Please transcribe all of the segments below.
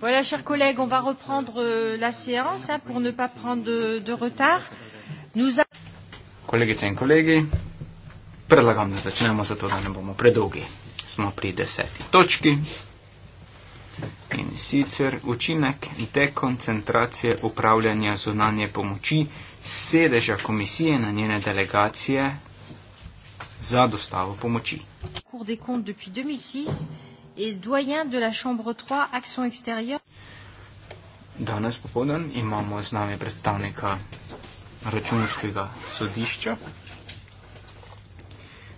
Voilà, chers collègues, on va reprendre euh, la séance hein, pour ne pas prendre de, de retard. Nous a... Kolegice in kolegi, predlagam, da začnemo, zato da ne bomo predolgi. Smo pri deseti točki in sicer učinek dekoncentracije upravljanja zunanje pomoči sedeža komisije na njene delegacije za dostavo pomoči. 2006, et doyen de la Chambre 3 Action extérieure. Danes popoldan imamo z nami predstavnika računskega sodišča.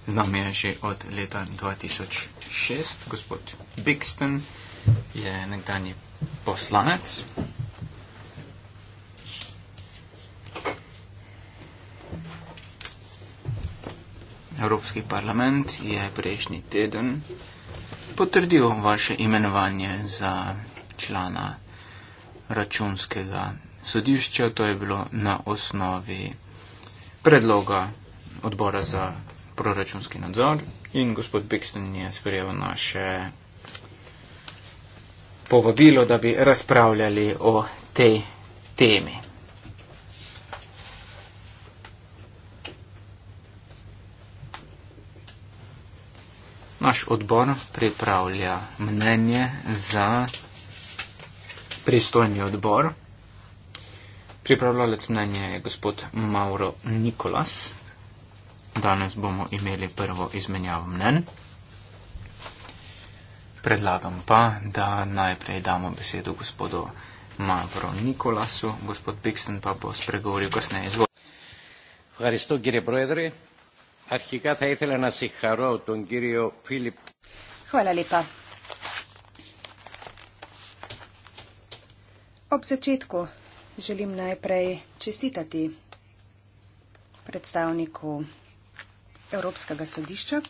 Z nami je že od leta 2006 gospod Bigston, je nekdanji poslanec. Evropski parlament je prejšnji teden potrdil vaše imenovanje za člana računskega sodišča. To je bilo na osnovi predloga odbora za proračunski nadzor in gospod Bikston je sprejel naše povabilo, da bi razpravljali o tej temi. Naš odbor pripravlja mnenje za pristojni odbor. Pripravljalec mnenja je gospod Mauro Nikolas. Danes bomo imeli prvo izmenjavo mnen. Predlagam pa, da najprej damo besedo gospodu Mauro Nikolasu. Gospod Piksen pa bo spregovoril kasneje. Izvolite. Hvala, gospod Girebrojedri. Αρχικά θα ήθελα να συγχαρώ τον κύριο Φίλιπ. Χωρά λίπα. Ob začetku želim najprej čestitati predstavniku Evropskega sodišča,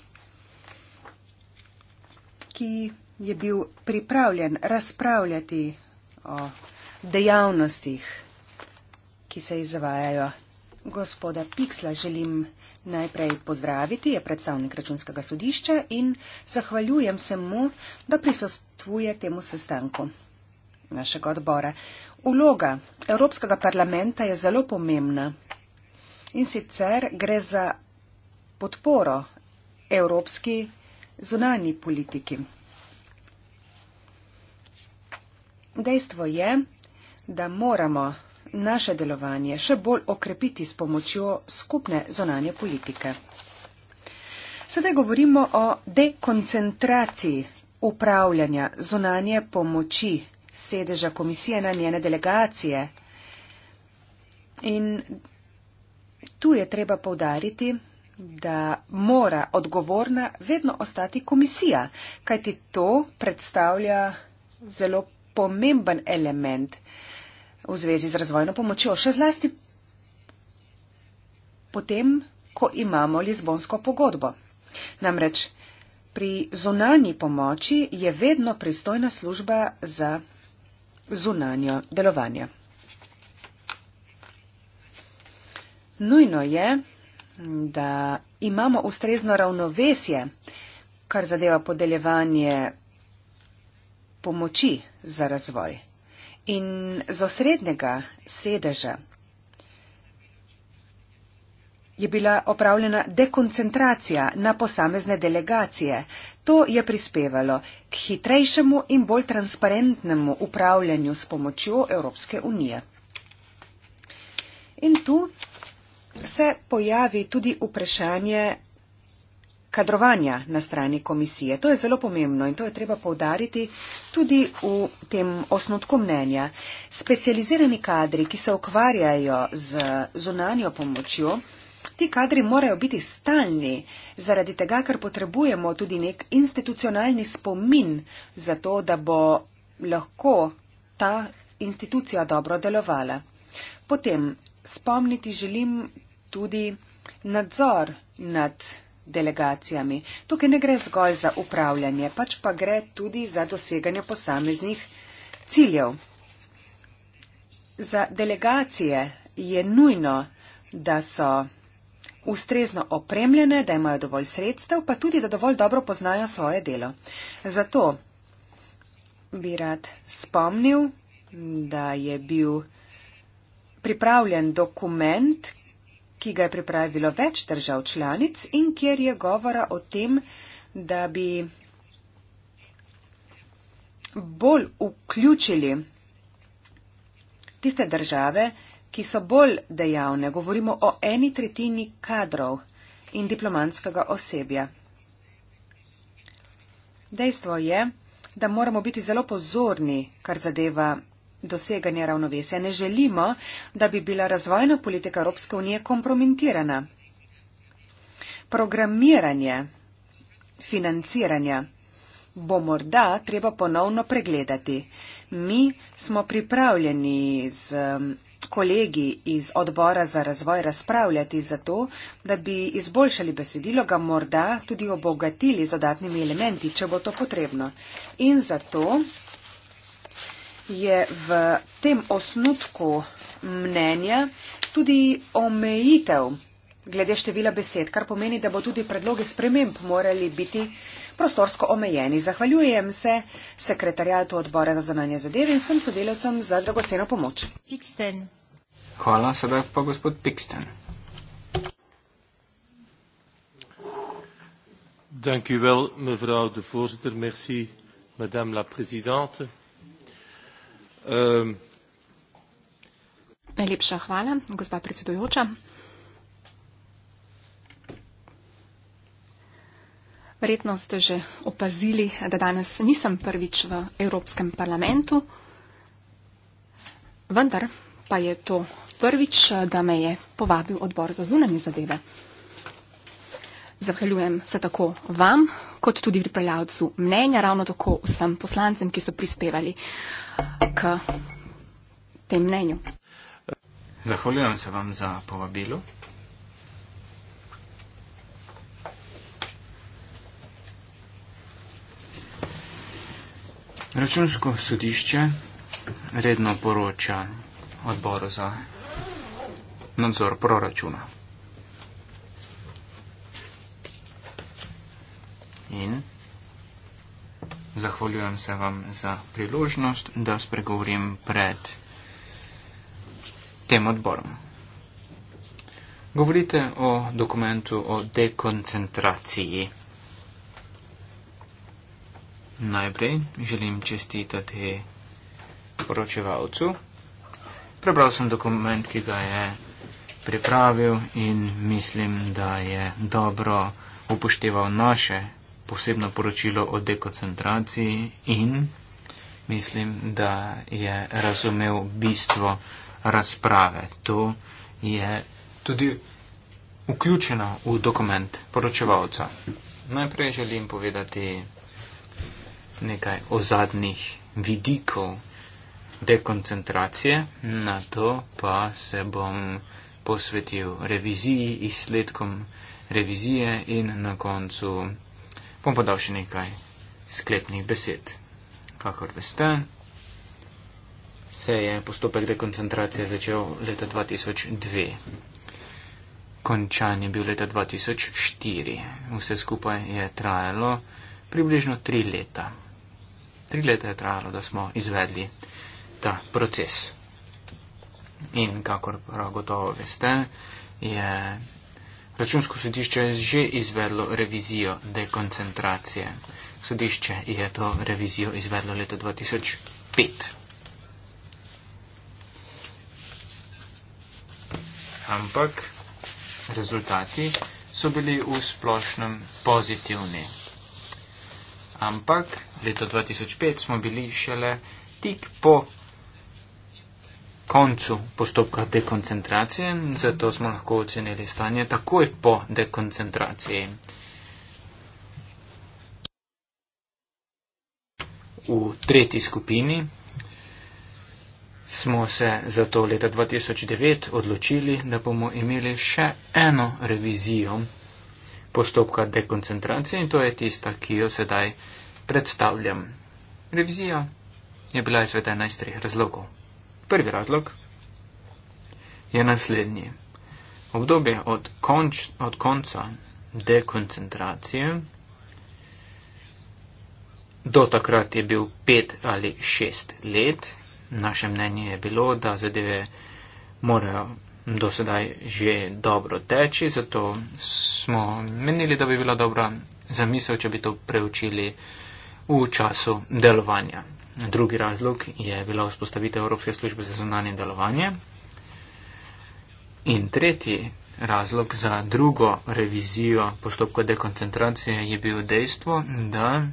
ki je bil pripravljen razpravljati o dejavnostih, ki se izvajajo. Gospoda Piksla želim čestitati najprej pozdraviti, je predstavnik računskega sodišča in zahvaljujem se mu, da prisostuje temu sestanku našega odbora. Uloga Evropskega parlamenta je zelo pomembna in sicer gre za podporo evropski zunani politiki. Dejstvo je, da moramo naše delovanje še bolj okrepiti s pomočjo skupne zonanje politike. Sedaj govorimo o dekoncentraciji upravljanja zonanje pomoči sedeža komisije na njene delegacije. In tu je treba povdariti, da mora odgovorna vedno ostati komisija, kajti to predstavlja zelo pomemben element. Uh, v zvezi z razvojno pomočjo, še zlasti potem, ko imamo Lizbonsko pogodbo. Namreč pri zunanji pomoči je vedno pristojna služba za zunanjo delovanje. Nujno je, da imamo ustrezno ravnovesje, kar zadeva podeljevanje pomoči za razvoj in z osrednjega sedeža je bila opravljena dekoncentracija na posamezne delegacije. To je prispevalo k hitrejšemu in bolj transparentnemu upravljanju s pomočjo Evropske unije. In tu se pojavi tudi vprašanje kadrovanja na strani komisije. To je zelo pomembno in to je treba povdariti tudi v tem osnutku mnenja. Specializirani kadri, ki se ukvarjajo z zunanjo pomočjo, ti kadri morajo biti stalni, zaradi tega, ker potrebujemo tudi nek institucionalni spomin za to, da bo lahko ta institucija dobro delovala. Potem spomniti želim tudi nadzor nad delegacijami. Tukaj ne gre zgolj za upravljanje, pač pa gre tudi za doseganje posameznih ciljev. Za delegacije je nujno, da so ustrezno opremljene, da imajo dovolj sredstev, pa tudi, da dovolj dobro poznajo svoje delo. Zato bi rad spomnil, da je bil pripravljen dokument, ki ga je pripravilo več držav članic in kjer je govora o tem, da bi bolj vključili tiste države, ki so bolj dejavne. Govorimo o eni tretjini kadrov in diplomatskega osebja. Dejstvo je, da moramo biti zelo pozorni, kar zadeva doseganje ravnovesja. Ne želimo, da bi bila razvojna politika Evropske unije kompromitirana. Programiranje financiranja bo morda treba ponovno pregledati. Mi smo pripravljeni z um, kolegi iz odbora za razvoj razpravljati za to, da bi izboljšali besedilo, ga morda tudi obogatili z dodatnimi elementi, če bo to potrebno. In zato je v tem osnutku mnenja tudi omejitev glede števila besed, kar pomeni, da bo tudi predloge sprememb morali biti prostorsko omejeni. Zahvaljujem se sekretarjatu odbora za zonanje zadeve in sem sodelavcem za dragoceno pomoč. Piksten. Hvala, sedaj pa gospod Piksten. Dank u wel, mevrouw de voorzitter. Merci, madame la présidente. Ehm. Najlepša hvala, gospa predsedujoča. Verjetno ste že opazili, da danes nisem prvič v Evropskem parlamentu, vendar pa je to prvič, da me je povabil odbor za zunanje zadeve. Zahvaljujem se tako vam, kot tudi pripravljavcu mnenja, ravno tako vsem poslancem, ki so prispevali uh, k tem mnenju. Zahvaljujem se vam za povabilo. Računsko sodišče redno poroča odboru za nadzor proračuna. In Zahvaljujem se vam za priložnost, da spregovorim pred tem odborom. Govorite o dokumentu o dekoncentraciji. Najprej želim čestitati poročevalcu. Prebral sem dokument, ki ga je pripravil in mislim, da je dobro upošteval naše posebno poročilo o dekoncentraciji in mislim, da je razumel bistvo razprave. To je tudi vključeno v dokument poročevalca. Najprej želim povedati nekaj o zadnjih vidikov dekoncentracije, na to pa se bom posvetil reviziji, izsledkom revizije in na koncu bom podal še nekaj sklepnih besed. Kakor veste, se je postopek dekoncentracije začel leta 2002. Končan je bil leta 2004. Vse skupaj je trajalo približno tri leta. Tri leta je trajalo, da smo izvedli ta proces. In kakor prav gotovo veste, je Računsko sodišče je že izvedlo revizijo dekoncentracije. Sodišče je to revizijo izvedlo leta 2005. Ampak rezultati so bili v splošnem pozitivni. Ampak leta 2005 smo bili šele tik po koncu postopka dekoncentracije, zato smo lahko ocenili stanje takoj po dekoncentraciji. V tretji skupini smo se zato leta 2009 odločili, da bomo imeli še eno revizijo postopka dekoncentracije in to je tista, ki jo sedaj predstavljam. Revizija je bila izvedena iz treh razlogov. Prvi razlog je naslednji. Obdobje od, konč, od konca dekoncentracije do takrat je bil pet ali šest let. Naše mnenje je bilo, da zadeve morajo do sedaj že dobro teči, zato smo menili, da bi bila dobra zamisel, če bi to preučili v času delovanja Drugi razlog je bila vzpostavitev Evropske službe za zunanje delovanje. In tretji razlog za drugo revizijo postopka dekoncentracije je bil dejstvo, da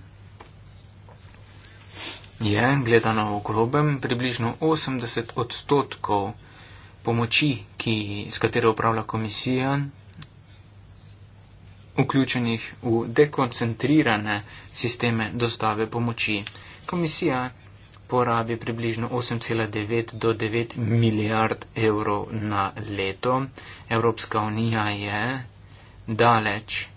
je gledano v globem približno 80 odstotkov pomoči, ki, s katero upravlja komisija, vključenih v dekoncentrirane sisteme dostave pomoči komisija porabi približno 8,9 do 9 milijard evrov na leto. Evropska unija je daleč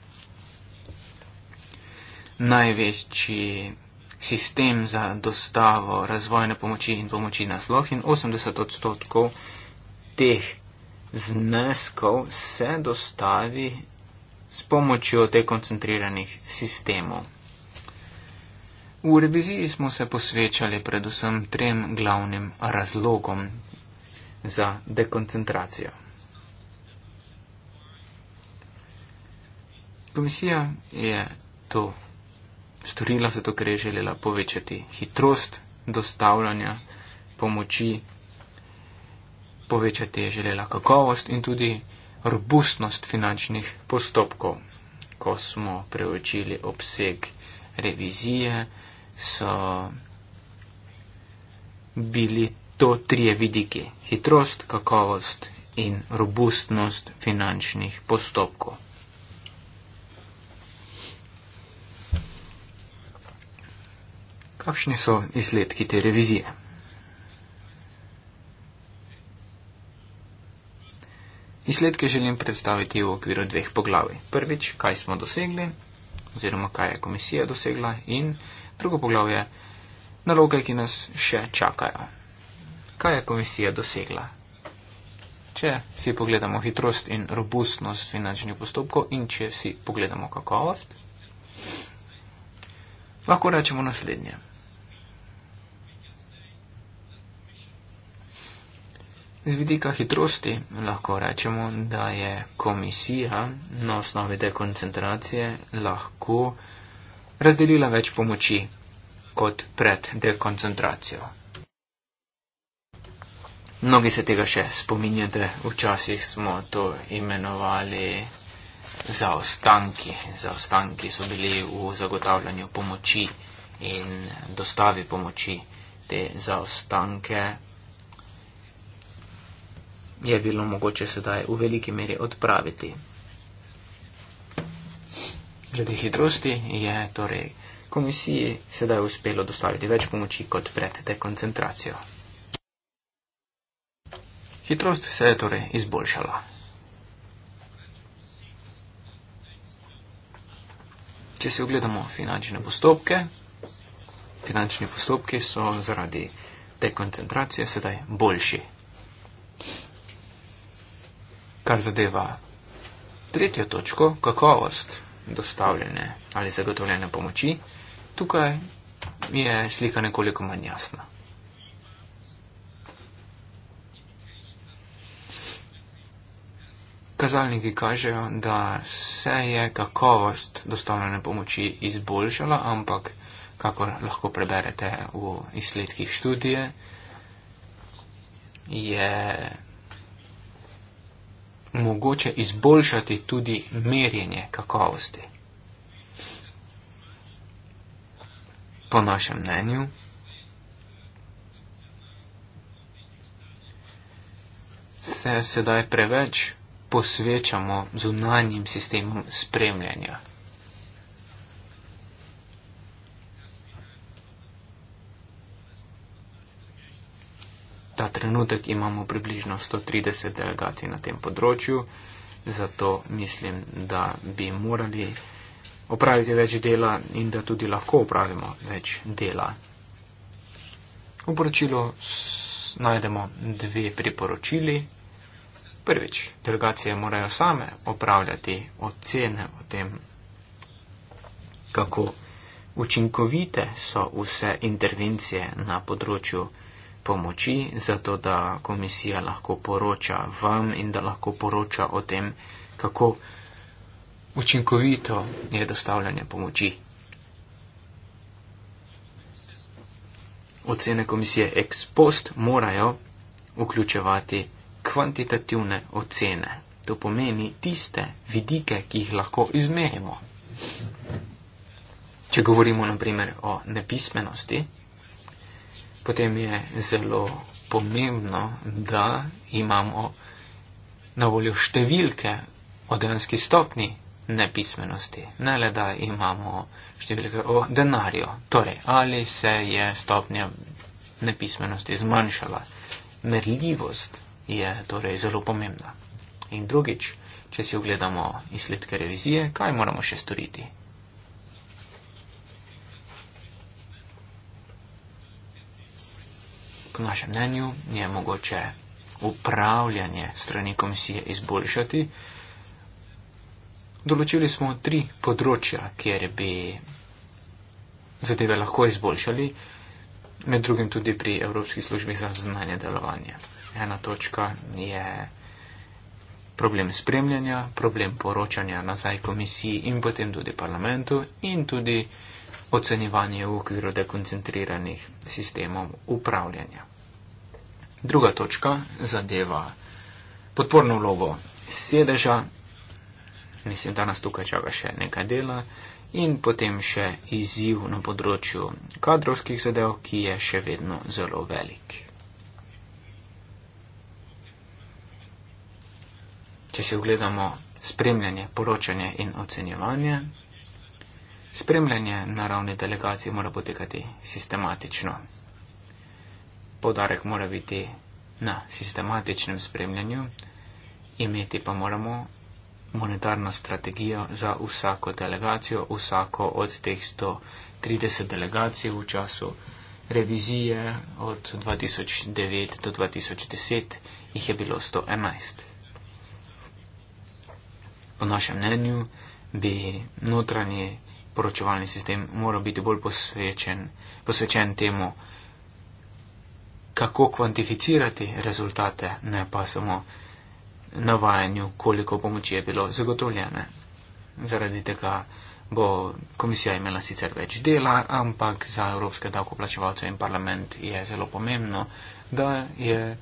največji sistem za dostavo razvojne pomoči in pomoči na sloh in 80 odstotkov teh zneskov se dostavi s pomočjo te koncentriranih sistemov. V reviziji smo se posvečali predvsem trem glavnim razlogom za dekoncentracijo. Komisija je to storila zato, ker je želela povečati hitrost dostavljanja pomoči, povečati je želela kakovost in tudi robustnost finančnih postopkov. Ko smo preučili obseg revizije, so bili to trije vidiki. Hitrost, kakovost in robustnost finančnih postopkov. Kakšni so izsledki te revizije? Izsledke želim predstaviti v okviru dveh poglavij. Prvič, kaj smo dosegli oziroma kaj je komisija dosegla in Drugo poglavje, naloge, ki nas še čakajo. Kaj je komisija dosegla? Če si pogledamo hitrost in robustnost finančnih postopkov in če si pogledamo kakovost, lahko rečemo naslednje. Z vidika hitrosti lahko rečemo, da je komisija na osnovi dekoncentracije lahko uh, razdelila več pomoči kot pred dekoncentracijo. Mnogi se tega še spominjate, včasih smo to imenovali zaostanki. Zaostanki so bili v zagotavljanju pomoči in dostavi pomoči. Te zaostanke je bilo mogoče sedaj v veliki meri odpraviti. Glede hitrosti je torej komisiji sedaj uspelo dostaviti več pomoči kot pred dekoncentracijo. Hitrost se je torej izboljšala. Če si ogledamo finančne postopke, finančni postopki so zaradi dekoncentracije sedaj boljši. Kar zadeva tretjo točko, kakovost dostavljene ali zagotovljene pomoči, tukaj je slika nekoliko manj jasna. Kazalniki kažejo, da se je kakovost dostavljene pomoči izboljšala, ampak, kako lahko preberete v izsledkih študije, je mogoče izboljšati tudi merjenje kakovosti. Po našem mnenju se sedaj preveč posvečamo zunanjim sistemom spremljanja ta trenutek imamo približno 130 delegacij na tem področju, zato mislim, da bi morali opraviti več dela in da tudi lahko opravimo več dela. V poročilu najdemo dve priporočili. Prvič, delegacije morajo same opravljati ocene o tem, kako učinkovite so vse intervencije na področju pomoči, zato da komisija lahko poroča vam in da lahko poroča o tem, kako učinkovito je dostavljanje pomoči. Ocene komisije ex post morajo vključevati kvantitativne ocene. To pomeni tiste vidike, ki jih lahko izmerimo. Če govorimo naprimer o nepismenosti, potem je zelo pomembno, da imamo na voljo številke o dejanski stopni nepismenosti, ne le da imamo številke o denarju, torej ali se je stopnja nepismenosti zmanjšala. Merljivost je torej zelo pomembna. In drugič, če si ogledamo izsledke revizije, kaj moramo še storiti? po našem mnenju je mogoče upravljanje strani komisije izboljšati. Določili smo tri področja, kjer bi zadeve lahko izboljšali, med drugim tudi pri Evropski službi za zunanje delovanje. Ena točka je problem spremljanja, problem poročanja nazaj komisiji in potem tudi parlamentu in tudi ocenjevanje v okviru dekoncentriranih sistemov upravljanja. Druga točka zadeva podporno vlogo sedeža. Mislim, da nas tukaj čaka še nekaj dela. In potem še izziv na področju kadrovskih zadev, ki je še vedno zelo velik. Če si ogledamo spremljanje, poročanje in ocenjevanje, spremljanje na ravni delegacije mora potekati sistematično podarek mora biti na sistematičnem spremljanju, imeti pa moramo monetarno strategijo za vsako delegacijo, vsako od teh 130 delegacij v času revizije od 2009 do 2010 jih je bilo 111. Po našem mnenju bi notranji poročevalni sistem moral biti bolj posvečen, posvečen temu, kako kvantificirati rezultate, ne pa samo navajanju, koliko pomoči je bilo zagotovljene. Zaradi tega bo komisija imela sicer več dela, ampak za evropske davkoplačevalce in parlament je zelo pomembno, da je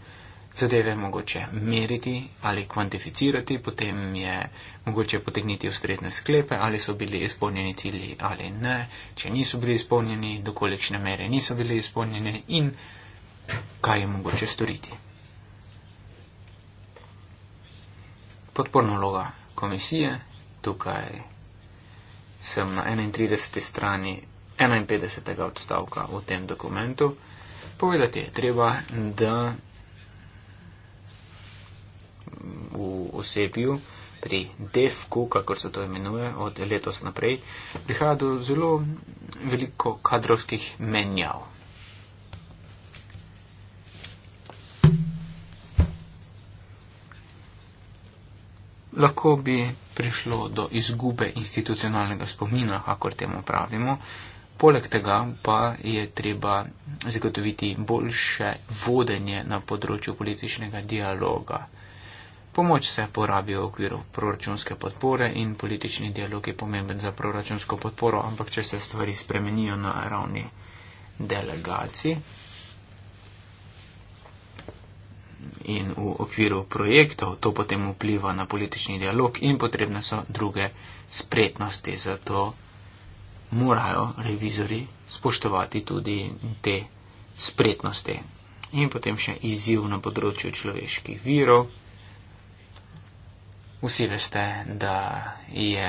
zadeve mogoče meriti ali kvantificirati, potem je mogoče potegniti ustrezne sklepe, ali so bili izpolnjeni cilji ali ne, če niso bili izpolnjeni, dokolikšne mere niso bili izpolnjeni in kaj je mogoče storiti. Podporna vloga komisije, tukaj sem na 31. strani 51. odstavka v tem dokumentu. Povedati je treba, da v osebju pri DEFKU, kako se to imenuje, od letos naprej prihaja do zelo veliko kadrovskih menjav. lahko bi prišlo do izgube institucionalnega spomina, kakor temu pravimo. Poleg tega pa je treba zagotoviti boljše vodenje na področju političnega dialoga. Pomoč se porabi v okviru proračunske podpore in politični dialog je pomemben za proračunsko podporo, ampak če se stvari spremenijo na ravni delegacij, in v okviru projektov to potem vpliva na politični dialog in potrebne so druge spretnosti. Zato morajo revizori spoštovati tudi te spretnosti. In potem še izziv na področju človeških virov. Vsi veste, da je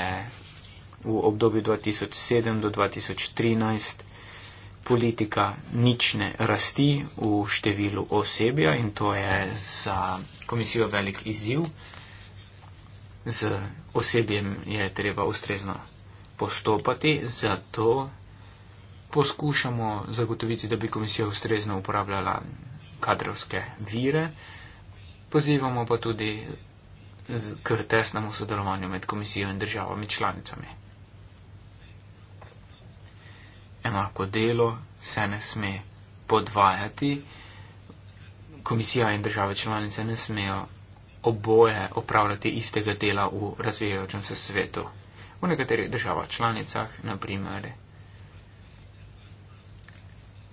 v obdobju 2007 do 2013 politika nične rasti v številu osebja in to je za komisijo velik izziv. Z osebjem je treba ustrezno postopati, zato poskušamo zagotoviti, da bi komisija ustrezno uporabljala kadrovske vire. Pozivamo pa tudi k tesnemu sodelovanju med komisijo in državami članicami enako delo se ne sme podvajati, komisija in države članice ne smejo oboje opravljati istega dela v razvijajočem se svetu. V nekaterih državah članicah, naprimer,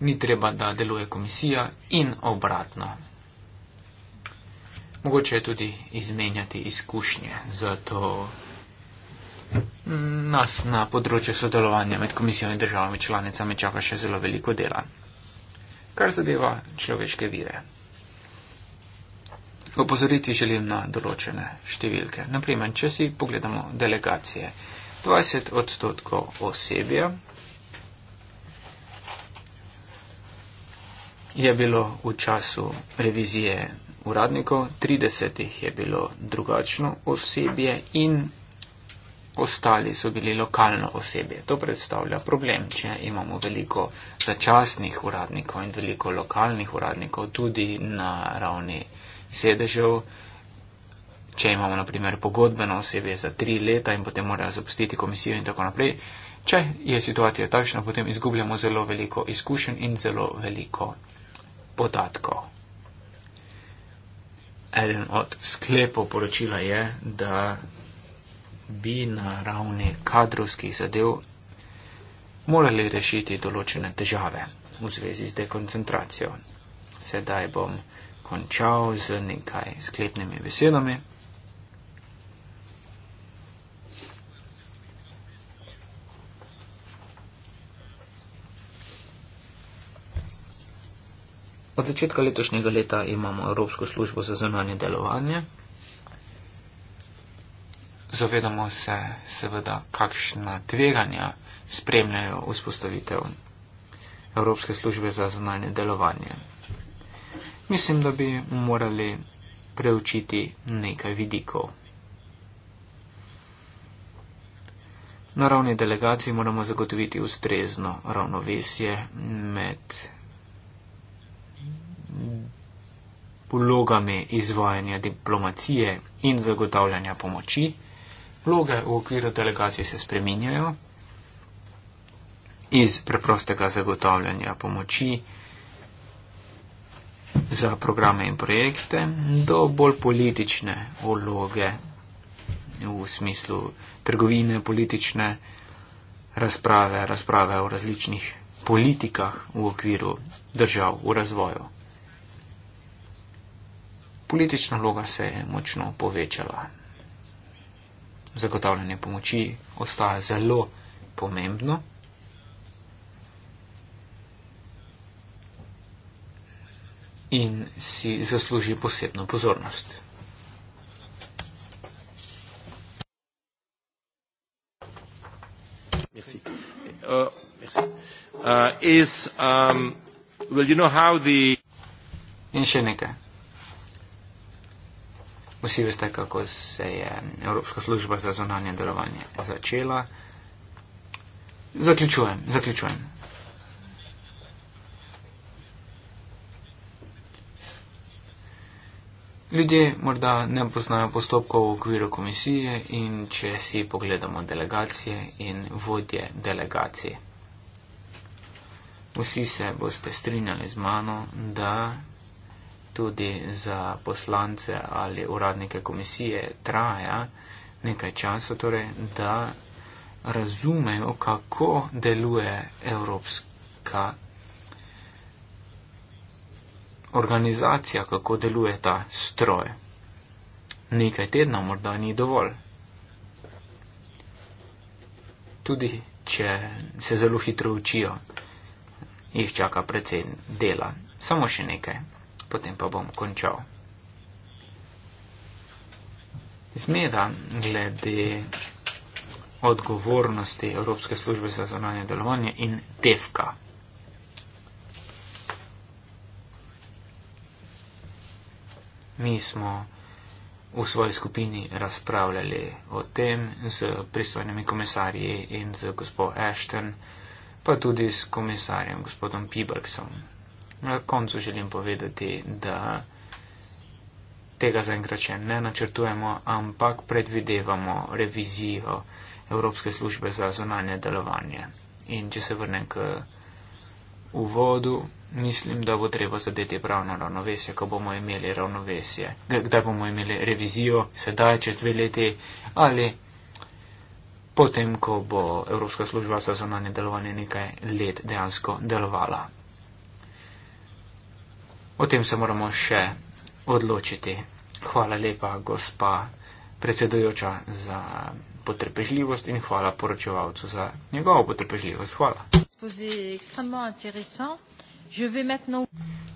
ni treba, da deluje komisija in obratno. Mogoče je tudi izmenjati izkušnje, zato nas na področju sodelovanja med komisijo in državami članicami čaka še zelo veliko dela, kar zadeva človeške vire. Opozoriti želim na določene številke. Naprimer, če si pogledamo delegacije, 20 odstotkov osebja je bilo v času revizije uradnikov, 30 jih je bilo drugačno osebje in ostali so bili lokalno osebje. To predstavlja problem, če imamo veliko začasnih uradnikov in veliko lokalnih uradnikov tudi na ravni sedežev. Če imamo, na primer, pogodbeno osebje za tri leta in potem morajo zapustiti komisijo in tako naprej, če je situacija takšna, potem izgubljamo zelo veliko izkušenj in zelo veliko podatkov. Eden od sklepov poročila je, da bi na ravni kadrovskih zadev morali rešiti določene težave v zvezi z dekoncentracijo. Sedaj bom končal z nekaj sklepnimi besedami. Od začetka letošnjega leta imamo Evropsko službo za zunanje delovanje, zavedamo se seveda, kakšna tveganja spremljajo vzpostavitev Evropske službe za zvonanje delovanje. Mislim, da bi morali preučiti nekaj vidikov. Na ravni delegacij moramo zagotoviti ustrezno ravnovesje med vlogami izvajanja diplomacije in zagotavljanja pomoči vloge v okviru delegacij se spreminjajo iz preprostega zagotavljanja pomoči za programe in projekte do bolj politične vloge v smislu trgovine, politične razprave, razprave o različnih politikah v okviru držav v razvoju. Politična vloga se je močno povečala zagotavljanje pomoči ostaja zelo pomembno. In si zasluži posebno pozornost. Merci. Uh, merci. Uh, is, um, well, you know how the... In še nekaj. Vsi veste, kako se je Evropska služba za zonanje delovanje začela. Zaključujem, zaključujem. Ljudje morda ne poznajo postopkov v okviru komisije in če si pogledamo delegacije in vodje delegacije. Vsi se boste strinjali z mano, da tudi za poslance ali uradnike komisije traja nekaj časa, torej, da razumejo, kako deluje evropska organizacija, kako deluje ta stroj. Nekaj tednov morda ni dovolj. Tudi, če se zelo hitro učijo, jih čaka predsednik dela. Samo še nekaj, potem pa bom končal. Zmeda glede odgovornosti Evropske službe za zonanje delovanje in TEFKA. Mi smo v svoji skupini razpravljali o tem z pristojnimi komisarji in z gospod Ashton, pa tudi s komisarjem gospodom Pibrksom. Na koncu želim povedati, da tega zaenkrat še ne načrtujemo, ampak predvidevamo revizijo Evropske službe za zonanje delovanje. In če se vrnem k uvodu, mislim, da bo treba zadeti pravno ravnovesje, ko bomo imeli ravnovesje. Kdaj bomo imeli revizijo? Sedaj, čez dve leti ali. Potem, ko bo Evropska služba za zonanje delovanje nekaj let dejansko delovala. O tem se moramo še odločiti. Hvala lepa, gospa predsedujoča, za potrpežljivost in hvala poročevalcu za njegovo potrpežljivost. Hvala.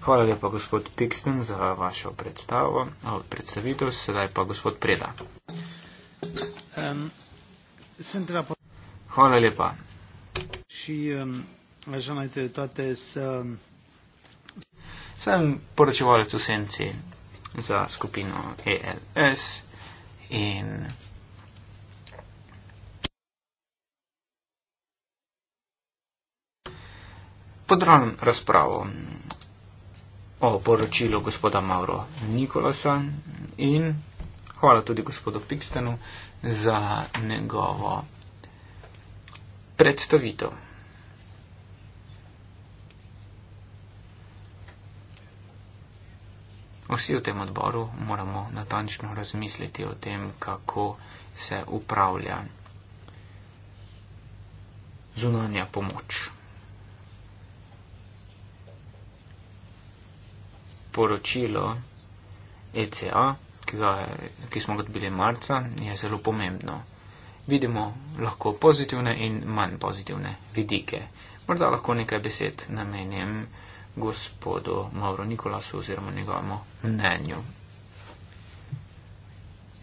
Hvala lepa, gospod Pixton, za vašo predstavo, predstavitev. Sedaj pa gospod Preda. Hvala lepa. Hvala lepa sem poročevalec v senci za skupino ELS in podran razpravo o poročilu gospoda Mauro Nikolasa in hvala tudi gospodu Pikstenu za njegovo predstavitev. vsi v tem odboru moramo natančno razmisliti o tem, kako se upravlja zunanja pomoč. Poročilo ECA, ki, ga, ki smo ga dobili marca, je zelo pomembno. Vidimo lahko pozitivne in manj pozitivne vidike. Morda lahko nekaj besed namenim gospodu Mauro Nikolasu oziroma njegovemu mnenju.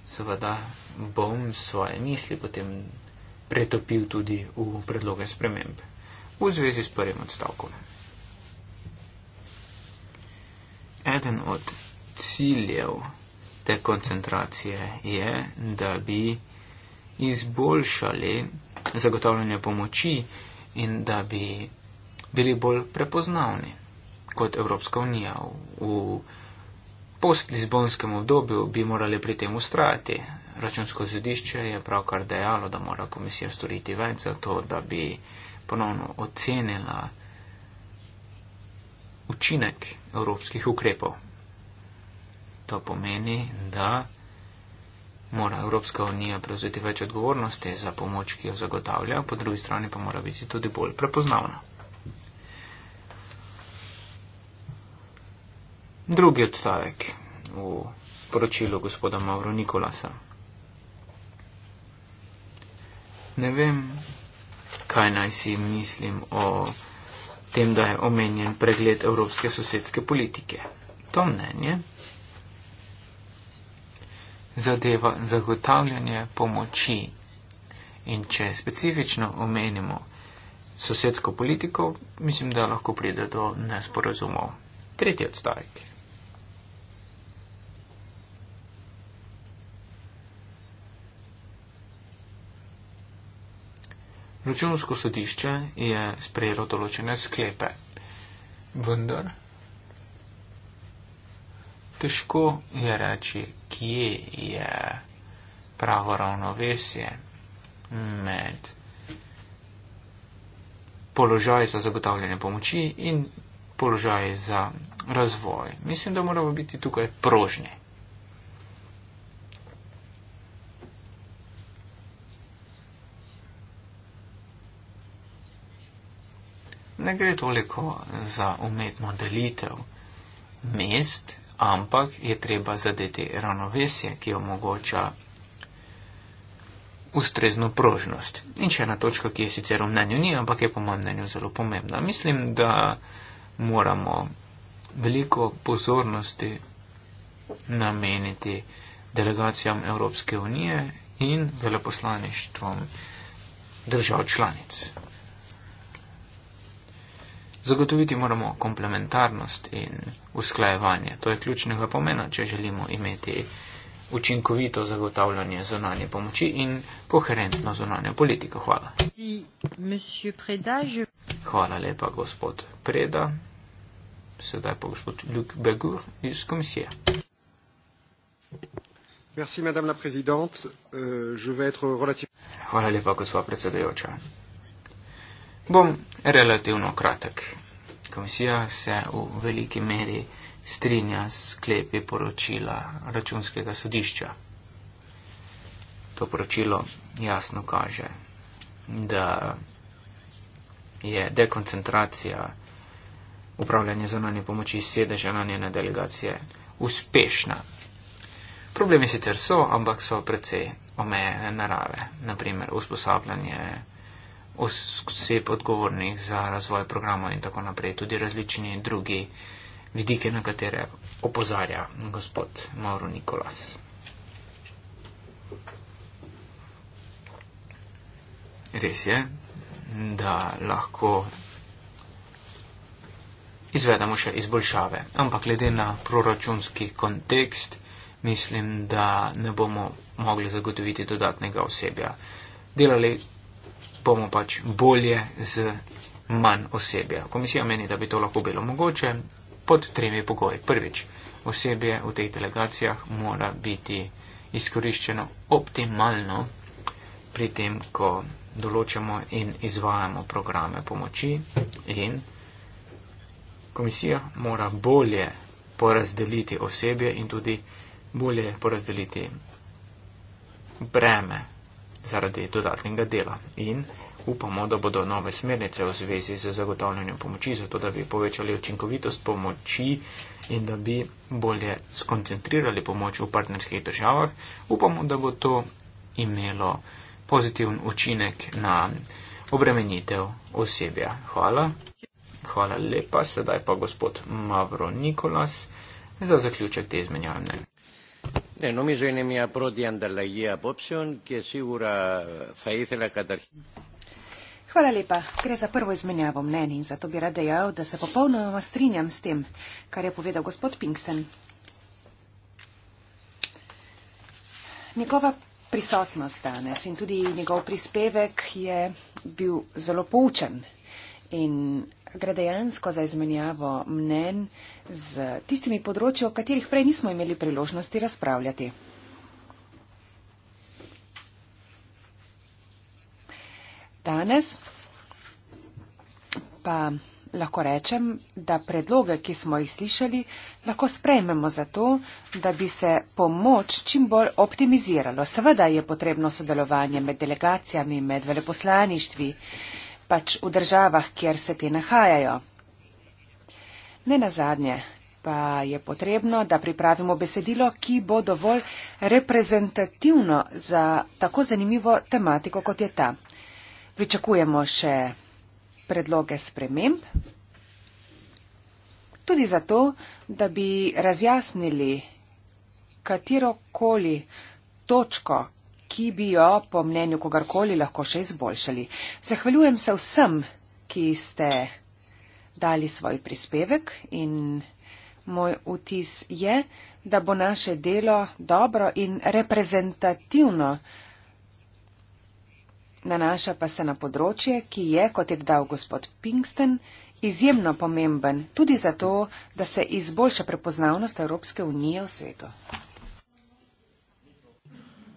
Seveda bom svoje misli potem pretopil tudi v predloge sprememb v zvezi s prvim odstavkom. Eden od ciljev te koncentracije je, da bi izboljšali zagotavljanje pomoči in da bi bili bolj prepoznavni kot Evropska unija. V post-Lizbonskem obdobju bi morali pri tem ustrajati. Računsko zadišče je pravkar dejalo, da mora komisija storiti več za to, da bi ponovno ocenila učinek evropskih ukrepov. To pomeni, da mora Evropska unija prevzeti več odgovornosti za pomoč, ki jo zagotavlja, po drugi strani pa mora biti tudi bolj prepoznavna. drugi odstavek v poročilu gospoda Mauro Nikolasa. Ne vem, kaj naj si mislim o tem, da je omenjen pregled evropske sosedske politike. To mnenje zadeva zagotavljanje pomoči. In če specifično omenimo sosedsko politiko, mislim, da lahko pride do nesporazumov. Tretji odstavek. Računsko sodišče je sprejelo določene sklepe, vendar težko je reči, kje je pravo ravnovesje med položaj za zagotavljanje pomoči in položaj za razvoj. Mislim, da moramo biti tukaj prožni. ne gre toliko za umetno delitev mest, ampak je treba zadeti ravnovesje, ki omogoča ustrezno prožnost. In še ena točka, ki je sicer v mnenju ni, ampak je po mojem mnenju zelo pomembna. Mislim, da moramo veliko pozornosti nameniti delegacijam Evropske unije in veleposlaništvom držav članic. Zagotoviti moramo komplementarnost in usklajevanje. To je ključnega pomena, če želimo imeti učinkovito zagotavljanje zonanje pomoči in koherentno zonanje politiko. Hvala. Hvala lepa, gospod Preda. Sedaj pa gospod Luk Begur iz komisije. Merci, la uh, je vais être relativ... Hvala lepa, gospod predsedujoča. Bom relativno kratek. Komisija se v veliki meri strinja s sklepi poročila računskega sodišča. To poročilo jasno kaže, da je dekoncentracija upravljanja zonanje pomoči sedeža na njene delegacije uspešna. Problemi sicer so, ampak so precej omejene narave, naprimer usposabljanje oseb odgovornih za razvoj programov in tako naprej, tudi različni drugi vidike, na katere opozarja gospod Mauro Nikolas. Res je, da lahko izvedemo še izboljšave, ampak glede na proračunski kontekst mislim, da ne bomo mogli zagotoviti dodatnega osebja. Delali bomo pač bolje z manj osebja. Komisija meni, da bi to lahko bilo mogoče pod tremi pogoji. Prvič, osebje v teh delegacijah mora biti izkoriščeno optimalno pri tem, ko določamo in izvajamo programe pomoči in komisija mora bolje porazdeliti osebje in tudi bolje porazdeliti breme zaradi dodatnega dela in upamo, da bodo nove smernice v zvezi z zagotavljanjem pomoči, zato da bi povečali učinkovitost pomoči in da bi bolje skoncentrirali pomoč v partnerskih državah. Upamo, da bo to imelo pozitiven učinek na obremenitev osebja. Hvala. Hvala lepa. Sedaj pa gospod Mavro Nikolas za zaključek te izmenjave. Ναι, νομίζω είναι μια πρώτη ανταλλαγή απόψεων και σίγουρα θα ήθελα καταρχήν. Hvala lepa. Gre za prvo izmenjavo mnen in zato bi rad dejal, da se popolnoma strinjam s tem, kar je povedal gospod Pinkston. Njegova prisotnost danes in tudi njegov prispevek je bil zelo poučen in gre dejansko za izmenjavo mnen z tistimi področji, o katerih prej nismo imeli priložnosti razpravljati. Danes pa lahko rečem, da predloge, ki smo jih slišali, lahko sprejmemo zato, da bi se pomoč čim bolj optimiziralo. Seveda je potrebno sodelovanje med delegacijami, med veleposlaništvi pač v državah, kjer se te nahajajo. Ne na zadnje pa je potrebno, da pripravimo besedilo, ki bo dovolj reprezentativno za tako zanimivo tematiko, kot je ta. Pričakujemo še predloge sprememb. Tudi zato, da bi razjasnili katero koli točko, ki bi jo, po mnenju kogarkoli, lahko še izboljšali. Zahvaljujem se vsem, ki ste dali svoj prispevek in moj vtis je, da bo naše delo dobro in reprezentativno. Nanaša pa se na področje, ki je, kot je dal gospod Pinkston, izjemno pomemben tudi zato, da se izboljša prepoznavnost Evropske unije v svetu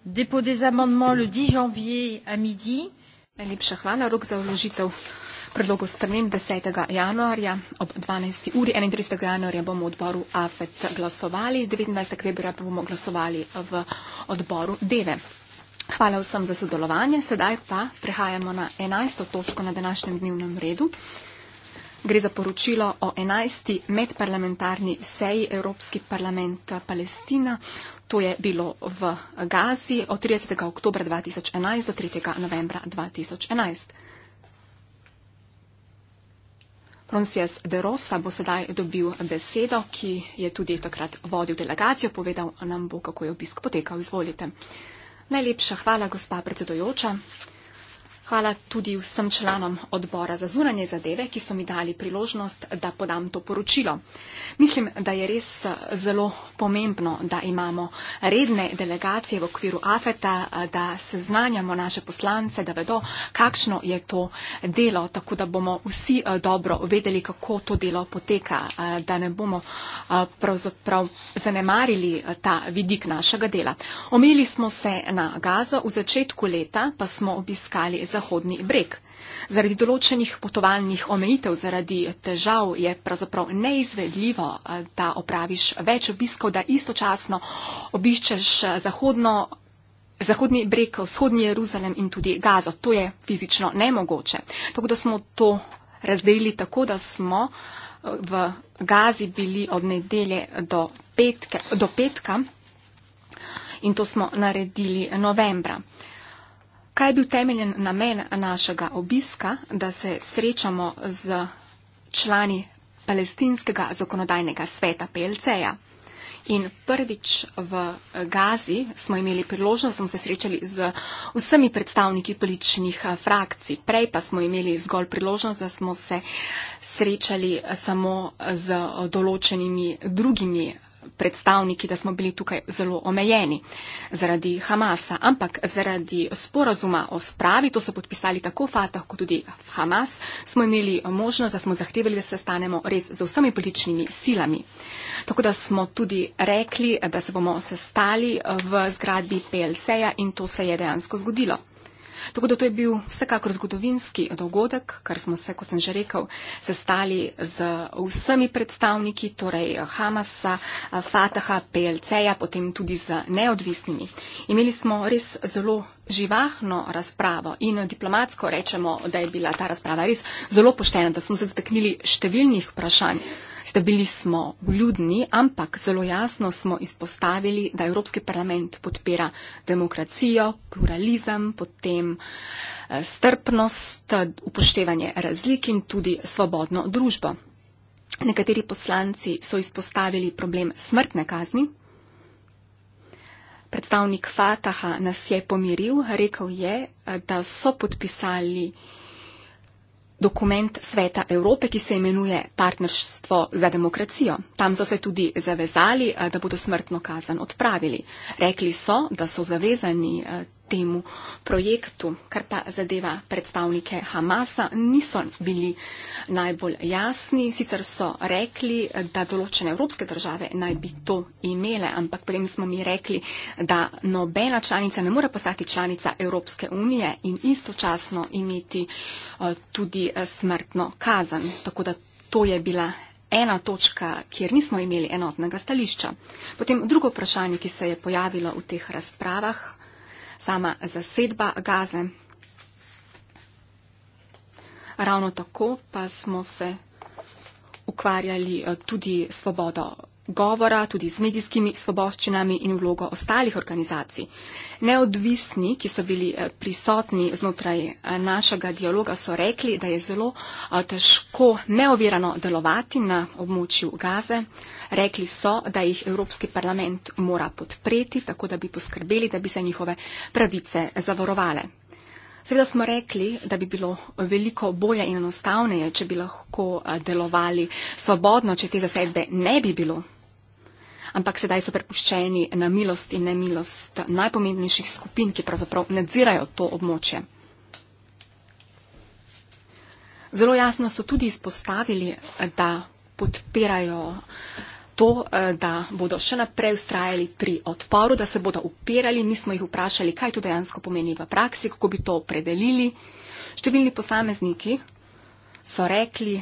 dépôt des amendements le 10 janvier à midi. Najlepša hvala, rok za vložitev predlogov sprememb 10. januarja ob 12. uri. 31. januarja bomo v odboru AFET glasovali, 29. februarja pa bomo glasovali v odboru DEVE. Hvala vsem za sodelovanje. Sedaj pa prehajamo na 11. točko na današnjem dnevnem redu. Gre za poročilo o 11. medparlamentarni seji Evropski parlament Palestina, To je bilo v Gazi od 30. oktober 2011 do 3. novembra 2011. Francis de Rosa bo sedaj dobil besedo, ki je tudi takrat vodil delegacijo, povedal nam bo, kako je obisk potekal. Izvolite. Najlepša hvala, gospa predsedojoča. Hvala tudi vsem članom odbora za zunanje zadeve, ki so mi dali priložnost, da podam to poročilo. Mislim, da je res eh, zelo pomembno, da imamo redne delegacije v okviru AFETA, eh, da se znanjamo naše poslance, da vedo, kakšno je to delo, tako da bomo vsi eh, dobro vedeli, kako to delo poteka, da ne bomo pravzaprav zanemarili ta vidik našega dela. Omeli smo se na Gaza, v začetku leta pa smo obiskali za zahodni breg. Zaradi določenih potovalnih omejitev, zaradi težav je pravzaprav neizvedljivo, eh, da opraviš več obiskov, da istočasno obiščeš eh, zahodno. Zahodni breg, vzhodni Jeruzalem in tudi Gazo. To je fizično nemogoče. Tako da smo to razdelili tako, da smo eh, v Gazi bili od nedelje do, petke, do petka in to smo naredili novembra. Uh, Kaj je bil temeljen namen našega obiska, da se srečamo z člani palestinskega zakonodajnega sveta PLC-ja? In prvič v Gazi smo imeli priložnost, smo se srečali z vsemi predstavniki političnih eh, frakcij. Prej pa smo imeli zgolj priložnost, da smo se srečali samo z določenimi drugimi predstavniki, da smo bili tukaj zelo omejeni zaradi Hamasa, ampak zaradi sporazuma o spravi, to so podpisali tako Fatah kot tudi Hamas, smo imeli možnost, da smo zahtevali, da se stanemo res z vsemi političnimi silami. Tako da smo tudi rekli, da se bomo sestali v zgradbi PLC-ja in to se je dejansko zgodilo. Tako da to je bil vsekakor zgodovinski dogodek, kar smo se, kot sem že rekel, sestali z vsemi predstavniki, torej Hamasa, Fataha, PLC-ja, potem tudi z neodvisnimi. Imeli smo res zelo živahno razpravo in diplomatsko rečemo, da je bila ta razprava res zelo poštena, da smo se dotaknili številnih vprašanj. Sicer bili smo vljudni, ampak zelo jasno smo izpostavili, da Evropski parlament podpira demokracijo, pluralizem, potem eh, strpnost, upoštevanje razlik in tudi svobodno družbo. Nekateri poslanci so izpostavili problem smrtne kazni. Predstavnik Fataha nas je pomiril, rekel je, eh, da so podpisali dokument Sveta Evrope, ki se imenuje Partnerstvo za demokracijo. Tam so se tudi zavezali, eh, da bodo smrtno kazen odpravili. Rekli so, da so zavezani eh, temu projektu. Kar pa zadeva predstavnike Hamasa, niso bili najbolj jasni. Sicer so rekli, da določene evropske države naj bi to imele, ampak potem smo mi rekli, da nobena članica ne more postati članica Evropske unije in istočasno imeti eh, tudi eh, smrtno kazen. Tako da to je bila. Ena točka, kjer nismo imeli enotnega stališča. Potem drugo vprašanje, ki se je pojavilo v teh razpravah, sama zasedba gaze. Ravno tako pa smo se ukvarjali eh, tudi svobodo govora, tudi z medijskimi svoboščinami in vlogo ostalih organizacij. Neodvisni, ki so bili eh, prisotni znotraj eh, našega dialoga, so rekli, da je zelo eh, težko neovirano delovati na območju Gaze. Rekli so, da jih Evropski parlament mora podpreti, tako da bi poskrbeli, da bi se njihove pravice zavarovale. Seveda smo rekli, da bi bilo veliko bolje in enostavneje, če bi lahko delovali svobodno, če te zasedbe ne bi bilo ampak sedaj so prepuščeni na milost in nemilost najpomembnejših skupin, ki pravzaprav nadzirajo to območje. Zelo jasno so tudi izpostavili, da podpirajo to, da bodo še naprej ustrajali pri odporu, da se bodo upirali. Mi smo jih vprašali, kaj to dejansko pomeni v praksi, kako bi to opredelili. Številni posamezniki so rekli,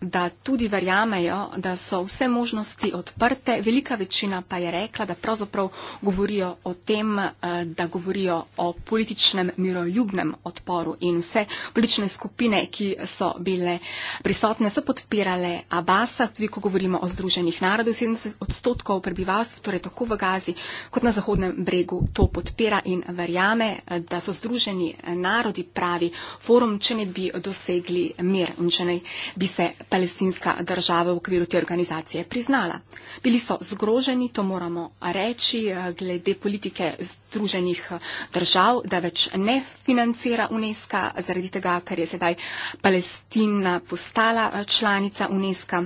da tudi verjamejo, da so vse možnosti odprte, velika večina pa je rekla, da pravzaprav govorijo o tem, eh, da govorijo o političnem miroljubnem odporu in vse politične skupine, ki so bile prisotne, so podpirale Abasa, tudi ko govorimo o Združenih narodov, 70 odstotkov prebivalstva, torej tako v Gazi kot na Zahodnem bregu to podpira in verjame, da so Združeni narodi pravi forum, če ne bi dosegli mir in če ne bi se palestinska država v okviru te organizacije priznala. Bili so zgroženi, to moramo reči, eh, glede politike združenih eh, držav, da več ne financira UNESCO zaradi tega, ker je sedaj Palestina postala eh, članica UNESCO.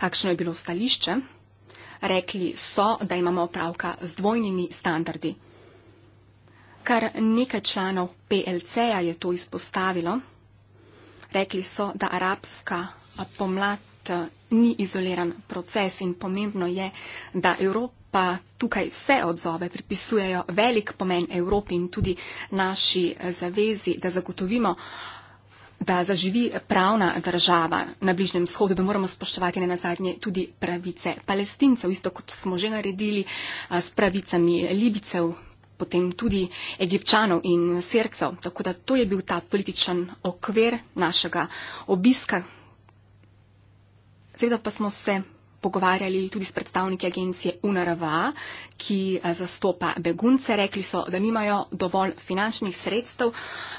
Kakšno je bilo stališče? Rekli so, da imamo opravka z dvojnimi standardi. Kar nekaj članov PLC-ja je to izpostavilo. Rekli so, da arabska pomlad ni izoliran proces in pomembno je, da Evropa pa tukaj vse odzove pripisujejo velik pomen Evropi in tudi naši zavezi, da zagotovimo, da zaživi pravna država na Bližnjem shodu, da moramo spoštovati ne nazadnje tudi pravice palestincev, isto kot smo že naredili s pravicami libicev, potem tudi egipčanov in sercev. Tako da to je bil ta političen okvir našega obiska. Seveda pa smo se pogovarjali tudi s predstavniki agencije UNRWA, ki eh, zastopa begunce. Rekli so, da nimajo dovolj finančnih sredstev,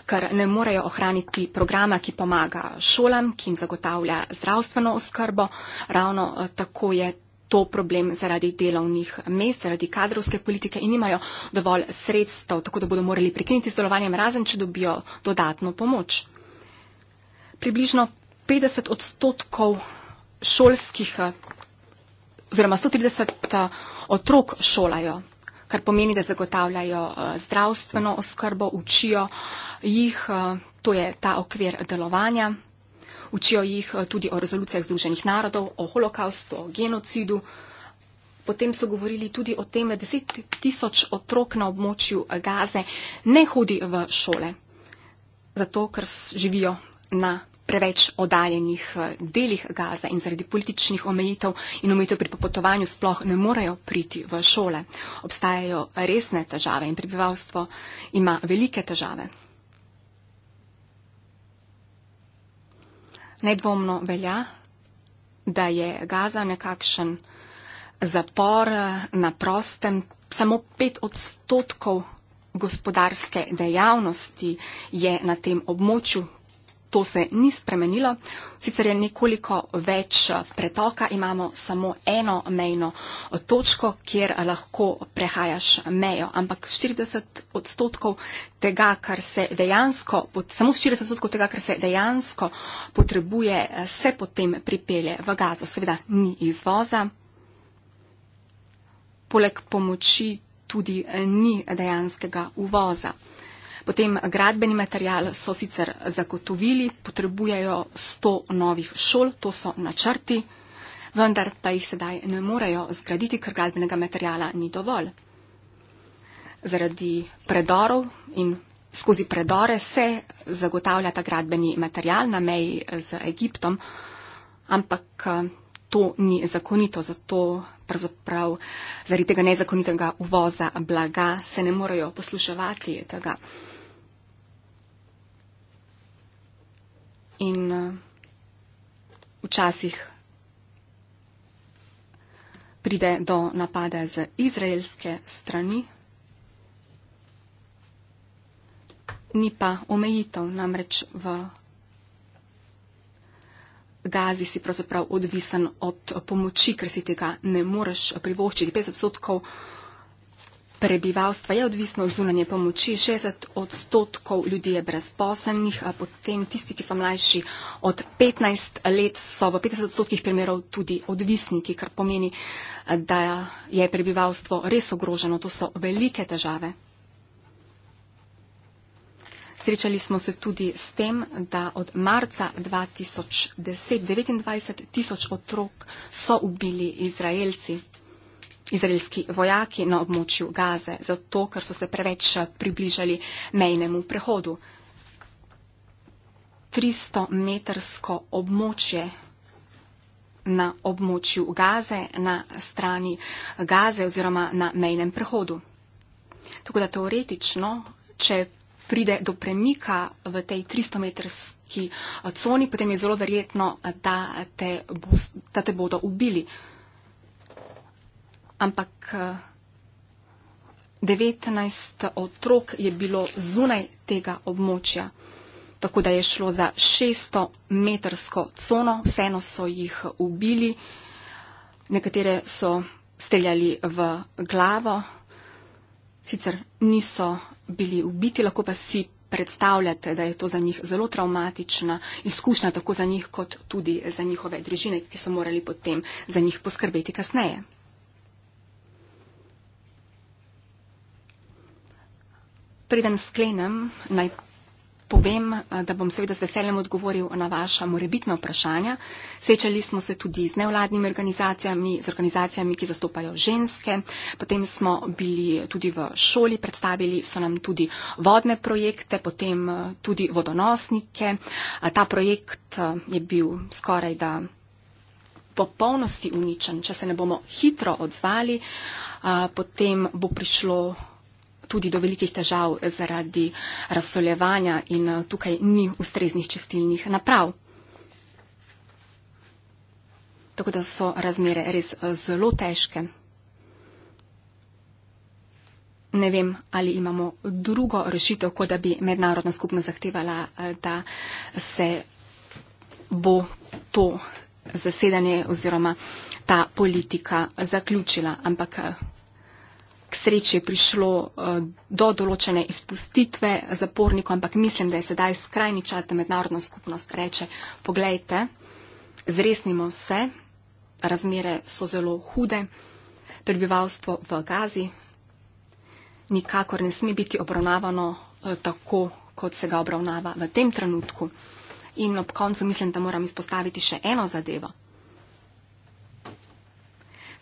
ker ne morejo ohraniti programa, ki pomaga šolam, ki jim zagotavlja zdravstveno oskrbo. Ravno eh, tako je to problem zaradi delovnih mest, zaradi kadrovske politike in nimajo dovolj sredstev, tako da bodo morali prekiniti z delovanjem, razen če dobijo dodatno pomoč. Približno 50 odstotkov šolskih oziroma 130 otrok šolajo, kar pomeni, da zagotavljajo zdravstveno oskrbo, učijo jih, to je ta okvir delovanja. Učijo jih eh, tudi o rezolucijah Združenih narodov, o holokaustu, o genocidu. Potem so govorili tudi o tem, da 10 tisoč otrok na območju eh, Gaze ne hodi v šole, zato ker živijo na preveč oddaljenih eh, delih Gaze in zaradi političnih omejitev in omejitev pri popotovanju sploh ne morejo priti v šole. Obstajajo resne težave in prebivalstvo ima velike težave. Nedvomno velja, da je Gaza nekakšen zapor na prostem. Samo pet odstotkov gospodarske dejavnosti je na tem območju, to se ni spremenilo. Sicer je nekoliko več pretoka, imamo samo eno mejno točko, kjer lahko prehajaš mejo, ampak 40 odstotkov tega, kar se dejansko, samo 40 odstotkov tega, kar se dejansko potrebuje, se potem pripelje v gazo. Seveda ni izvoza. Poleg pomoči tudi ni dejanskega uvoza. Potem gradbeni material so sicer zagotovili, potrebujejo 100 novih šol, to so načrti, vendar pa jih sedaj ne morejo zgraditi, ker gradbenega materijala ni dovolj. Zaradi predorov in skozi predore se zagotavlja ta gradbeni material na meji z Egiptom, ampak to ni zakonito, zato pravzaprav zaradi tega nezakonitega uvoza blaga se ne morejo posluševati tega. in uh, včasih pride do napada z izraelske strani. Ni pa omejitev, namreč v gazi si pravzaprav odvisen od pomoči, ker si tega ne moreš privoščiti. 50 odstotkov uh, prebivalstva je odvisno od zunanje pomoči, 60 odstotkov ljudi je brezposelnih, potem tisti, ki so mlajši od 15 let, so v 50 odstotkih primerov tudi odvisniki, kar pomeni, da je prebivalstvo res ogroženo. To so velike težave. Srečali smo se tudi s tem, da od marca 2010-2029 tisoč otrok so ubili Izraelci izraelski vojaki na območju Gaze, zato ker so se preveč približali mejnemu prehodu. 300 metrsko območje na območju Gaze, na strani Gaze oziroma na mejnem prehodu. Tako da teoretično, če pride do premika v tej 300-metrski coni, potem je zelo verjetno, da te, bo, da te bodo ubili ampak 19 eh, otrok je bilo zunaj tega območja. Tako da je šlo za 600 metrsko cono, vseeno so jih ubili, nekatere so streljali v glavo, sicer niso bili ubiti, lahko pa si predstavljate, da je to za njih zelo traumatična izkušnja, tako za njih kot tudi za njihove družine, ki so morali potem za njih poskrbeti kasneje. Preden sklenem, naj povem, eh, da bom seveda z veseljem odgovoril na vaša morebitna vprašanja. Sečali smo se tudi z nevladnimi organizacijami, z organizacijami, ki zastopajo ženske. Potem smo bili tudi v šoli, predstavili so nam tudi vodne projekte, potem eh, tudi vodonosnike. Ta projekt eh, je bil skoraj da popolnosti uničen, če se ne bomo hitro odzvali. Potem bo prišlo tudi do velikih težav zaradi razsoljevanja in eh, tukaj ni ustreznih čistilnih naprav. Tako da so razmere res eh, zelo težke. Ne vem, ali imamo drugo rešitev, kot da bi mednarodna skupnost zahtevala, eh, da se bo to zasedanje oziroma ta politika zaključila, ampak k sreči prišlo eh, do določene izpustitve zapornikov, ampak mislim, da je sedaj skrajni čas, da mednarodna skupnost reče, pogledajte, zresnimo se, razmere so zelo hude, prebivalstvo v Gazi nikakor ne sme biti obravnavano eh, tako, kot se ga obravnava v tem trenutku. In ob koncu mislim, da moram izpostaviti še eno zadevo.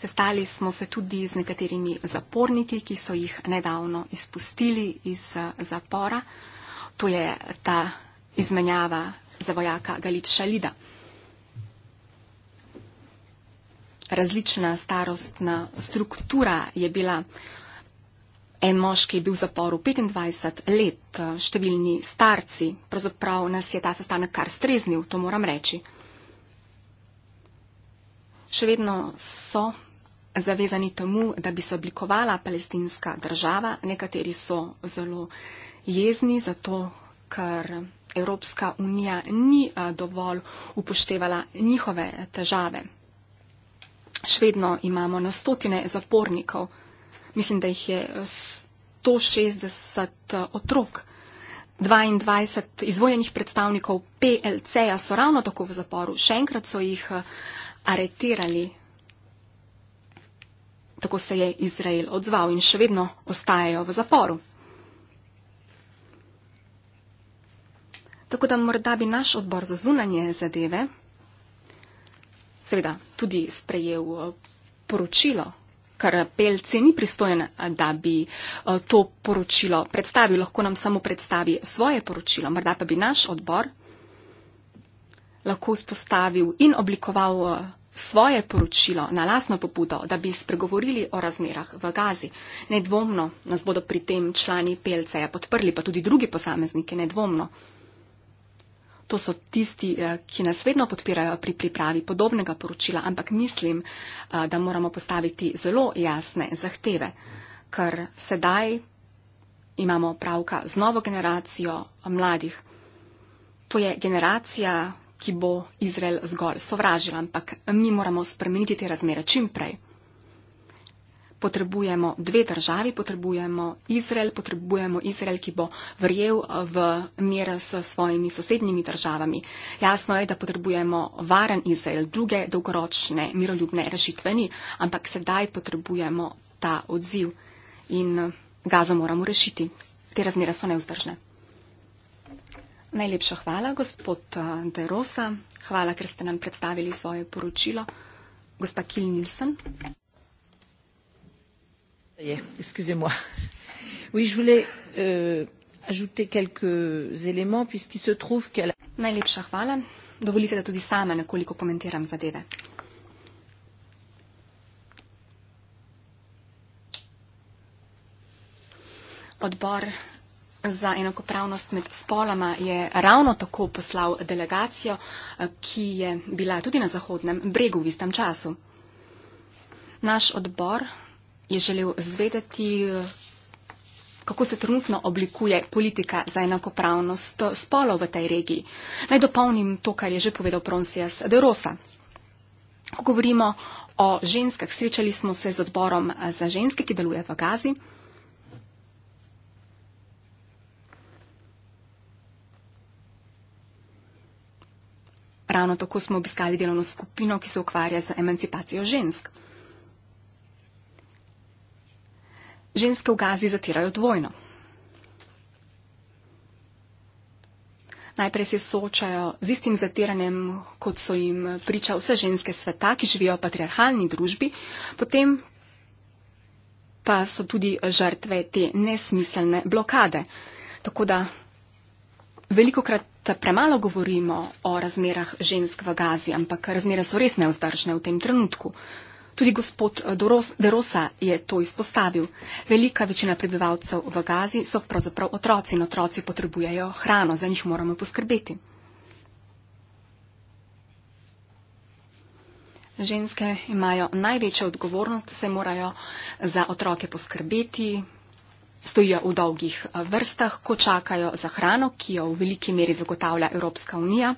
Sestali smo se tudi z nekaterimi zaporniki, ki so jih nedavno izpustili iz eh, zapora. To je ta izmenjava za vojaka Galit Šalida. Različna starostna struktura je bila. En moški je bil v zaporu 25 let, eh, številni starci, pravzaprav nas je ta sestanek kar streznil, to moram reči. Še vedno so zavezani temu, da bi se oblikovala palestinska država. Nekateri so zelo jezni zato, ker Evropska unija ni dovolj upoštevala njihove težave. Še vedno imamo na stotine zapornikov, mislim, da jih je 160 otrok. 22 izvojenih predstavnikov PLC-ja so ravno tako v zaporu. Še enkrat so jih aretirali tako se je Izrael odzval in še vedno ostajajo v zaporu. Tako da morda bi naš odbor za zunanje zadeve seveda tudi sprejel eh, poročilo, ker pelce ni pristojen, da bi eh, to poročilo predstavil, lahko nam samo predstavi svoje poročilo, morda pa bi naš odbor lahko vzpostavil in oblikoval eh, svoje poročilo na lasno pobudo, da bi spregovorili o razmerah v Gazi. Nedvomno nas bodo pri tem člani pelce podprli, pa tudi drugi posamezniki, nedvomno. To so tisti, eh, ki nas vedno podpirajo pri pripravi podobnega poročila, ampak mislim, eh, da moramo postaviti zelo jasne zahteve, ker sedaj imamo pravka z novo generacijo mladih. To je generacija ki bo Izrael zgolj sovražila, ampak mi moramo spremeniti te razmere čim prej. Potrebujemo dve državi, potrebujemo Izrael, potrebujemo Izrael, ki bo vrjel v mir s svojimi sosednjimi državami. Jasno je, da potrebujemo varen Izrael, druge dolgoročne miroljubne rešitve ni, ampak sedaj potrebujemo ta odziv in Gaza moramo rešiti. Te razmere so neuzdržne. Najlepša hvala, gospod eh, De Rosa. Hvala, ker ste nam predstavili svoje poročilo. Gospa Kil Nilsen. Euh, Najlepša hvala. Dovolite, da tudi sama nekoliko komentiram zadeve. Odbor za enakopravnost med spoloma je ravno tako poslal delegacijo, eh, ki je bila tudi na Zahodnem bregu v istem času. Naš odbor je želel zvedeti, eh, kako se trenutno oblikuje politika za enakopravnost spolov v tej regiji. Naj dopolnim to, kar je že povedal Pronsijas de Rosa. Ko govorimo o ženskah, srečali smo se z odborom eh, za ženske, ki deluje v Gazi. Ravno tako smo obiskali delovno skupino, ki se ukvarja z emancipacijo žensk. Ženske v gazi zatirajo dvojno. Najprej se soočajo z istim zatiranjem, kot so jim priča vse ženske sveta, ki živijo v patriarhalni družbi, potem pa so tudi žrtve te nesmiselne blokade. Tako da veliko krat premalo govorimo o razmerah žensk v Gazi, ampak razmere so res neozdržne v tem trenutku. Tudi gospod eh, Derosa je to izpostavil. Velika večina prebivalcev v Gazi so pravzaprav otroci in otroci potrebujejo hrano, za njih moramo poskrbeti. Ženske imajo največjo odgovornost, da se morajo za otroke poskrbeti, stojijo v dolgih eh, vrstah, ko čakajo za hrano, ki jo v veliki meri zagotavlja Evropska unija,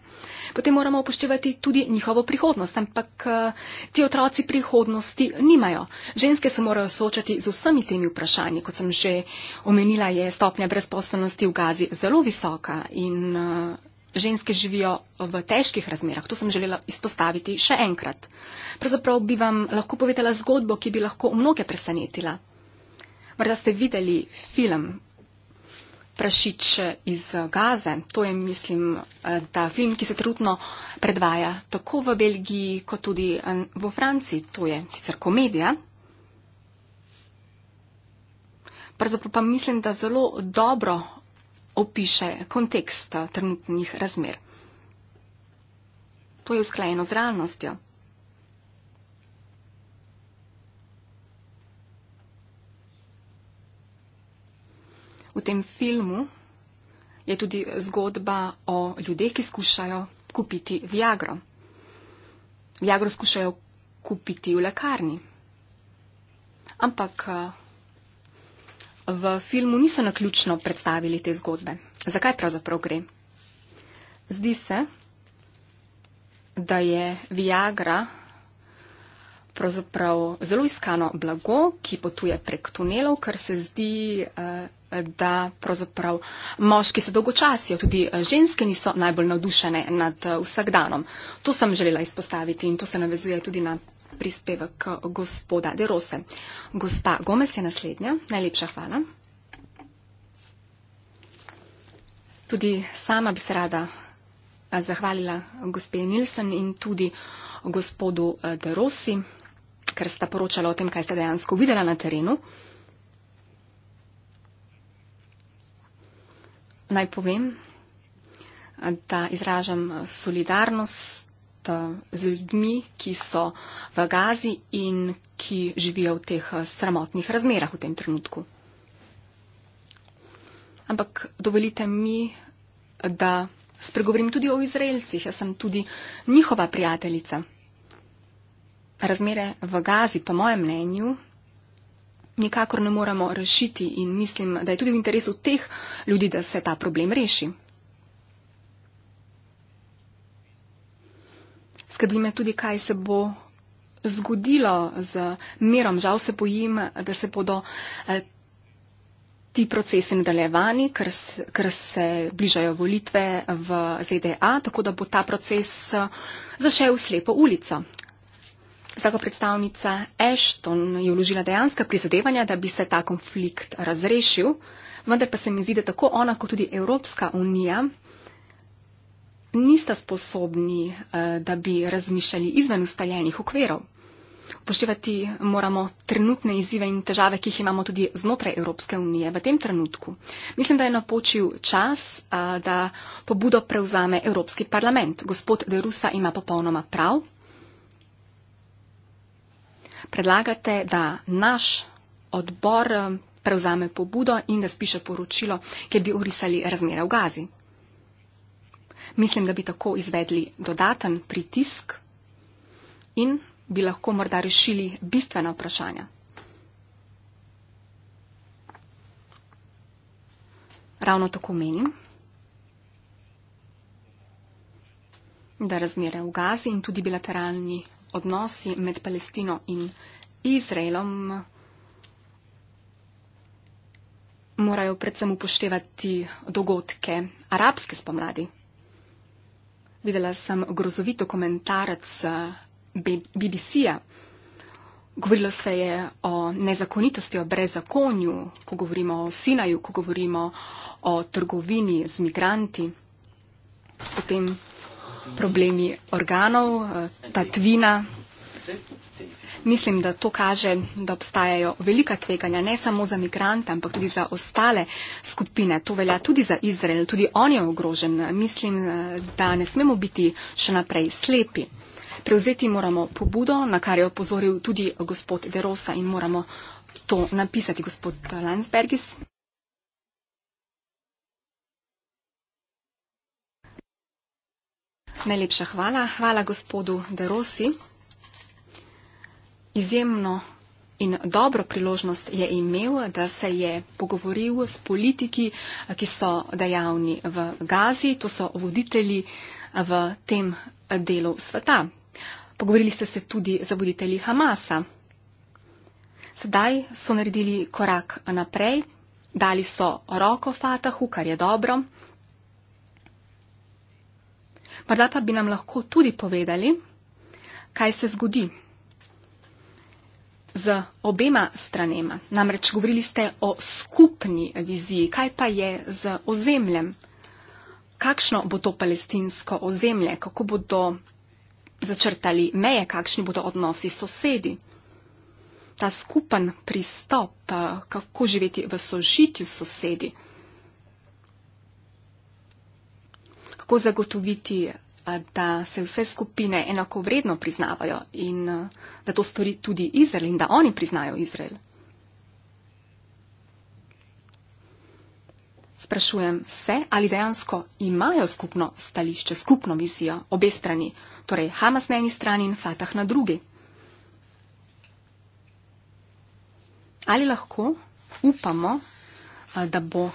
potem moramo upoštevati tudi njihovo prihodnost. Ampak eh, ti otroci prihodnosti nimajo. Ženske se morajo soočati z vsemi temi vprašanji. Kot sem že omenila, je stopnja brezposobnosti v Gazi zelo visoka in eh, ženske živijo v težkih razmerah. To sem želela izpostaviti še enkrat. Pravzaprav bi vam lahko povedala zgodbo, ki bi lahko mnoge presenetila. Morda ste videli film Prašič iz Gaze. To je, mislim, ta film, ki se trenutno predvaja tako v Belgiji, kot tudi eh, v Franciji. To je sicer komedija. Pravzaprav pa mislim, da zelo dobro opiše kontekst eh, trenutnih razmer. To je usklajeno z realnostjo. v tem filmu je tudi zgodba o ljudeh, ki skušajo kupiti Viagro. Viagro skušajo kupiti v lekarni. Ampak v filmu niso naključno predstavili te zgodbe. Zakaj pravzaprav gre? Zdi se, da je Viagra pravzaprav zelo iskano blago, ki potuje prek tunelov, ker se zdi eh, da pravzaprav moški se dolgočasijo, tudi eh, ženske niso najbolj navdušene nad eh, vsakdanom. To sem želela izpostaviti in to se navezuje tudi na prispevek eh, gospoda De Rose. Gospa Gomez je naslednja. Najlepša hvala. Tudi sama bi se rada zahvalila gospe Nilsen in tudi gospodu De Rosi, ker sta poročala o tem, kaj sta dejansko videla na terenu. Naj povem, da izražam solidarnost eh, z ljudmi, ki so v Gazi in ki živijo v teh eh, sramotnih razmerah v tem trenutku. Ampak dovolite mi, da spregovorim tudi o Izraelcih. Jaz sem tudi njihova prijateljica. Razmere v Gazi, po mojem mnenju, nikakor ne moremo rešiti in mislim, da je tudi v interesu teh ljudi, da se ta problem reši. Skrbi me tudi, kaj se bo zgodilo z mirom. Žal se bojim, da se bodo eh, ti procesi nadaljevani, ker, ker se bližajo volitve v ZDA, tako da bo ta proces eh, zašel v slepo ulico. Vsako predstavnica Ashton je vložila dejanska prizadevanja, da bi se ta konflikt razrešil, vendar pa se mi zdi, da tako ona kot tudi Evropska unija nista sposobni, eh, da bi razmišljali izven ustaljenih okverov. Upoštevati moramo trenutne izzive in težave, ki jih imamo tudi znotraj Evropske unije v tem trenutku. Mislim, da je napočil čas, eh, da pobudo prevzame Evropski parlament. Gospod Derusa ima popolnoma prav predlagate, da naš odbor eh, prevzame pobudo in da spiše poročilo, kjer bi urisali razmere v gazi. Mislim, da bi tako izvedli dodaten pritisk in bi lahko morda rešili bistvena vprašanja. Ravno tako menim, da razmere v gazi in tudi bilateralni odnosi med Palestino in Izraelom morajo predvsem upoštevati dogodke arabske spomladi. Videla sem grozovito komentarec eh, BBC-ja. Govorilo se je o nezakonitosti, o brezakonju, ko govorimo o Sinaju, ko govorimo o trgovini z migranti. Potem problemi organov, eh, tatvina. Mislim, da to kaže, da obstajajo velika tveganja ne samo za migrante, ampak tudi za ostale skupine. To velja tudi za Izrael, tudi on je ogrožen. Mislim, eh, da ne smemo biti še naprej slepi. Prevzeti moramo pobudo, na kar je opozoril tudi gospod Derosa in moramo to napisati, gospod Landsbergis. Najlepša hvala. Hvala gospodu Derosi. Izjemno in dobro priložnost je imel, da se je pogovoril s politiki, ki so dejavni v Gazi. To so voditelji eh, v tem eh, delu sveta. Pogovorili ste se tudi z voditelji Hamasa. Sedaj so naredili korak naprej. Dali so roko Fatahu, kar je dobro morda pa bi nam lahko tudi povedali, kaj se zgodi z obema stranema. Namreč govorili ste o skupni viziji, kaj pa je z ozemljem. Kakšno bo to palestinsko ozemlje, kako bodo začrtali meje, kakšni bodo odnosi s sosedi. Ta skupen pristop, eh, kako živeti v sožitju s sosedi. kako zagotoviti, da se vse skupine enakovredno priznavajo in da to stori tudi Izrael in da oni priznajo Izrael? Sprašujem se, ali dejansko imajo skupno stališče, skupno vizijo obe strani, torej Hamas na eni strani in Fatah na drugi. Ali lahko upamo, da bo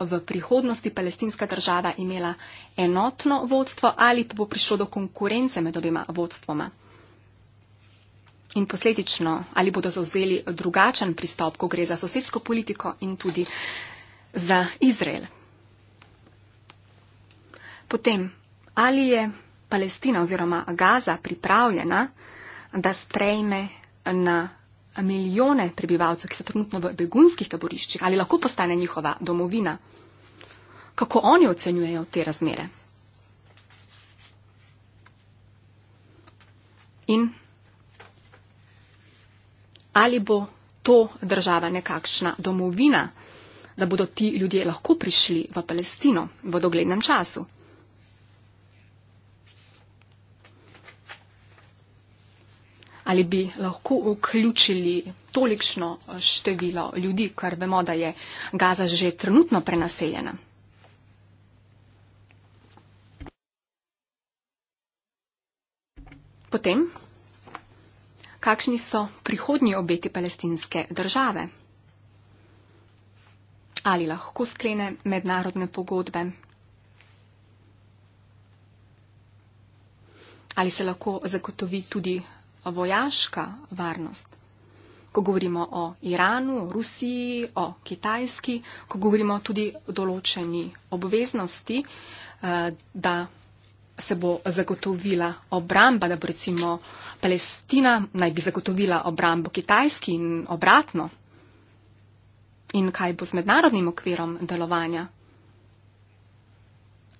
v prihodnosti palestinska država imela enotno vodstvo ali pa bo prišlo do konkurence med obima vodstvoma. In posledično, ali bodo zauzeli drugačen pristop, ko gre za sosedsko politiko in tudi za Izrael. Potem, ali je Palestina oziroma Gaza pripravljena, da sprejme na milijone prebivalcev, ki so trenutno v begunskih taboriščih, ali lahko postane njihova domovina? Kako oni ocenjujejo te razmere? In ali bo to država nekakšna domovina, da bodo ti ljudje lahko prišli v Palestino v doglednem času? ali bi lahko vključili tolikšno eh, število ljudi, kar vemo, da je Gaza že trenutno prenaseljena. Potem, kakšni so prihodnji obeti palestinske države? Ali lahko sklene mednarodne pogodbe? Ali se lahko zagotovi tudi vojaška varnost. Ko govorimo o Iranu, o Rusiji, o Kitajski, ko govorimo tudi o določeni obveznosti, eh, da se bo zagotovila obramba, da bo recimo Palestina naj bi zagotovila obrambo Kitajski in obratno. In kaj bo z mednarodnim okvirom delovanja?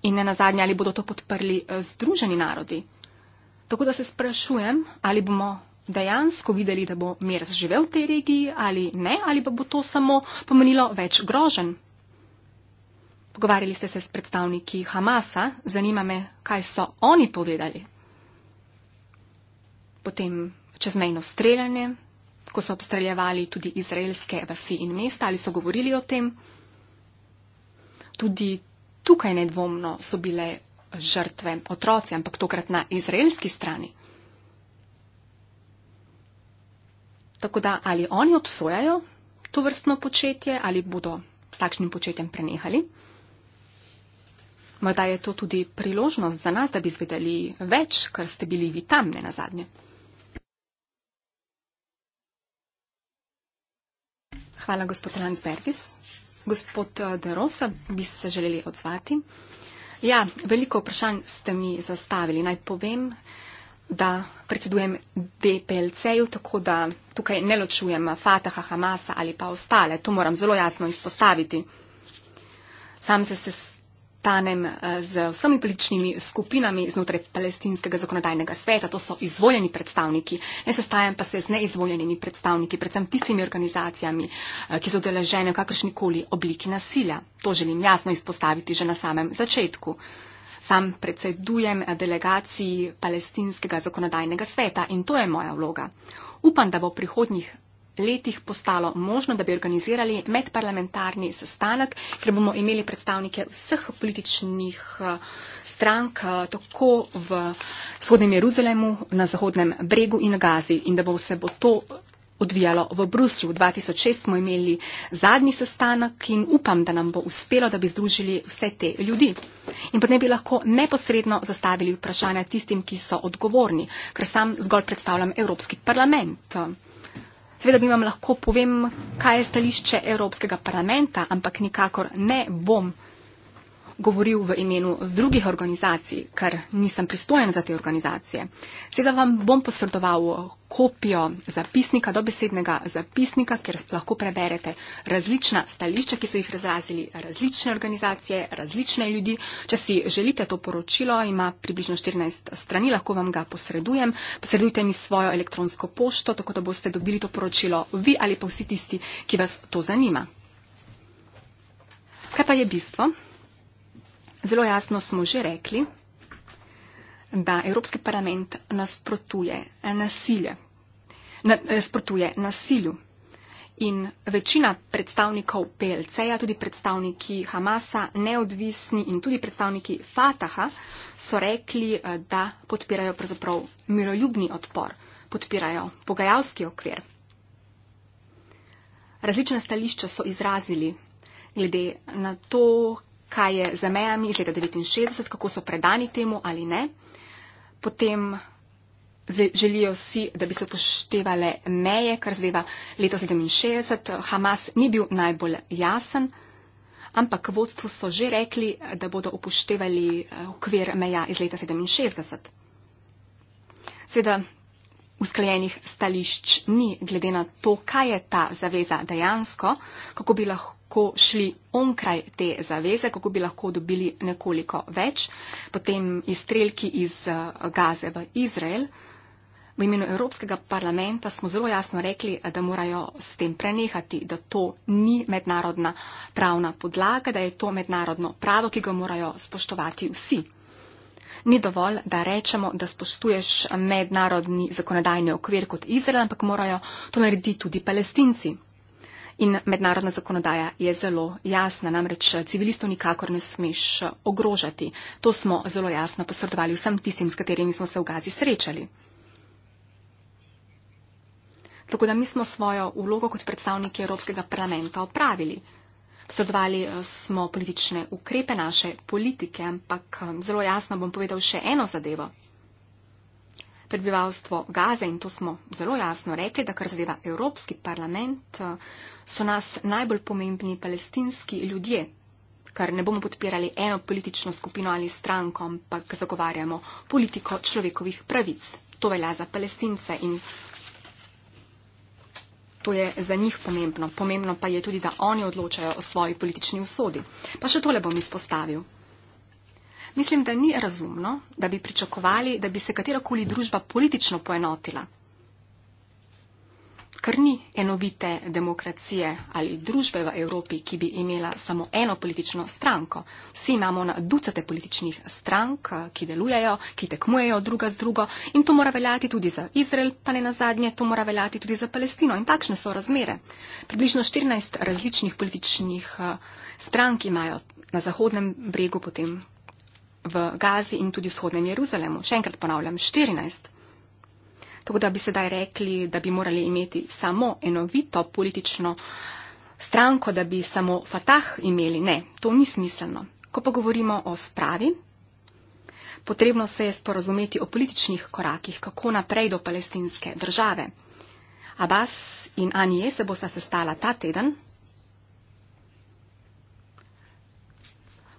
In ne nazadnje, ali bodo to podprli eh, Združeni narodi? Tako da se sprašujem, ali bomo dejansko videli, da bo mir zaživel v tej regiji ali ne, ali pa bo to samo pomenilo več grožen. Pogovarjali ste se s predstavniki Hamasa, zanima me, kaj so oni povedali. Potem čezmejno streljanje, ko so obstreljevali tudi izraelske vasi in mesta, ali so govorili o tem. Tudi tukaj nedvomno so bile žrtve, otroci, ampak tokrat na izraelski strani. Tako da ali oni obsojajo to vrstno početje ali bodo s takšnim početjem prenehali. Morda je to tudi priložnost za nas, da bi izvedeli več, kar ste bili vi tam ne na zadnje. Hvala, gospod Landsbergis. Gospod eh, Derosa, bi se želeli odzvati? Ja, veliko vprašanj ste mi zastavili. Naj povem, da predsedujem DPLC-ju, tako da tukaj ne ločujem Fataha, Hamasa ali pa ostale. To moram zelo jasno izpostaviti. Sam se se sestanem eh, z vsemi političnimi skupinami znotraj palestinskega zakonodajnega sveta, to so izvoljeni predstavniki, ne sestajem pa se z neizvoljenimi predstavniki, predvsem tistimi organizacijami, eh, ki so deležene v kakršnikoli obliki nasilja. To želim jasno izpostaviti že na samem začetku. Sam predsedujem eh, delegaciji palestinskega zakonodajnega sveta in to je moja vloga. Upam, da bo v prihodnjih letih postalo možno, da bi organizirali medparlamentarni sestanek, ker bomo imeli predstavnike vseh političnih eh, strank, eh, tako v vzhodnem Jeruzalemu, na zahodnem bregu in Gazi in da bo se bo to odvijalo v Bruslju. V 2006 smo imeli zadnji sestanek in upam, da nam bo uspelo, da bi združili vse te ljudi. In potem bi lahko neposredno zastavili vprašanja tistim, ki so odgovorni, ker sam zgolj predstavljam Evropski parlament. Seveda bi vam lahko povem, kaj je stališče Evropskega parlamenta, ampak nikakor ne bom govoril v imenu drugih organizacij, ker nisem pristojen za te organizacije. Seveda vam bom posredoval kopijo zapisnika, dobesednega zapisnika, kjer lahko preberete različna stališča, ki so jih razrazili različne organizacije, različne ljudi. Če si želite to poročilo, ima približno 14 strani, lahko vam ga posredujem. Posredujte mi svojo elektronsko pošto, tako da boste dobili to poročilo vi ali pa vsi tisti, ki vas to zanima. Kaj pa je bistvo? Zelo jasno smo že rekli, da Evropski parlament nasprotuje, nasilje, nasprotuje nasilju. In večina predstavnikov PLC-ja, tudi predstavniki Hamasa, neodvisni in tudi predstavniki Fataha, so rekli, eh, da podpirajo pravzaprav miroljubni odpor, podpirajo pogajalski okvir. Različna stališča so izrazili glede na to, kaj je za mejami iz leta 1969, kako so predani temu ali ne. Potem želijo vsi, da bi se upoštevale meje, kar zdajva leto 67. Hamas ni bil najbolj jasen, ampak vodstvu so že rekli, da bodo upoštevali eh, okvir meja iz leta 67. Seveda, usklajenih stališč ni glede na to, kaj je ta zaveza dejansko, kako bi lahko lahko šli onkraj te zaveze, kako bi lahko dobili nekoliko več. Potem izstrelki iz eh, Gaze v Izrael. V imenu Evropskega parlamenta smo zelo jasno rekli, eh, da morajo s tem prenehati, da to ni mednarodna pravna podlaga, da je to mednarodno pravo, ki ga morajo spoštovati vsi. Ni dovolj, da rečemo, da spoštuješ mednarodni zakonodajni okvir kot Izrael, ampak morajo to narediti tudi palestinci. In mednarodna zakonodaja je zelo jasna, namreč civilistov nikakor ne smeš ogrožati. To smo zelo jasno posredovali vsem tistim, s katerimi smo se v Gazi srečali. Tako da mi smo svojo vlogo kot predstavniki Evropskega parlamenta opravili. Posredovali eh, smo politične ukrepe naše politike, ampak eh, zelo jasno bom povedal še eno zadevo. Prebivalstvo Gaze, in to smo zelo jasno rekli, da kar zadeva Evropski parlament, eh, so nas najbolj pomembni palestinski ljudje, ker ne bomo podpirali eno politično skupino ali stranko, ampak zagovarjamo politiko človekovih pravic. To velja za palestince in to je za njih pomembno. Pomembno pa je tudi, da oni odločajo o svoji politični usodi. Pa še tole bom izpostavil. Mislim, da ni razumno, da bi pričakovali, da bi se katerakoli družba politično poenotila kar ni enovite demokracije ali družbe v Evropi, ki bi imela samo eno politično stranko. Vsi imamo na ducate političnih strank, ki delujejo, ki tekmujejo druga z drugo in to mora veljati tudi za Izrael, pa ne nazadnje, to mora veljati tudi za Palestino in takšne so razmere. Približno 14 različnih političnih eh, strank imajo na Zahodnem bregu, potem v Gazi in tudi v Vzhodnem Jeruzalemu. Še enkrat ponavljam, 14. Tako da bi sedaj rekli, da bi morali imeti samo enovito politično stranko, da bi samo Fatah imeli. Ne, to ni smiselno. Ko pa govorimo o spravi, potrebno se je sporazumeti o političnih korakih, kako naprej do palestinske države. Abbas in Anije se bosta sestala ta teden.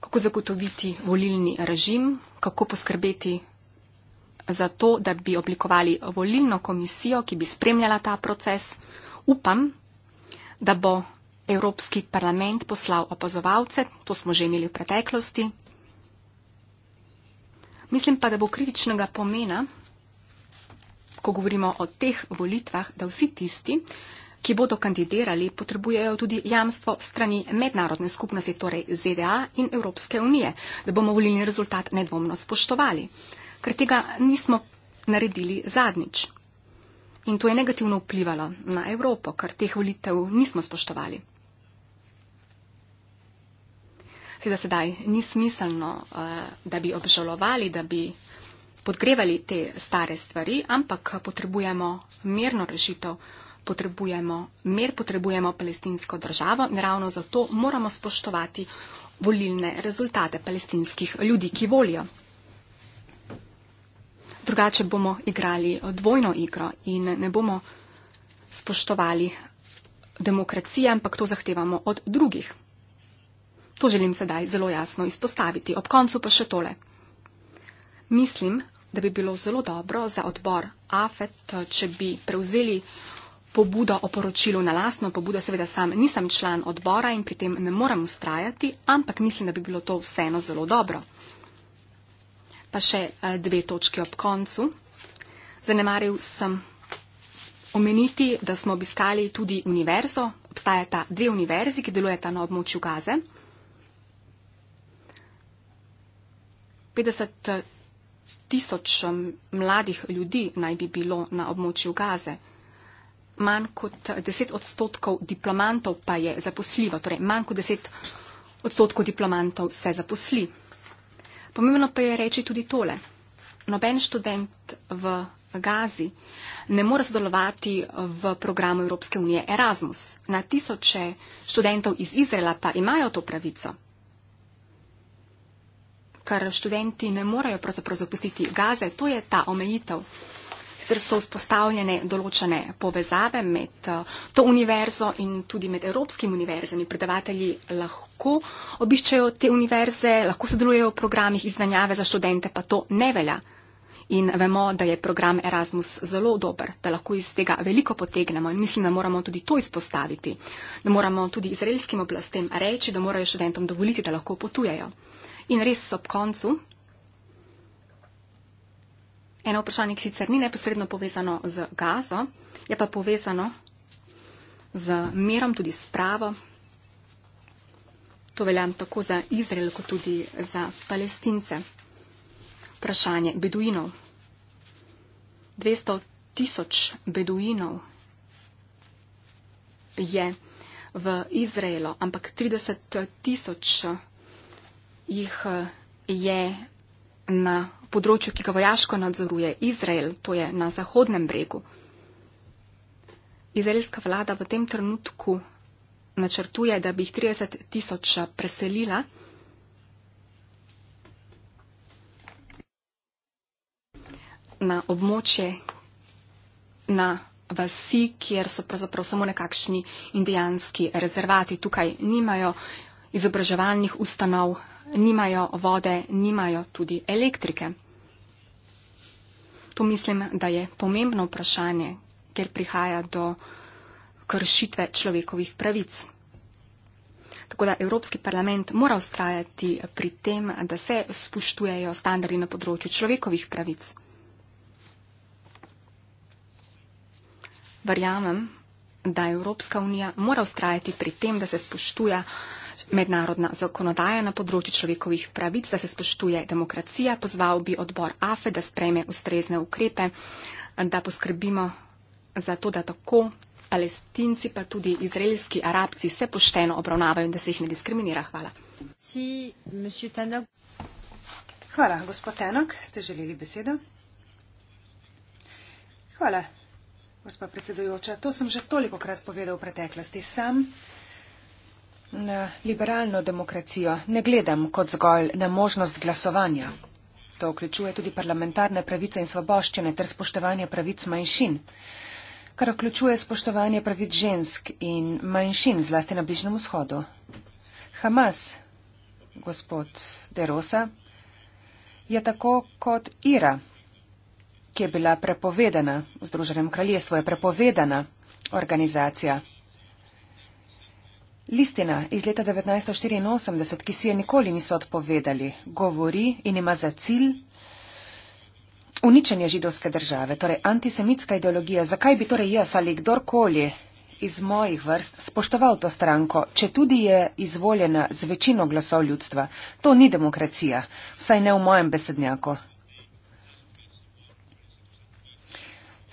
Kako zagotoviti volilni režim, kako poskrbeti za to, da bi oblikovali volilno komisijo, ki bi spremljala ta proces. Upam, da bo Evropski parlament poslal opazovalce, to smo že imeli v preteklosti. Mislim pa, da bo kritičnega pomena, ko govorimo o teh volitvah, da vsi tisti, ki bodo kandidirali, potrebujejo tudi jamstvo strani mednarodne skupnosti, torej ZDA in Evropske unije, da bomo volilni rezultat nedvomno spoštovali ker tega nismo naredili zadnjič. In to je negativno vplivalo na Evropo, ker teh volitev nismo spoštovali. Seveda sedaj ni smiselno, eh, da bi obžalovali, da bi podgrevali te stare stvari, ampak potrebujemo mirno rešitev, potrebujemo mir, potrebujemo palestinsko državo in ravno zato moramo spoštovati volilne rezultate palestinskih ljudi, ki volijo drugače bomo igrali eh, dvojno igro in ne bomo spoštovali demokracije, ampak to zahtevamo od drugih. To želim sedaj zelo jasno izpostaviti. Ob koncu pa še tole. Mislim, da bi bilo zelo dobro za odbor AFET, eh, če bi prevzeli pobudo o poročilu na lasno pobudo. Seveda sam nisem član odbora in pri tem ne morem ustrajati, ampak mislim, da bi bilo to vseeno zelo dobro pa še eh, dve točke ob koncu. Zanemaril sem omeniti, da smo obiskali tudi univerzo. Obstajata dve univerzi, ki delujeta na območju Gaze. 50 eh, tisoč eh, mladih ljudi naj bi bilo na območju Gaze. Manj kot 10 odstotkov diplomantov pa je zaposljivo, torej manj kot 10 odstotkov diplomantov se zaposli. Pomembno pa je reči tudi tole. Noben študent v Gazi ne more sodelovati v programu Evropske unije Erasmus. Na tisoče študentov iz Izraela pa imajo to pravico, ker študenti ne morejo pravzaprav zapustiti Gaze. To je ta omejitev sicer so vzpostavljene določene povezave med eh, to univerzo in tudi med evropskimi univerzami. Predavatelji lahko obiščajo te univerze, lahko sodelujejo v programih izvenjave za študente, pa to ne velja. In vemo, da je program Erasmus zelo dober, da lahko iz tega veliko potegnemo in mislim, da moramo tudi to izpostaviti, da moramo tudi izraelskim oblastem reči, da morajo študentom dovoliti, da lahko potujejo. In res ob koncu Eno vprašanje, ki sicer ni neposredno povezano z gazo, je pa povezano z mirom, tudi s pravo. To veljam tako za Izrael, kot tudi za palestince. Vprašanje beduinov. 200 tisoč beduinov je v Izraelu, ampak 30 tisoč jih eh, je na področju, ki ga vojaško nadzoruje Izrael, to je na Zahodnem bregu. Izraelska vlada v tem trenutku načrtuje, da bi jih 30 tisoč preselila. na območje, na vasi, kjer so pravzaprav samo nekakšni indijanski rezervati. Tukaj nimajo izobraževalnih ustanov, nimajo vode, nimajo tudi elektrike. To mislim, da je pomembno vprašanje, ker prihaja do kršitve človekovih pravic. Tako da Evropski parlament mora ustrajati pri tem, da se spoštujejo standardi na področju človekovih pravic. Verjamem, da Evropska unija mora ustrajati pri tem, da se spoštuje mednarodna zakonodaja na področju človekovih pravic, da se spoštuje demokracija. Pozval bi odbor AFE, da spreme ustrezne ukrepe, da poskrbimo za to, da tako palestinci, pa tudi izraelski arabci se pošteno obravnavajo in da se jih ne diskriminira. Hvala. Hvala, gospod Tenok. Ste želeli besedo? Hvala, gospod predsedujoča. To sem že toliko krat povedal v preteklosti. Sam na liberalno demokracijo ne gledam kot zgolj na možnost glasovanja. To vključuje tudi parlamentarne pravice in svoboščine ter spoštovanje pravic manjšin, kar vključuje spoštovanje pravic žensk in manjšin zlasti na Bližnjem vzhodu. Hamas, gospod Derosa, je tako kot Ira, ki je bila prepovedana v Združenem kraljestvu, je prepovedana organizacija. Listina iz leta 1984, ki si je nikoli niso odpovedali, govori in ima za cilj uničenje židovske države, torej antisemitska ideologija. Zakaj bi torej jaz ali kdorkoli iz mojih vrst spoštoval to stranko, če tudi je izvoljena z večino glasov ljudstva? To ni demokracija, vsaj ne v mojem besednjaku.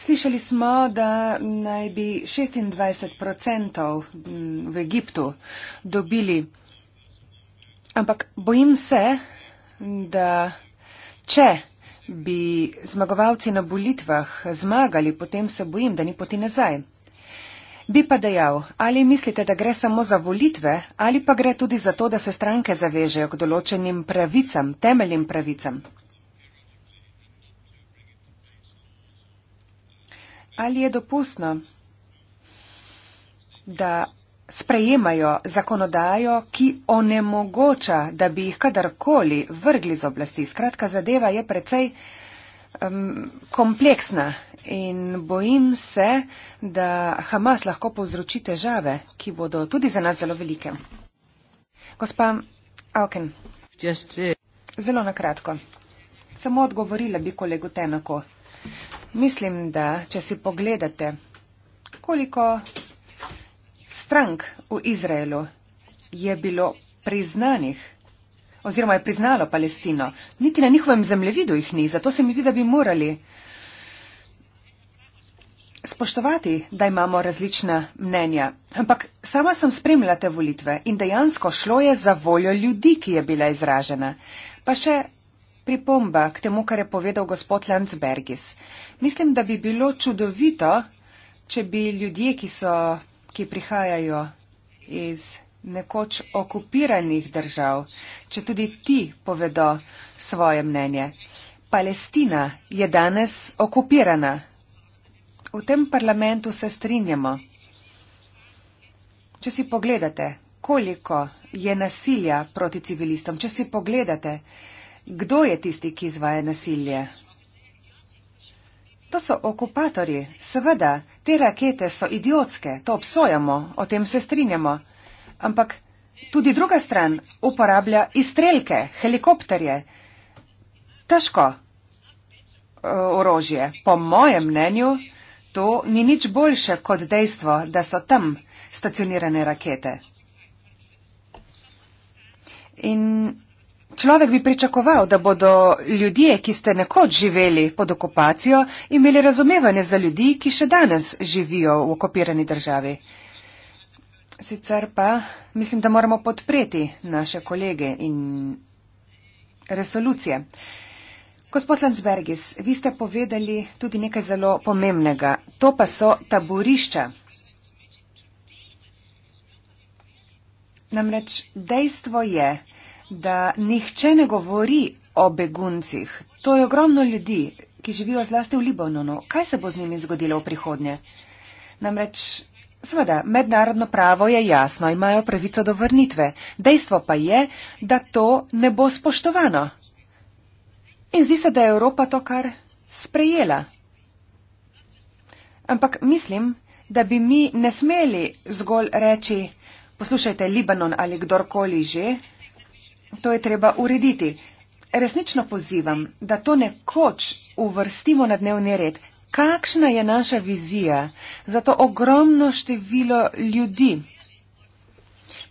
Slišali smo, da naj bi 26 odstotkov mm, v Egiptu dobili, ampak bojim se, da če bi zmagovalci na volitvah zmagali, potem se bojim, da ni poti nazaj. Bi pa dejal, ali mislite, da gre samo za volitve, ali pa gre tudi za to, da se stranke zavežejo k določenim pravicam, temeljnim pravicam. ali je dopustno, da sprejemajo zakonodajo, ki onemogoča, da bi jih kadarkoli vrgli z oblasti. Skratka, zadeva je precej um, kompleksna in bojim se, da Hamas lahko povzroči težave, ki bodo tudi za nas zelo velike. Gospa Auken, eh, zelo nakratko. Samo odgovorila bi kolegu Tenako. Mislim, da če si pogledate, koliko strank v Izraelu je bilo priznanih oziroma je priznalo Palestino, niti na njihovem zemljevidu jih ni, zato se mi zdi, da bi morali spoštovati, da imamo različna mnenja. Ampak sama sem spremljala te volitve in dejansko šlo je za voljo ljudi, ki je bila izražena. Pa še pripomba k temu, kar je povedal gospod Landsbergis. Mislim, da bi bilo čudovito, če bi ljudje, ki, so, ki prihajajo iz nekoč okupiranih držav, če tudi ti povedo svoje mnenje. Palestina je danes okupirana. V tem parlamentu se strinjamo. Če si pogledate, koliko je nasilja proti civilistom, če si pogledate, Kdo je tisti, ki izvaja nasilje? To so okupatorji. Seveda, te rakete so idiotske, to obsojamo, o tem se strinjamo. Ampak tudi druga stran uporablja izstrelke, helikopterje, težko eh, orožje. Po mojem mnenju, to ni nič boljše kot dejstvo, da so tam stacionirane rakete. In Človek bi pričakoval, da bodo ljudje, ki ste nekoč živeli pod okupacijo, imeli razumevanje za ljudi, ki še danes živijo v okupirani državi. Sicer pa mislim, da moramo podpreti naše kolege in resolucije. Gospod Landsbergis, vi ste povedali tudi nekaj zelo pomembnega. To pa so taborišča. Namreč dejstvo je, da nihče ne govori o beguncih. To je ogromno ljudi, ki živijo zlasti v Libanonu. Kaj se bo z njimi zgodilo v prihodnje? Namreč, seveda, mednarodno pravo je jasno, imajo pravico do vrnitve. Dejstvo pa je, da to ne bo spoštovano. In zdi se, da je Evropa to kar sprejela. Ampak mislim, da bi mi ne smeli zgolj reči, poslušajte, Libanon ali kdorkoli že, To je treba urediti. Resnično pozivam, da to nekoč uvrstimo na dnevni red. Kakšna je naša vizija za to ogromno število ljudi?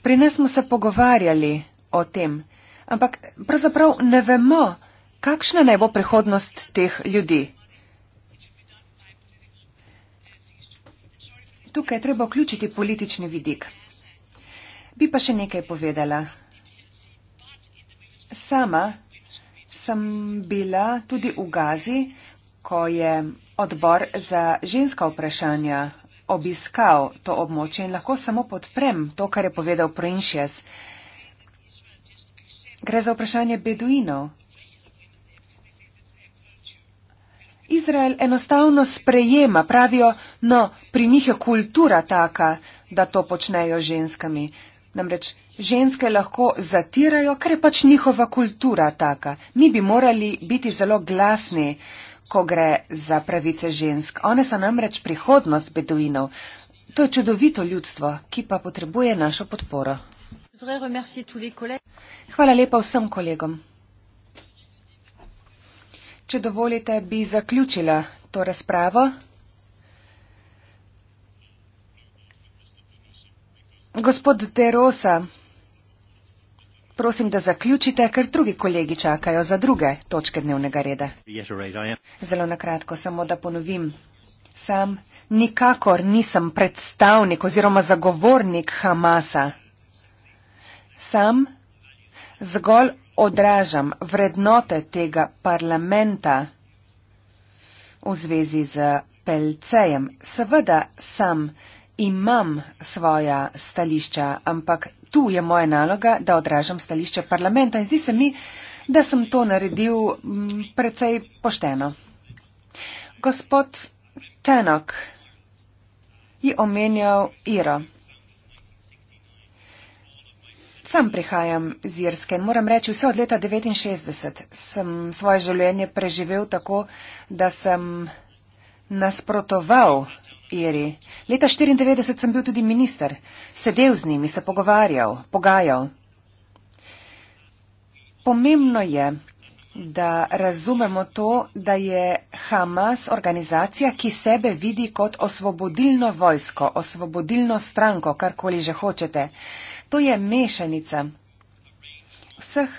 Pri nas smo se pogovarjali o tem, ampak pravzaprav ne vemo, kakšna naj bo prihodnost teh ljudi. Tukaj je treba vključiti politični vidik. Bi pa še nekaj povedala. Sama sem bila tudi v Gazi, ko je odbor za ženska vprašanja obiskal to območje in lahko samo podprem to, kar je povedal Prinšjes. Gre za vprašanje beduinov. Izrael enostavno sprejema, pravijo, no, pri njih je kultura taka, da to počnejo ženskami. Namreč Ženske lahko zatirajo, ker je pač njihova kultura taka. Mi bi morali biti zelo glasni, ko gre za pravice žensk. One so namreč prihodnost beduinov. To je čudovito ljudstvo, ki pa potrebuje našo podporo. Hvala lepa vsem kolegom. Če dovolite, bi zaključila to razpravo. Gospod Terosa prosim, da zaključite, ker drugi kolegi čakajo za druge točke dnevnega reda. Zelo nakratko, samo da ponovim. Sam nikakor nisem predstavnik oziroma zagovornik Hamasa. Sam zgolj odražam vrednote tega parlamenta v zvezi z pelcejem. Seveda sam imam svoja stališča, ampak tu je moja naloga, da odražam stališče parlamenta in zdi se mi, da sem to naredil mm, precej pošteno. Gospod Tenok je omenjal Iro. Sam prihajam z Irske in moram reči, vse od leta 1969 sem svoje življenje preživel tako, da sem nasprotoval Iri, leta 94 sem bil tudi minister, sedel z njimi, se pogovarjal, pogajal. Pomembno je, da razumemo to, da je Hamas organizacija, ki sebe vidi kot osvobodilno vojsko, osvobodilno stranko, karkoli že hočete. To je mešanica vseh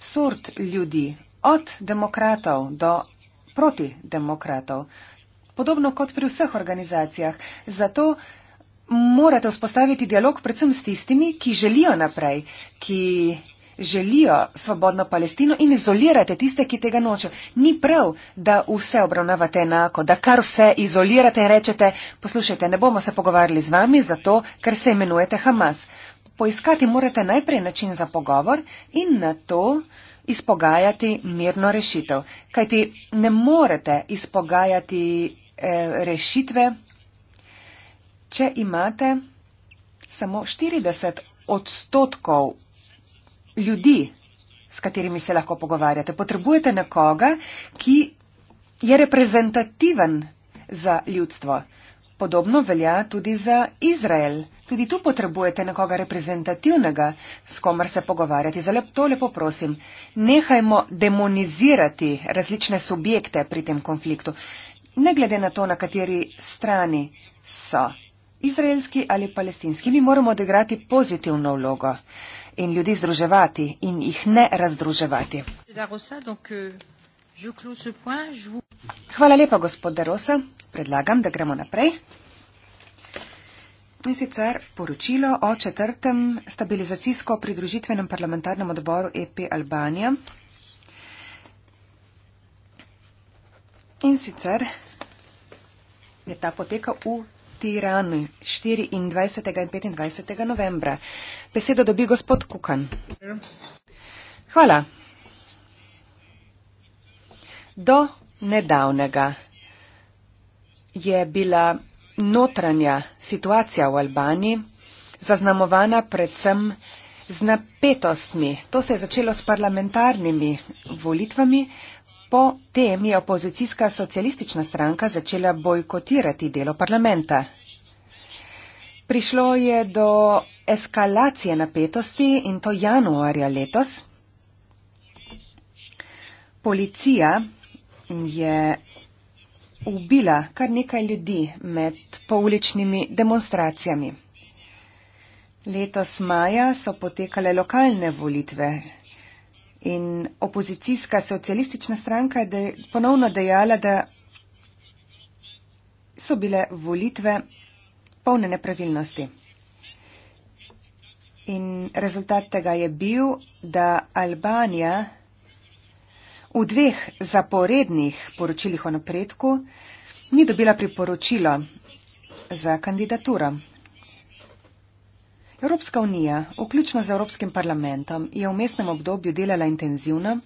sort ljudi, od demokratov do protidemokratov podobno kot pri vseh organizacijah. Zato morate vzpostaviti dialog predvsem s tistimi, ki želijo naprej, ki želijo svobodno Palestino in izolirate tiste, ki tega nočejo. Ni prav, da vse obravnavate enako, da kar vse izolirate in rečete, poslušajte, ne bomo se pogovarjali z vami zato, ker se imenujete Hamas. Poiskati morate najprej način za pogovor in na to izpogajati mirno rešitev. Kajti ne morete izpogajati Eh, rešitve, če imate samo 40 odstotkov ljudi, s katerimi se lahko pogovarjate. Potrebujete nekoga, ki je reprezentativen za ljudstvo. Podobno velja tudi za Izrael. Tudi tu potrebujete nekoga reprezentativnega, s komer se pogovarjati. Zelo to lepo prosim. Nehajmo demonizirati različne subjekte pri tem konfliktu ne glede na to, na kateri strani so, izraelski ali palestinski, mi moramo odigrati pozitivno vlogo in ljudi združevati in jih ne razdruževati. Hvala lepa, gospod Darosa. Predlagam, da gremo naprej. In sicer poročilo o četrtem stabilizacijsko-pridružitvenem parlamentarnem odboru EP Albanija. In sicer je ta poteka v Tirani 24. in 25. novembra. Besedo dobi gospod Kukan. Hvala. Do nedavnega je bila notranja situacija v Albaniji zaznamovana predvsem z napetostmi. To se je začelo s parlamentarnimi volitvami, Potem je opozicijska socialistična stranka začela bojkotirati delo parlamenta. Prišlo je do eskalacije napetosti in to januarja letos. Policija je ubila kar nekaj ljudi med pouličnimi demonstracijami. Letos maja so potekale lokalne volitve, in opozicijska socialistična stranka je de, ponovno dejala, da so bile volitve polne nepravilnosti. In rezultat tega je bil, da Albanija v dveh zaporednih poročilih o napredku ni dobila priporočilo za kandidaturo. Evropska unija, vključno z Evropskim parlamentom, je v mestnem obdobju delala intenzivno,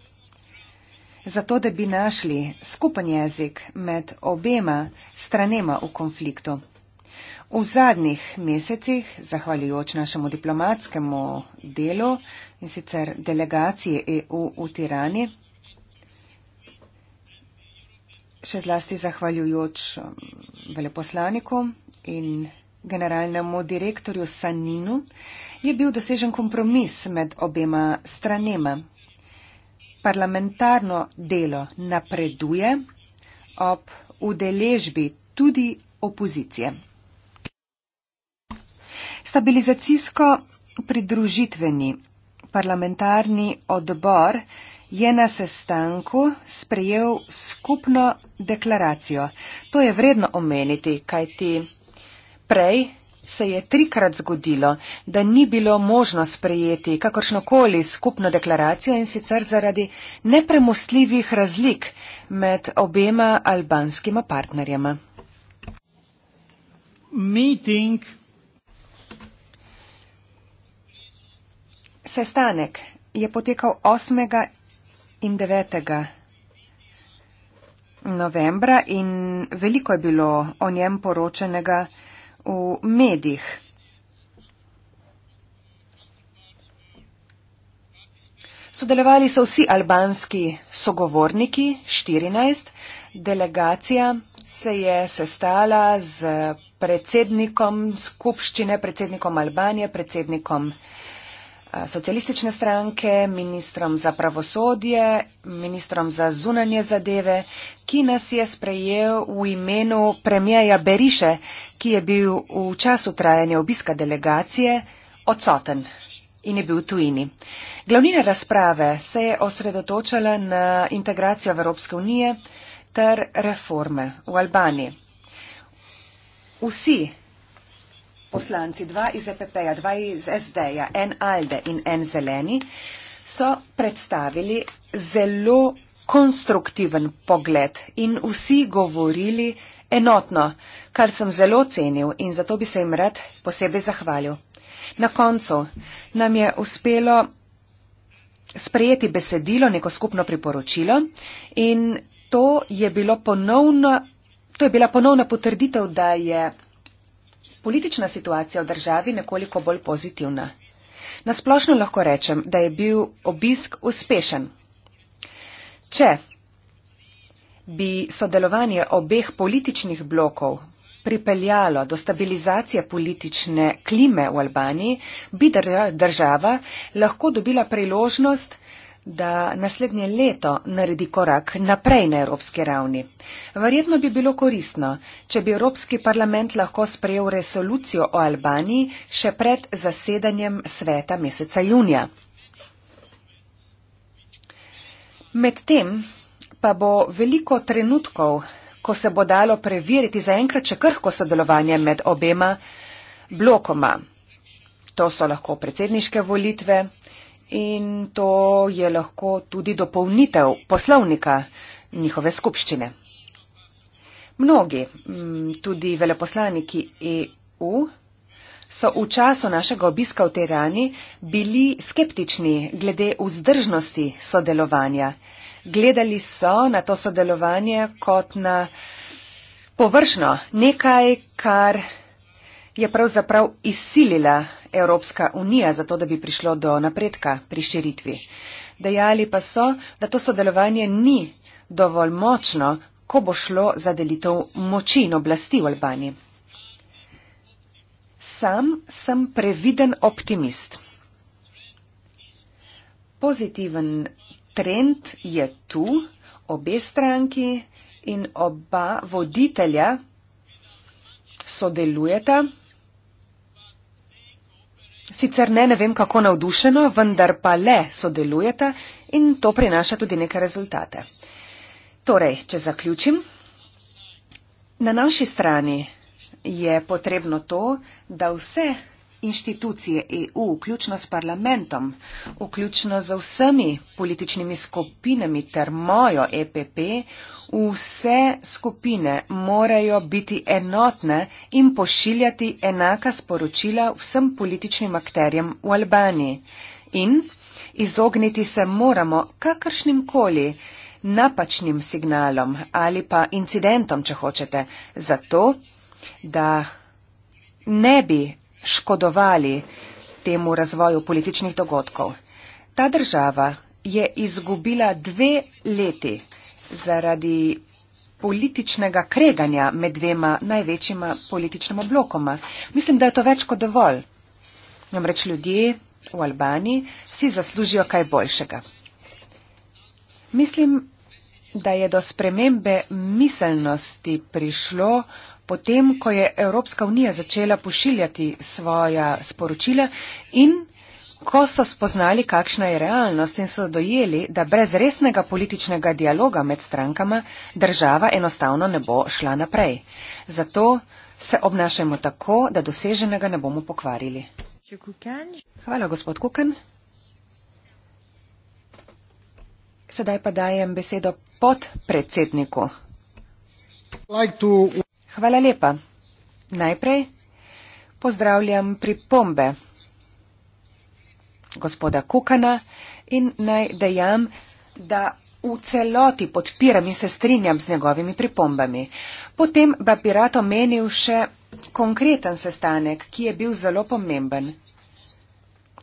zato da bi našli skupen jezik med obema stranema v konfliktu. V zadnjih mesecih, zahvaljujoč našemu diplomatskemu delu in sicer delegaciji EU v Tirani, še zlasti zahvaljujoč mm, veleposlaniku in generalnemu direktorju Saninu, je bil dosežen kompromis med obema stranema. Parlamentarno delo napreduje ob udeležbi tudi opozicije. Stabilizacijsko pridružitveni parlamentarni odbor je na sestanku sprejel skupno deklaracijo. To je vredno omeniti, kajti prej se je trikrat zgodilo, da ni bilo možno sprejeti kakršnokoli skupno deklaracijo in sicer zaradi nepremostljivih razlik med obema albanskima partnerjama. Meeting. Sestanek je potekal 8. in 9. novembra in veliko je bilo o njem poročenega v medijih. Sodelovali so vsi albanski sogovorniki, 14. Delegacija se je sestala z predsednikom skupščine, predsednikom Albanije, predsednikom eh, socialistične stranke, ministrom za pravosodje, ministrom za zunanje zadeve, ki nas je sprejel v imenu premijeja Beriše, ki je bil v času trajanja obiska delegacije odsoten in je bil v tujini. Glavnina razprave se je osredotočala na integracijo Evropske unije ter reforme v Albaniji. Vsi poslanci, dva iz EPP-ja, dva iz SD-ja, en ALDE in en Zeleni, so predstavili zelo konstruktiven pogled in vsi govorili enotno, kar sem zelo cenil in zato bi se jim rad posebej zahvalil. Na koncu nam je uspelo sprejeti besedilo, neko skupno priporočilo in to je bilo ponovno. To je bila ponovna potrditev, da je politična situacija v državi nekoliko bolj pozitivna. Nasplošno lahko rečem, da je bil obisk uspešen. Če bi sodelovanje obeh političnih blokov pripeljalo do stabilizacije politične klime v Albaniji, bi država lahko dobila priložnost da naslednje leto naredi korak naprej na evropski ravni. Verjetno bi bilo koristno, če bi Evropski parlament lahko sprejel resolucijo o Albaniji še pred zasedanjem sveta meseca junija. Medtem pa bo veliko trenutkov, ko se bo dalo preveriti zaenkrat še krhko sodelovanje med obema blokoma. To so lahko predsedniške volitve, in to je lahko tudi dopolnitev poslovnika njihove skupščine. Mnogi, mm, tudi veleposlaniki EU, so v času našega obiska v Tirani bili skeptični glede vzdržnosti sodelovanja. Gledali so na to sodelovanje kot na površno, nekaj, kar je pravzaprav izsilila Evropska unija za to, da bi prišlo do napredka pri širitvi. Dejali pa so, da to sodelovanje ni dovolj močno, ko bo šlo za delitev moči in oblasti v Albaniji. Sam sem previden optimist. Pozitiven trend je tu, obe stranki in oba voditelja sodelujeta. Sicer ne, ne vem, kako navdušeno, vendar pa le sodelujete in to prinaša tudi neke rezultate. Torej, če zaključim. Na naši strani je potrebno to, da vse inštitucije EU, vključno s parlamentom, vključno z vsemi političnimi skupinami ter mojo EPP, vse skupine morajo biti enotne in pošiljati enaka sporočila vsem političnim akterjem v Albaniji. In izogniti se moramo kakršnim koli napačnim signalom ali pa incidentom, če hočete, zato, da ne bi škodovali temu razvoju političnih dogodkov. Ta država je izgubila dve leti zaradi političnega kreganja med dvema največjima političnima blokoma. Mislim, da je to več kot dovolj. Namreč ljudje v Albaniji si zaslužijo kaj boljšega. Mislim, da je do spremembe miselnosti prišlo potem, ko je Evropska unija začela pošiljati svoja sporočila in ko so spoznali, kakšna je realnost in so dojeli, da brez resnega političnega dialoga med strankama država enostavno ne bo šla naprej. Zato se obnašajmo tako, da doseženega ne bomo pokvarili. Hvala, gospod Kuken. Sedaj pa dajem besedo podpredsedniku. Like Hvala lepa. Najprej pozdravljam pripombe gospoda Kukana in naj dejam, da v celoti podpiram in se strinjam z njegovimi pripombami. Potem pa bi rad omenil še konkreten sestanek, ki je bil zelo pomemben.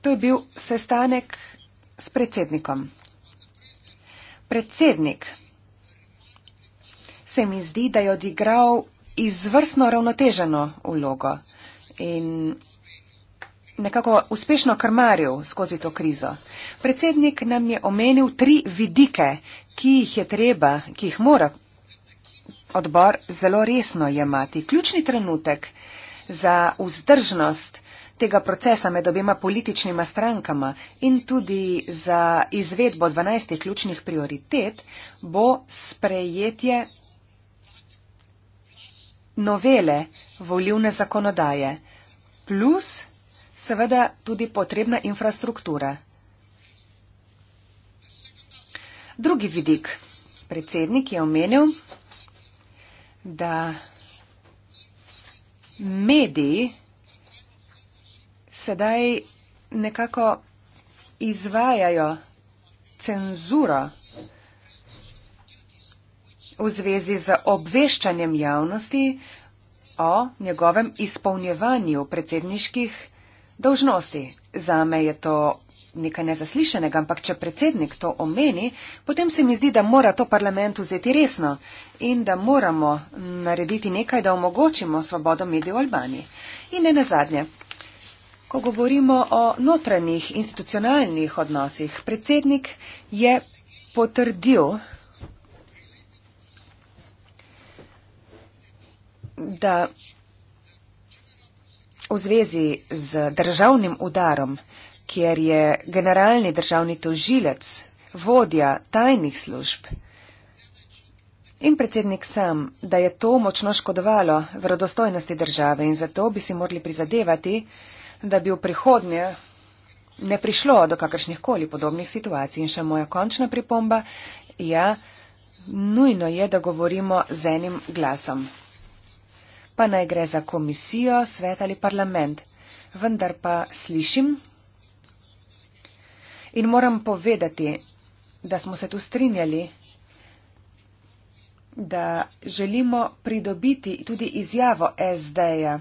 To je bil sestanek s predsednikom. Predsednik se mi zdi, da je odigral izvrstno ravnoteženo vlogo in nekako uspešno krmaril skozi to krizo. Predsednik nam je omenil tri vidike, ki jih je treba, ki jih mora odbor zelo resno jemati. Ključni trenutek za vzdržnost tega procesa med obema političnima strankama in tudi za izvedbo 12 ključnih prioritet bo sprejetje novele volivne zakonodaje, plus seveda tudi potrebna infrastruktura. Drugi vidik. Predsednik je omenil, da mediji sedaj nekako izvajajo cenzuro v zvezi z obveščanjem javnosti o njegovem izpolnjevanju predsedniških dolžnosti. Za me je to nekaj nezaslišenega, ampak če predsednik to omeni, potem se mi zdi, da mora to parlament vzeti resno in da moramo narediti nekaj, da omogočimo svobodo medijev v Albaniji. In ne nazadnje, ko govorimo o notranjih institucionalnih odnosih, predsednik je potrdil, da v zvezi z državnim udarom, kjer je generalni državni tožilec, vodja tajnih služb in predsednik sam, da je to močno škodovalo vredostojnosti države in zato bi si morali prizadevati, da bi v prihodnje ne prišlo do kakršnih koli podobnih situacij. In še moja končna pripomba, ja, nujno je, da govorimo z enim glasom pa naj gre za komisijo, svet ali parlament. Vendar pa slišim in moram povedati, da smo se tu strinjali, da želimo pridobiti tudi izjavo SD-ja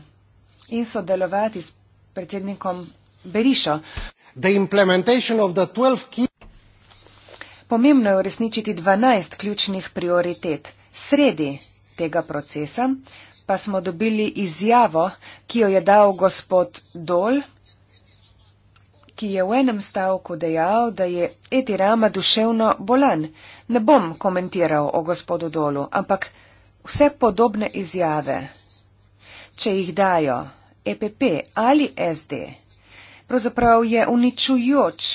in sodelovati s predsednikom Berišo. Pomembno je uresničiti 12 ključnih prioritet. Sredi tega procesa pa smo dobili izjavo, ki jo je dal gospod Dol, ki je v enem stavku dejal, da je Eti Rama duševno bolan. Ne bom komentiral o gospodu Dolu, ampak vse podobne izjave, če jih dajo EPP ali SD, pravzaprav je uničujoč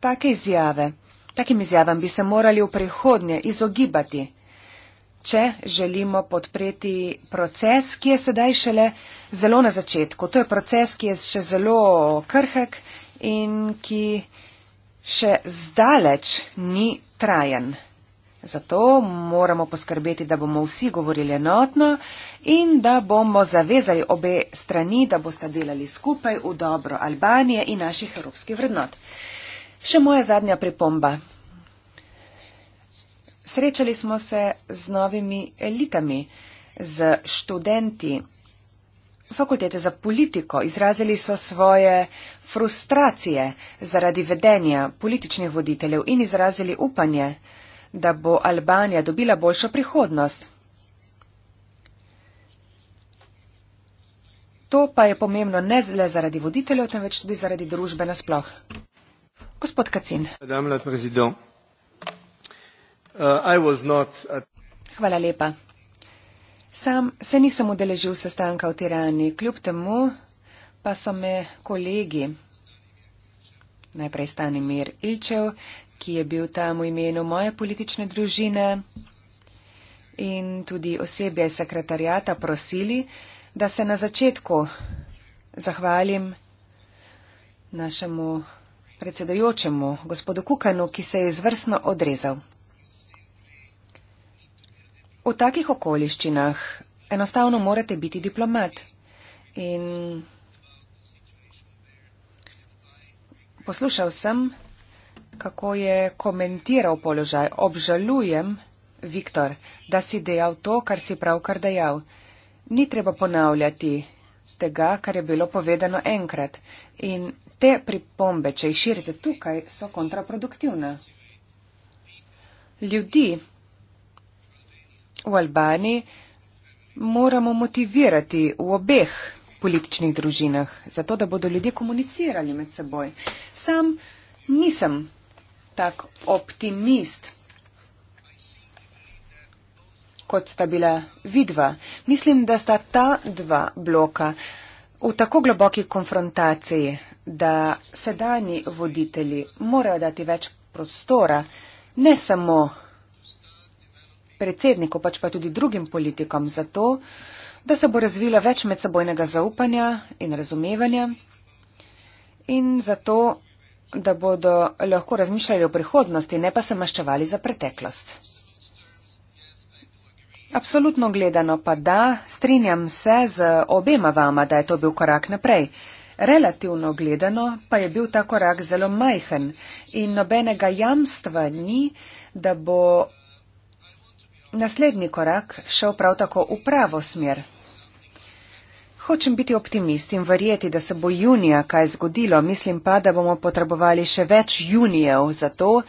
take izjave. Takim izjavam bi se morali v prihodnje izogibati če želimo podpreti proces, ki je sedaj šele zelo na začetku. To je proces, ki je še zelo krhek in ki še zdaleč ni trajen. Zato moramo poskrbeti, da bomo vsi govorili enotno in da bomo zavezali obe strani, da boste delali skupaj v dobro Albanije in naših evropskih vrednot. Še moja zadnja pripomba srečali smo se z novimi elitami, z študenti fakultete za politiko. Izrazili so svoje frustracije zaradi vedenja političnih voditeljev in izrazili upanje, da bo Albanija dobila boljšo prihodnost. To pa je pomembno ne le zaradi voditeljev, temveč tudi zaradi družbe nasploh. Gospod Kacin. Madame la Presidente. Uh, Hvala lepa. Sam se nisem udeležil sestanka v Tirani, kljub temu pa so me kolegi, najprej Stanimir Ilčev, ki je bil tam v imenu moje politične družine in tudi osebje sekretarjata prosili, da se na začetku zahvalim našemu predsedojočemu gospodu Kukanu, ki se je izvrsno odrezal. V takih okoliščinah enostavno morate biti diplomat. In poslušal sem, kako je komentiral položaj. Obžalujem, Viktor, da si dejal to, kar si pravkar dejal. Ni treba ponavljati tega, kar je bilo povedano enkrat. In te pripombe, če jih širite tukaj, so kontraproduktivne. Ljudi, v Albaniji moramo motivirati v obeh političnih družinah, zato da bodo ljudje komunicirali med seboj. Sam nisem tak optimist, kot sta bila vidva. Mislim, da sta ta dva bloka v tako globoki konfrontaciji, da sedani voditelji morajo dati več prostora, ne samo predsedniku, pač pa tudi drugim politikom za to, da se bo razvila več medsebojnega zaupanja in razumevanja in zato, da bodo lahko razmišljali o prihodnosti, ne pa se maščevali za preteklost. Absolutno gledano pa da, strinjam se z obema vama, da je to bil korak naprej. Relativno gledano pa je bil ta korak zelo majhen in nobenega jamstva ni, da bo naslednji korak šel prav tako v pravo smer. Hočem biti optimist in verjeti, da se bo junija kaj zgodilo, mislim pa, da bomo potrebovali še več junijev za to,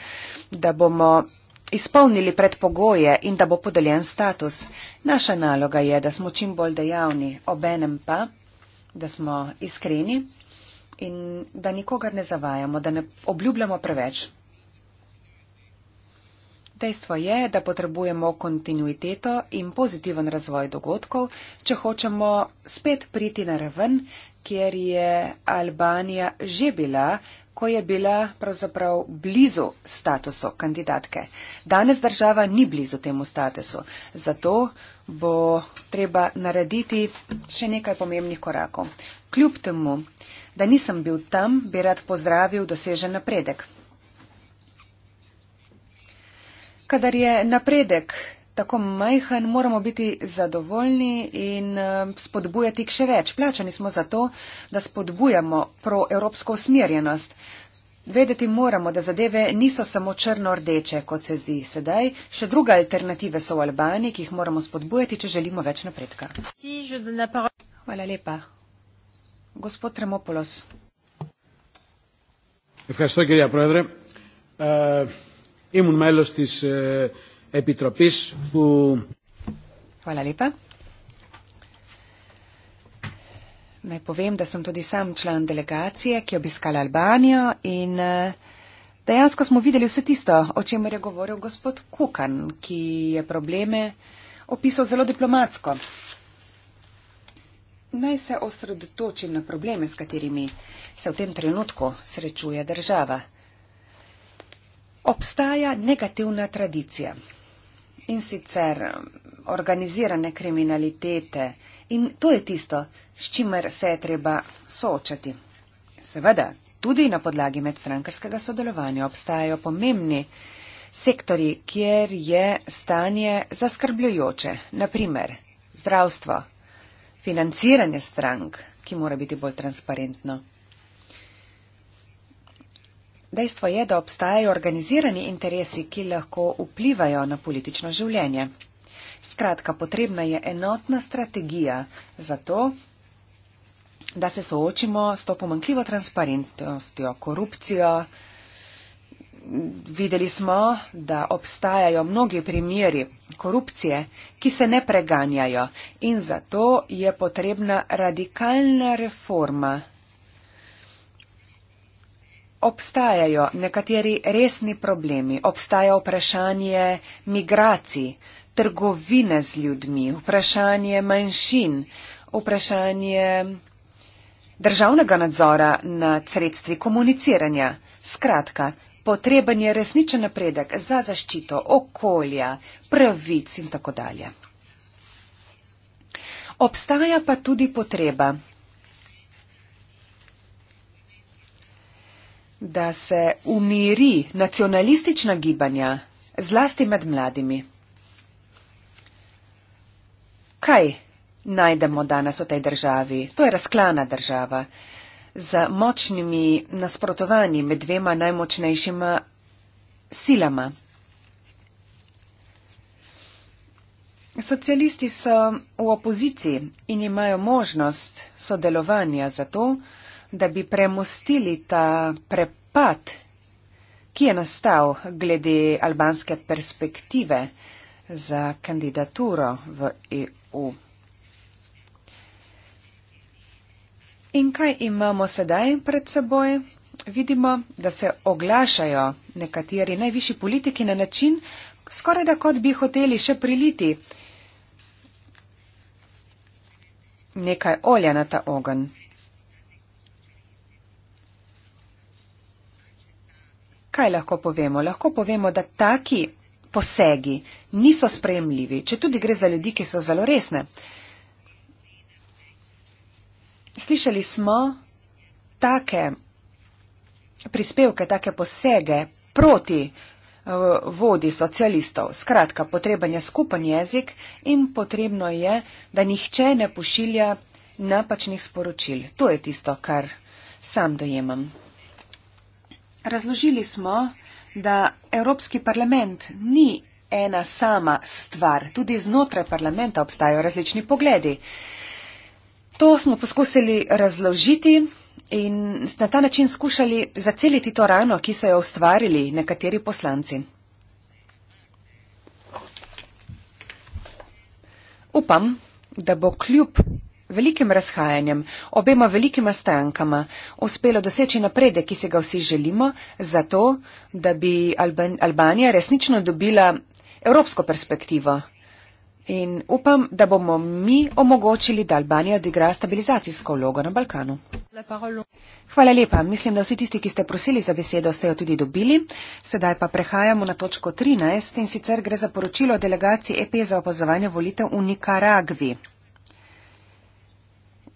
da bomo izpolnili predpogoje in da bo podeljen status. Naša naloga je, da smo čim bolj dejavni, obenem pa, da smo iskreni in da nikogar ne zavajamo, da ne obljubljamo preveč. Dejstvo je, da potrebujemo kontinuiteto in pozitiven razvoj dogodkov, če hočemo spet priti na raven, kjer je Albanija že bila, ko je bila pravzaprav blizu statusu kandidatke. Danes država ni blizu temu statusu, zato bo treba narediti še nekaj pomembnih korakov. Kljub temu, da nisem bil tam, bi rad pozdravil dosežen napredek. kadar je napredek tako majhen, moramo biti zadovoljni in eh, spodbujati k še več. Plačani smo za to, da spodbujamo proevropsko usmerjenost. Vedeti moramo, da zadeve niso samo črno-rdeče, kot se zdi sedaj. Še druge alternative so v Albaniji, ki jih moramo spodbujati, če želimo več napredka. Hvala lepa. Gospod Tremopolos. Hvala lepa ήμουν μέλος της ε, Επιτροπής που... Hvala lepa. Naj povem, da sem tudi sam član delegacije, ki je obiskala Albanijo in e, dejansko smo videli vse tisto, o čemer je govoril gospod Kukan, ki je probleme opisal zelo diplomatsko. Naj se osredotočim na probleme, s katerimi se v tem trenutku srečuje država obstaja negativna tradicija in sicer um, organizirane kriminalitete in to je tisto, s čimer se je treba soočati. Seveda, tudi na podlagi medstrankarskega sodelovanja obstajajo pomembni sektori, kjer je stanje zaskrbljujoče, naprimer zdravstvo, financiranje strank, ki mora biti bolj transparentno. Dejstvo je, da obstajajo organizirani interesi, ki lahko vplivajo na politično življenje. Skratka, potrebna je enotna strategija za to, da se soočimo s to pomankljivo transparentnostjo, korupcijo. Videli smo, da obstajajo mnogi primeri korupcije, ki se ne preganjajo in zato je potrebna radikalna reforma obstajajo nekateri resni problemi, obstaja vprašanje migracij, trgovine z ljudmi, vprašanje manjšin, vprašanje državnega nadzora nad sredstvi komuniciranja. Skratka, potreben je resničen napredek za zaščito okolja, pravic in tako dalje. Obstaja pa tudi potreba da se umiri nacionalistična gibanja, zlasti med mladimi. Kaj najdemo danes v tej državi? To je razklana država z močnimi nasprotovanji med dvema najmočnejšima silama. Socialisti so v opoziciji in imajo možnost sodelovanja za to, da bi premostili ta prepad, ki je nastal glede albanske perspektive za kandidaturo v EU. In kaj imamo sedaj pred seboj? Vidimo, da se oglašajo nekateri najvišji politiki na način, skoraj da kot bi hoteli še priliti nekaj olja na ta ogenj. kaj lahko povemo? Lahko povemo, da taki posegi niso sprejemljivi, če tudi gre za ljudi, ki so zelo resne. Slišali smo take prispevke, take posege proti eh, vodi socialistov. Skratka, potreben je skupen jezik in potrebno je, da nihče ne pošilja napačnih sporočil. To je tisto, kar sam dojemam. Razložili smo, da Evropski parlament ni ena sama stvar. Tudi znotraj parlamenta obstajajo različni pogledi. To smo poskusili razložiti in na ta način skušali zaceliti to rano, ki so jo ustvarili nekateri poslanci. Upam, da bo kljub velikim razhajanjem, obema velikima strankama uspelo doseči napredek, ki se ga vsi želimo, zato, da bi Alban Albanija resnično dobila evropsko perspektivo. In upam, da bomo mi omogočili, da Albanija odigra stabilizacijsko vlogo na Balkanu. Hvala lepa. Mislim, da vsi tisti, ki ste prosili za besedo, ste jo tudi dobili. Sedaj pa prehajamo na točko 13 in sicer gre za poročilo delegaciji EP e za opazovanje volitev v Nikaragvi.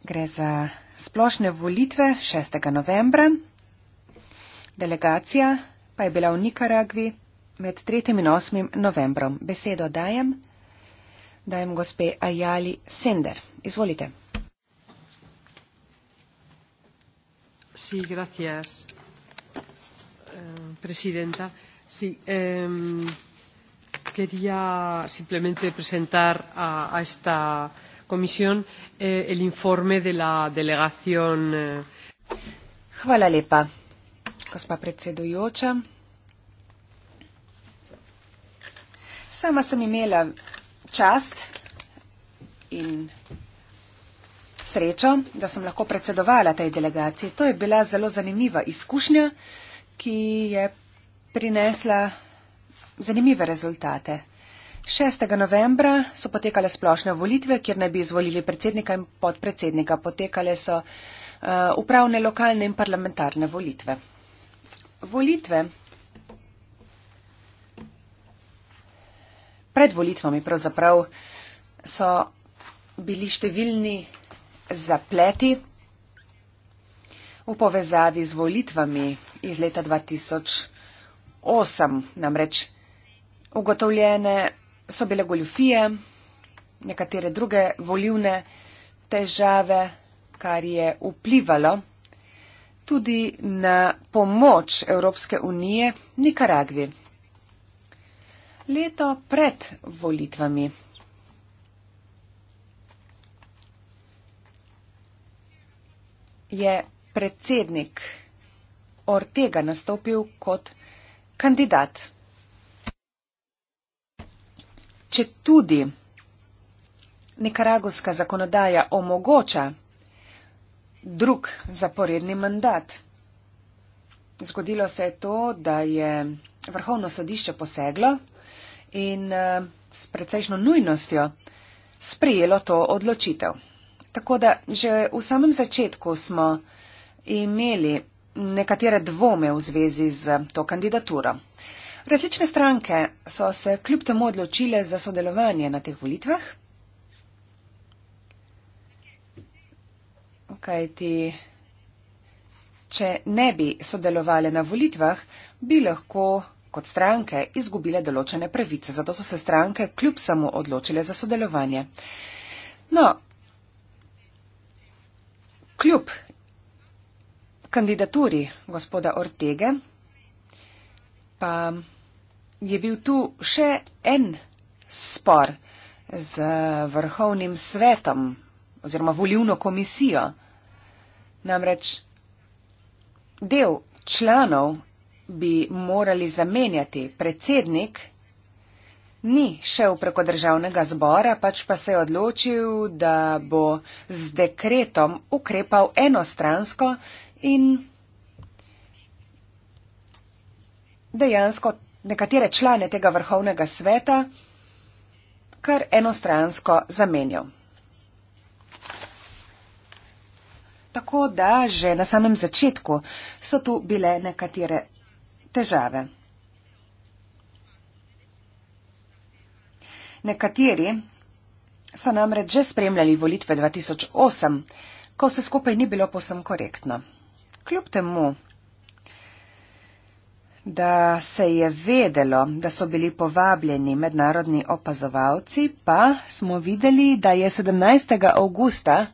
Gre za splošne volitve 6. novembra. Delegacija pa je bila v Nikaragvi med 3. in 8. novembrom. Besedo dajem, dajem gospe Ajali Sender. Izvolite. Sí, gracias, eh, presidenta. Sí, eh, quería simplemente presentar a, a esta. Comisión, eh, el informe de la delegación. Eh. Hvala lepa, gospa predsedujoča. Sama sem imela čast in srečo, da sem lahko predsedovala tej delegaciji. To je bila zelo zanimiva izkušnja, ki je prinesla zanimive rezultate. 6. novembra so potekale splošne volitve, kjer naj bi izvolili predsednika in podpredsednika. Potekale so uh, upravne, lokalne in parlamentarne volitve. Volitve. Pred volitvami pravzaprav so bili številni zapleti v povezavi z volitvami iz leta 2008, namreč ugotovljene so bile goljufije, nekatere druge volivne težave, kar je vplivalo tudi na pomoč Evropske unije Nikaragvi. Leto pred volitvami je predsednik Ortega nastopil kot kandidat če tudi nekaragoska zakonodaja omogoča drug zaporedni mandat. Zgodilo se je to, da je vrhovno sodišče poseglo in eh, s precejšno nujnostjo sprejelo to odločitev. Tako da že v samem začetku smo imeli nekatere dvome v zvezi z to kandidaturo. Različne stranke so se kljub temu odločile za sodelovanje na teh volitvah, kajti če ne bi sodelovali na volitvah, bi lahko kot stranke izgubile določene pravice. Zato so se stranke kljub samo odločile za sodelovanje. No, kljub kandidaturi gospoda Ortege, pa je bil tu še en spor z vrhovnim svetom oziroma volivno komisijo. Namreč del članov bi morali zamenjati predsednik, ni šel preko državnega zbora, pač pa se je odločil, da bo z dekretom ukrepal enostransko in dejansko nekatere člane tega vrhovnega sveta kar enostransko zamenjal. Tako da že na samem začetku so tu bile nekatere težave. Nekateri so namreč že spremljali volitve 2008, ko se skupaj ni bilo posem korektno. Kljub temu, da se je vedelo, da so bili povabljeni mednarodni opazovalci, pa smo videli, da je 17. augusta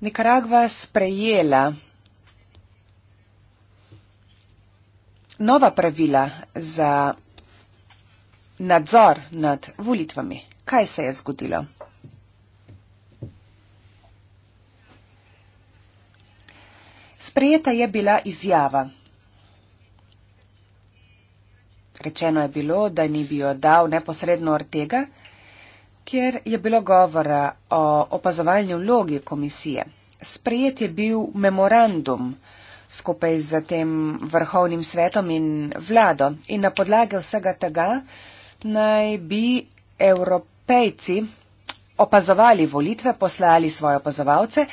Nikaragva sprejela nova pravila za nadzor nad volitvami. Kaj se je zgodilo? Sprejeta je bila izjava. Rečeno je bilo, da ni bi jo dal neposredno Ortega, kjer je bilo govora o opazovalni vlogi komisije. Sprejet je bil memorandum skupaj z tem vrhovnim svetom in vlado in na podlage vsega tega naj bi evropejci opazovali volitve, poslali svoje opazovalce,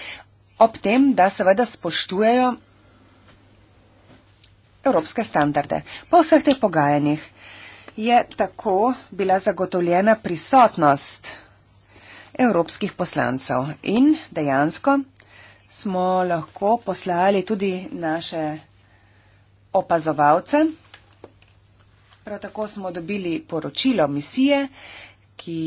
ob tem, da seveda spoštujejo evropske standarde. Po vseh teh pogajanjih je tako bila zagotovljena prisotnost evropskih poslancev in dejansko smo lahko poslali tudi naše opazovalce. Prav tako smo dobili poročilo misije, ki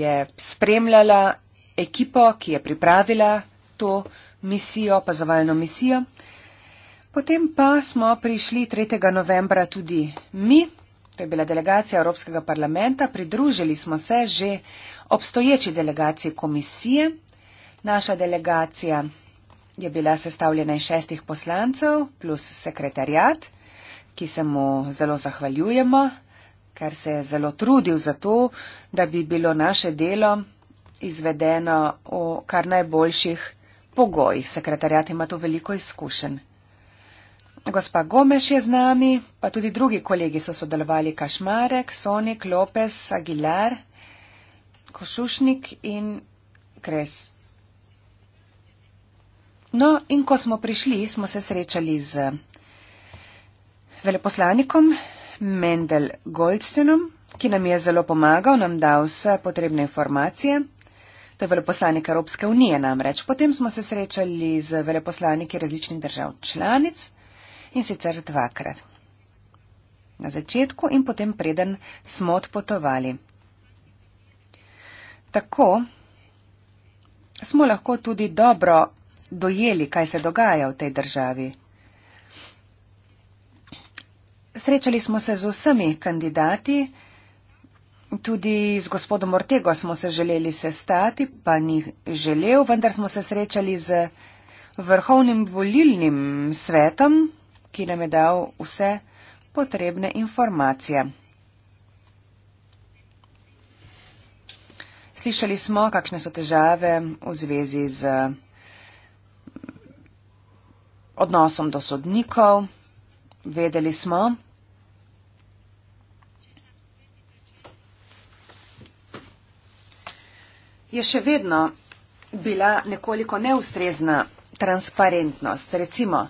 je spremljala ekipo, ki je pripravila to misijo, opazovalno misijo. Potem pa smo prišli 3. novembra tudi mi, to je bila delegacija Evropskega parlamenta, pridružili smo se že obstoječi delegaciji komisije. Naša delegacija je bila sestavljena iz šestih poslancev plus sekretarjat, ki se mu zelo zahvaljujemo, ker se je zelo trudil za to, da bi bilo naše delo izvedeno v kar najboljših pogojih. Sekretarjat ima to veliko izkušenj. Gospa Gomeš je z nami, pa tudi drugi kolegi so sodelovali, Kašmarek, Sonik, Lopez, Aguilar, Košušnik in Kres. No, in ko smo prišli, smo se srečali z veleposlanikom Mendel Goldstenom, ki nam je zelo pomagal, nam dal vse potrebne informacije. To je veleposlanik Evropske unije namreč. Potem smo se srečali z veleposlaniki različnih držav članic in sicer dvakrat. Na začetku in potem preden smo odpotovali. Tako smo lahko tudi dobro dojeli, kaj se dogaja v tej državi. Srečali smo se z vsemi kandidati, tudi z gospodom Ortego smo se želeli sestati, pa ni želel, vendar smo se srečali z vrhovnim volilnim svetom ki nam je dal vse potrebne informacije. Slišali smo, kakšne so težave v zvezi z odnosom do sodnikov. Vedeli smo, je še vedno bila nekoliko neustrezna transparentnost. Recimo,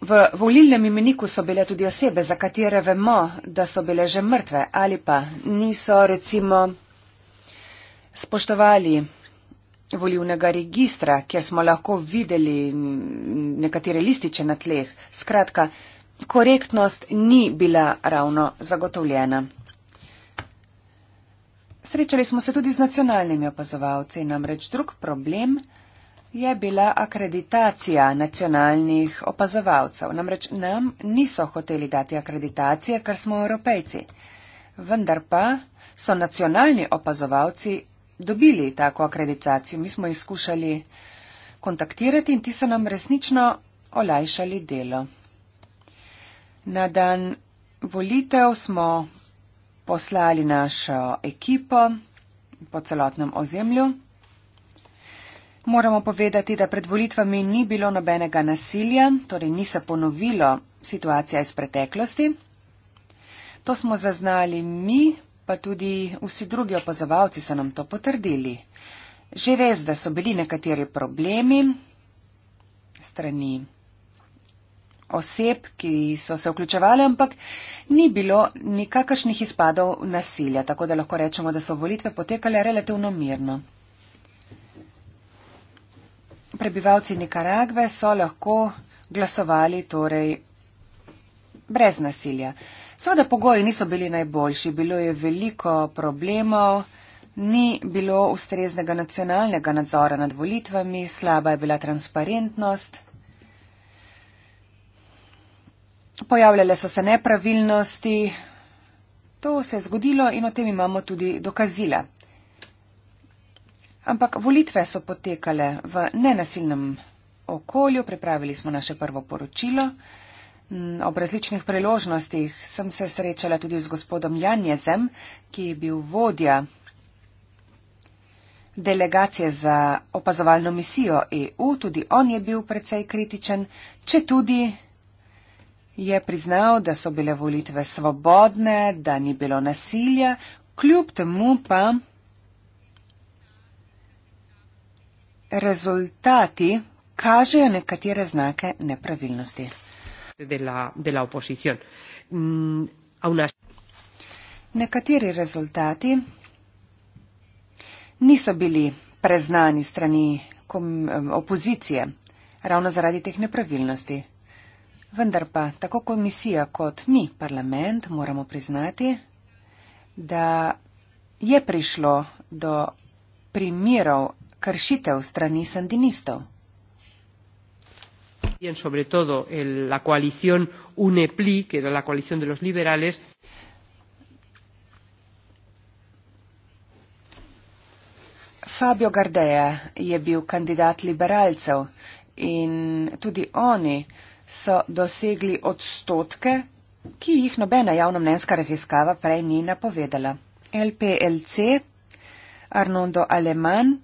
V volilnem imeniku so bile tudi osebe, za katere vemo, da so bile že mrtve ali pa niso recimo spoštovali volilnega registra, kjer smo lahko videli nekatere lističe na tleh. Skratka, korektnost ni bila ravno zagotovljena. Srečali smo se tudi z nacionalnimi opazovalci, namreč drug problem je bila akreditacija nacionalnih opazovalcev. Namreč nam niso hoteli dati akreditacije, ker smo evropejci. Vendar pa so nacionalni opazovalci dobili tako akreditacijo. Mi smo jih skušali kontaktirati in ti so nam resnično olajšali delo. Na dan volitev smo poslali našo ekipo po celotnem ozemlju. Moramo povedati, da pred volitvami ni bilo nobenega nasilja, torej ni se ponovilo situacija iz preteklosti. To smo zaznali mi, pa tudi vsi drugi opozovalci so nam to potrdili. Že res, da so bili nekateri problemi strani oseb, ki so se vključevali, ampak ni bilo nikakršnih izpadov nasilja, tako da lahko rečemo, da so volitve potekale relativno mirno prebivalci Nikaragve so lahko glasovali torej brez nasilja. Seveda pogoji niso bili najboljši, bilo je veliko problemov, ni bilo ustreznega nacionalnega nadzora nad volitvami, slaba je bila transparentnost. Pojavljale so se nepravilnosti. To se je zgodilo in o tem imamo tudi dokazila. Ampak volitve so potekale v nenasilnem okolju, pripravili smo naše prvo poročilo. Mm, ob različnih priložnostih sem se srečala tudi z gospodom Janjezem, ki je bil vodja delegacije za opazovalno misijo EU. Tudi on je bil precej kritičen, če tudi je priznal, da so bile volitve svobodne, da ni bilo nasilja, kljub temu pa. rezultati kažejo nekatere znake nepravilnosti. De la, de la mm, nekateri rezultati niso bili preznani strani opozicije ravno zaradi teh nepravilnosti. Vendar pa tako komisija kot mi, parlament, moramo priznati, da je prišlo do primerov kršitev strani sandinistov. In sobre todo el, la koalicion UNEPLI, ki je la koalicion de los liberales. Fabio Gardeja je bil kandidat liberalcev in tudi oni so dosegli odstotke, ki jih nobena javno mnenjska raziskava prej ni napovedala. LPLC, Arnondo Aleman,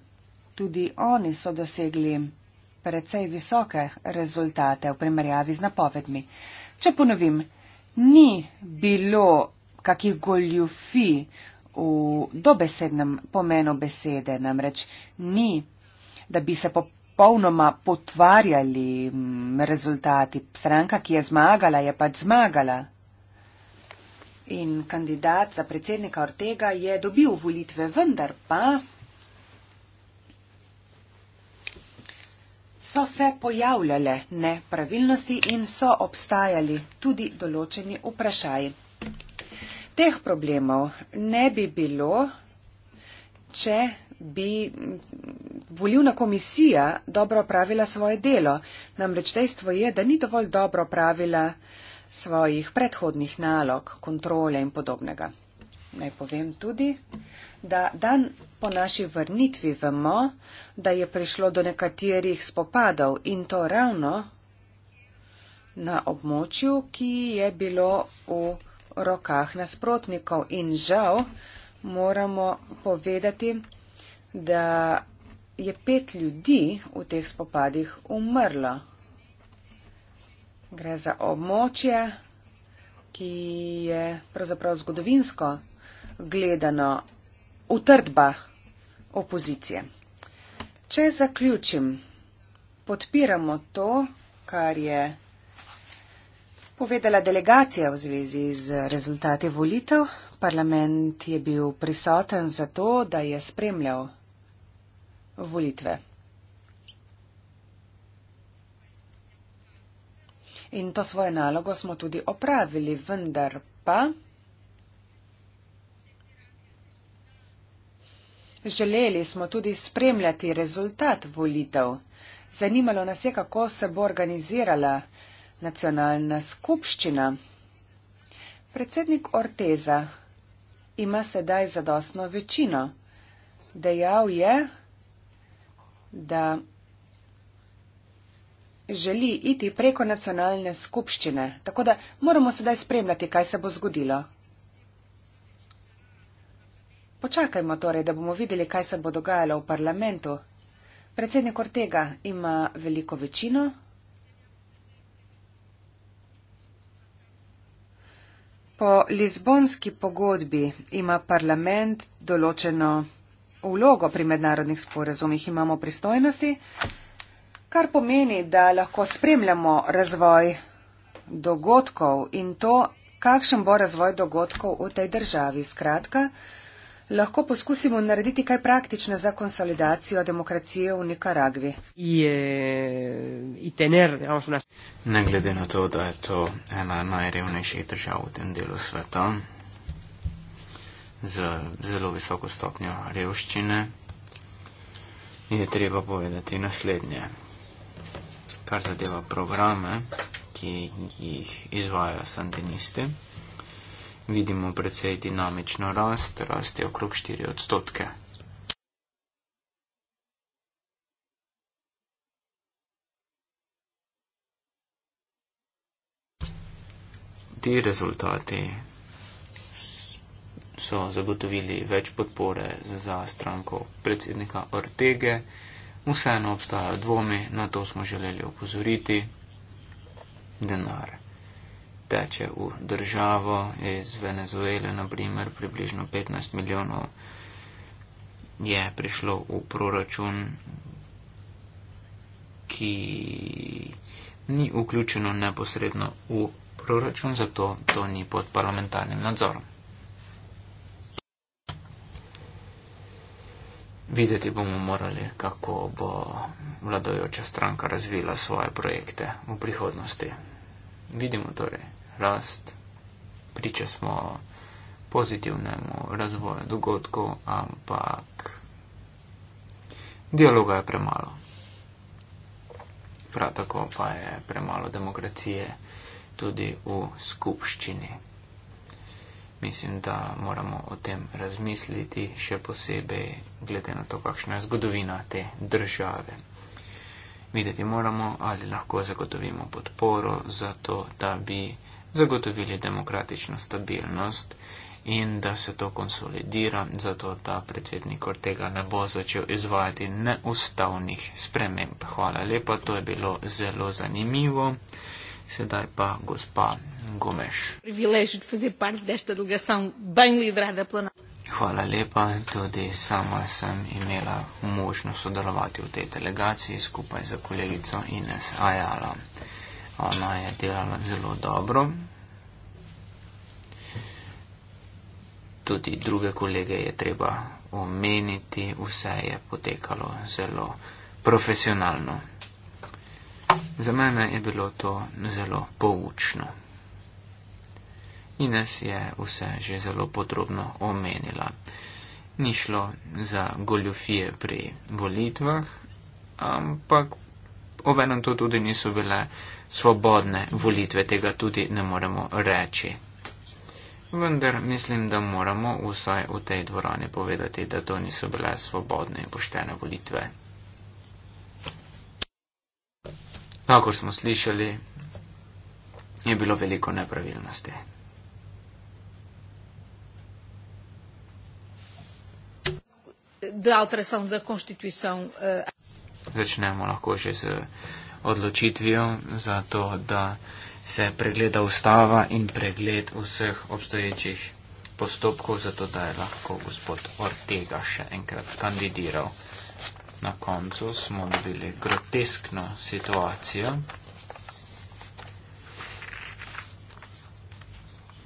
tudi oni so dosegli precej visoke rezultate v primerjavi z napovedmi. Če ponovim, ni bilo kakih goljufi v dobesednem pomenu besede, namreč ni, da bi se popolnoma potvarjali rezultati. Stranka, ki je zmagala, je pač zmagala. In kandidat za predsednika Ortega je dobil volitve, vendar pa so se pojavljale nepravilnosti in so obstajali tudi določeni vprašaji. Teh problemov ne bi bilo, če bi volivna komisija dobro pravila svoje delo. Namreč dejstvo je, da ni dovolj dobro pravila svojih predhodnih nalog, kontrole in podobnega naj povem tudi, da dan po naši vrnitvi vemo, da je prišlo do nekaterih spopadov in to ravno na območju, ki je bilo v rokah nasprotnikov. In žal moramo povedati, da je pet ljudi v teh spopadih umrlo. Gre za območje, ki je pravzaprav zgodovinsko gledano utrdba opozicije. Če zaključim, podpiramo to, kar je povedala delegacija v zvezi z rezultate volitev. Parlament je bil prisoten zato, da je spremljal volitve. In to svojo nalogo smo tudi opravili, vendar pa. Želeli smo tudi spremljati rezultat volitev. Zanimalo nas je, kako se bo organizirala nacionalna skupščina. Predsednik Orteza ima sedaj zadostno večino. Dejal je, da želi iti preko nacionalne skupščine, tako da moramo sedaj spremljati, kaj se bo zgodilo. Počakajmo torej, da bomo videli, kaj se bo dogajalo v parlamentu. Predsednik Ortega ima veliko večino. Po Lizbonski pogodbi ima parlament določeno vlogo pri mednarodnih sporazumih, imamo pristojnosti, kar pomeni, da lahko spremljamo razvoj dogodkov in to, kakšen bo razvoj dogodkov v tej državi. Skratka, Lahko poskusimo narediti kaj praktične za konsolidacijo demokracije v Nikaragvi. Ne glede na to, da je to ena najrevnejših držav v tem delu sveta, z zelo visoko stopnjo revščine, je treba povedati naslednje. Kar zadeva programe, ki jih izvajajo sandinisti vidimo precej dinamično rast, rast je okrog 4 odstotke. Ti rezultati so zagotovili več podpore za stranko predsednika Ortege. Vseeno obstajajo dvomi, na to smo želeli opozoriti. Denar teče v državo iz Venezuele, naprimer približno 15 milijonov je prišlo v proračun, ki ni vključeno neposredno v proračun, zato to ni pod parlamentarnim nadzorom. Videti bomo morali, kako bo vladojoča stranka razvila svoje projekte v prihodnosti. Vidimo torej rast, priča smo pozitivnemu razvoju dogodkov, ampak dialoga je premalo. Prav tako pa je premalo demokracije tudi v skupščini. Mislim, da moramo o tem razmisliti, še posebej glede na to, kakšna je zgodovina te države. Videti moramo, ali lahko zagotovimo podporo za to, da bi zagotovili demokratično stabilnost in da se to konsolidira, zato da predsednik Ortega ne bo začel izvajati neustavnih sprememb. Hvala lepa, to je bilo zelo zanimivo. Sedaj pa gospa Gomeš. Hvala lepa, tudi sama sem imela možnost sodelovati v tej delegaciji skupaj z kolegico Ines Ajala ona je delala zelo dobro. Tudi druge kolege je treba omeniti, vse je potekalo zelo profesionalno. Za mene je bilo to zelo poučno. Ines je vse že zelo podrobno omenila. Ni šlo za goljofije pri volitvah, ampak obenem to tudi niso bile svobodne volitve, tega tudi ne moremo reči. Vendar mislim, da moramo vsaj v tej dvorani povedati, da to niso bile svobodne in poštene volitve. Kako no, smo slišali, je bilo veliko nepravilnosti. Da, začnemo lahko že z odločitvijo za to, da se pregleda ustava in pregled vseh obstoječih postopkov, zato da je lahko gospod Ortega še enkrat kandidiral. Na koncu smo dobili groteskno situacijo.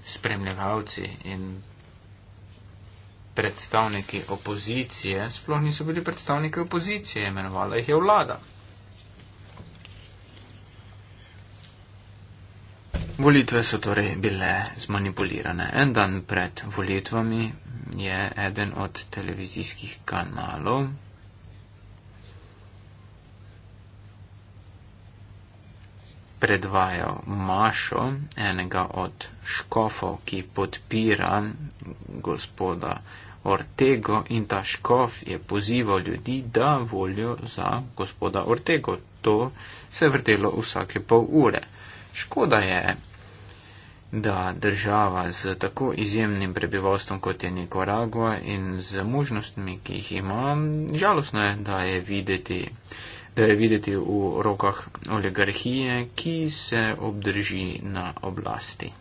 Spremljevalci in predstavniki opozicije, sploh niso bili predstavniki opozicije, imenovala jih je vlada. Volitve so torej bile zmanipulirane. En dan pred volitvami je eden od televizijskih kanalov predvajal Mašo, enega od škofov, ki podpira gospoda Ortego in ta škof je pozival ljudi, da volijo za gospoda Ortego. To se je vrtelo vsake pol ure. Škoda je, da država z tako izjemnim prebivalstvom kot je Nicaragua in z možnostmi, ki jih ima, žalostno je, da je videti, da je videti v rokah oligarhije, ki se obdrži na oblasti.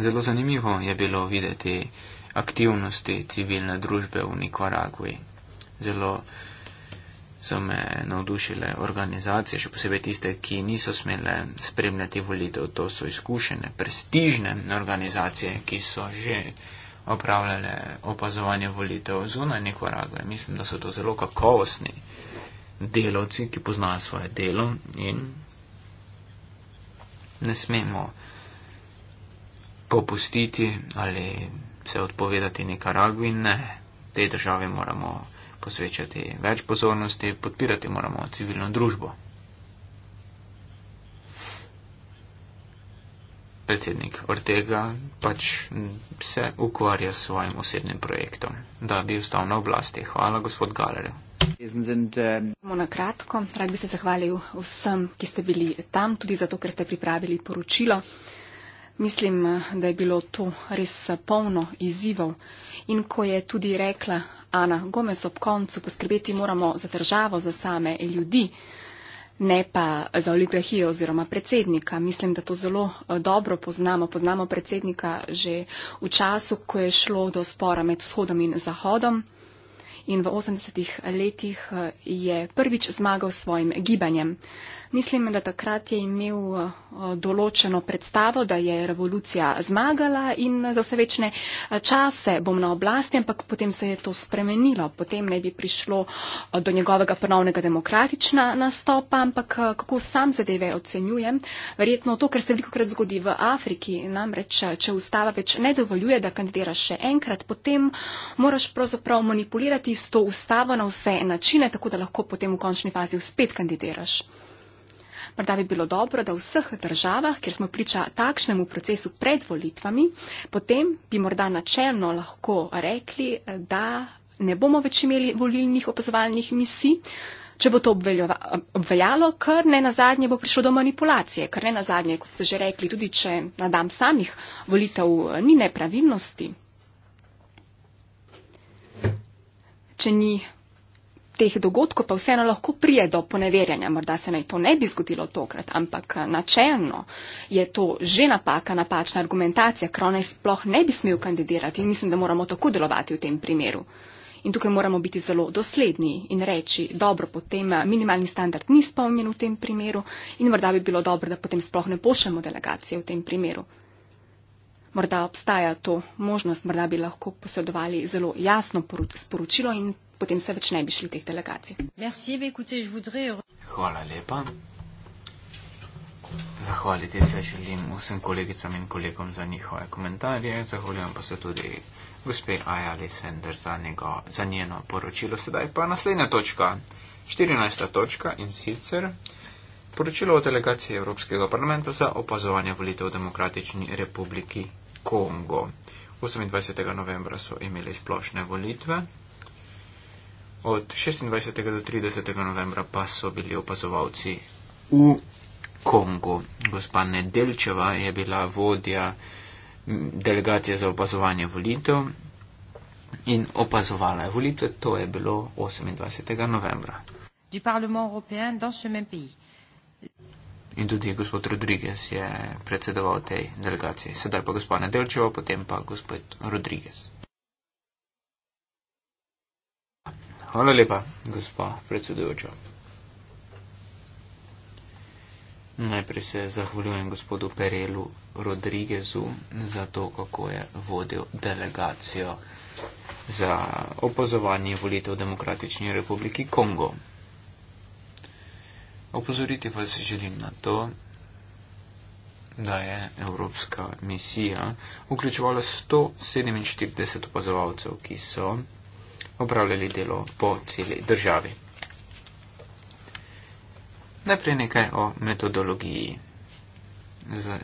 Zelo zanimivo je bilo videti aktivnosti civilne družbe v Nikaragvi. Zelo so me navdušile organizacije, še posebej tiste, ki niso smele spremljati volitev. To so izkušene, prestižne organizacije, ki so že opravljale opazovanje volitev zunaj Nikaragve. Mislim, da so to zelo kakovostni delavci, ki poznajo svoje delo in ne smemo popustiti ali se odpovedati Nikaragvi, ne. Te države moramo posvečati več pozornosti, podpirati moramo civilno družbo. Predsednik Ortega pač se ukvarja s svojim osebnim projektom, da bi ostal na oblasti. Hvala, gospod Galer. Na kratko, rad bi se zahvalil vsem, ki ste bili tam, tudi zato, ker ste pripravili poročilo. Mislim, da je bilo to res polno izzivov in ko je tudi rekla Ana Gomez ob koncu, poskrbeti moramo za državo, za same ljudi, ne pa za oligarhijo oziroma predsednika. Mislim, da to zelo eh, dobro poznamo. Poznamo predsednika že v času, ko je šlo do spora med vzhodom in zahodom. In v 80-ih letih eh, je prvič zmagal s svojim gibanjem. Mislim, da takrat je imel eh, določeno predstavo, da je revolucija zmagala in za vse večne eh, čase bom na oblasti, ampak potem se je to spremenilo. Potem ne bi prišlo eh, do njegovega ponovnega demokratična nastopa, ampak kako sam zadeve ocenjujem, verjetno to, kar se veliko krat zgodi v Afriki, namreč, če ustava več ne dovoljuje, da kandidiraš še enkrat, potem moraš pravzaprav manipulirati s to ustavo na vse načine, tako da lahko potem v končni fazi spet kandidiraš. Morda bi bilo dobro, da v vseh državah, kjer smo priča takšnemu procesu pred volitvami, potem bi morda načelno lahko rekli, da ne bomo več imeli volilnih opazovalnih misij. Če bo to obveljalo, ker ne na zadnje bo prišlo do manipulacije, ker ne na zadnje, kot ste že rekli, tudi če na dan samih volitev ni nepravilnosti. Če ni teh dogodkov pa vseeno lahko prije do poneverjanja. Morda se naj to ne bi zgodilo tokrat, ampak eh, načelno je to že napaka, napačna argumentacija, ker onaj sploh ne bi smel kandidirati in mislim, da moramo tako delovati v tem primeru. In tukaj moramo biti zelo dosledni in reči, dobro, potem eh, minimalni standard ni spolnjen v tem primeru in morda bi bilo dobro, da potem sploh ne pošljemo delegacije v tem primeru. Morda obstaja to možnost, morda bi lahko posredovali zelo jasno sporočilo in potem se več ne bi šli teh delegacij. Hvala lepa. Zahvaliti se želim vsem kolegicam in kolegom za njihove komentarje, zahvaljujem pa se tudi gospe Ajali Sender za, njego, za njeno poročilo. Sedaj pa naslednja točka, 14. točka in sicer poročilo o delegaciji Evropskega parlamenta za opazovanje volitev v Demokratični republiki Kongo. 28. novembra so imeli splošne volitve Od 26. do 30. novembra pa so bili opazovalci v Kongu. Gospa Nedelčeva je bila vodja delegacije za opazovanje volitev in opazovala je volitve. To je bilo 28. novembra. Du Parlement européen dans ce même pays. In tudi gospod Rodriguez je predsedoval tej delegaciji. Sedaj pa gospod Nedelčeva, potem pa gospod Rodriguez. Hvala lepa, gospa predsedujoča. Najprej se zahvaljujem gospodu Perelu Rodrigezu za to, kako je vodil delegacijo za opozovanje volitev v Demokratični republiki Kongo. Opozoriti vas želim na to, da je Evropska misija vključevala 147 opazovalcev, ki so opravljali delo po celi državi. Najprej nekaj o metodologiji.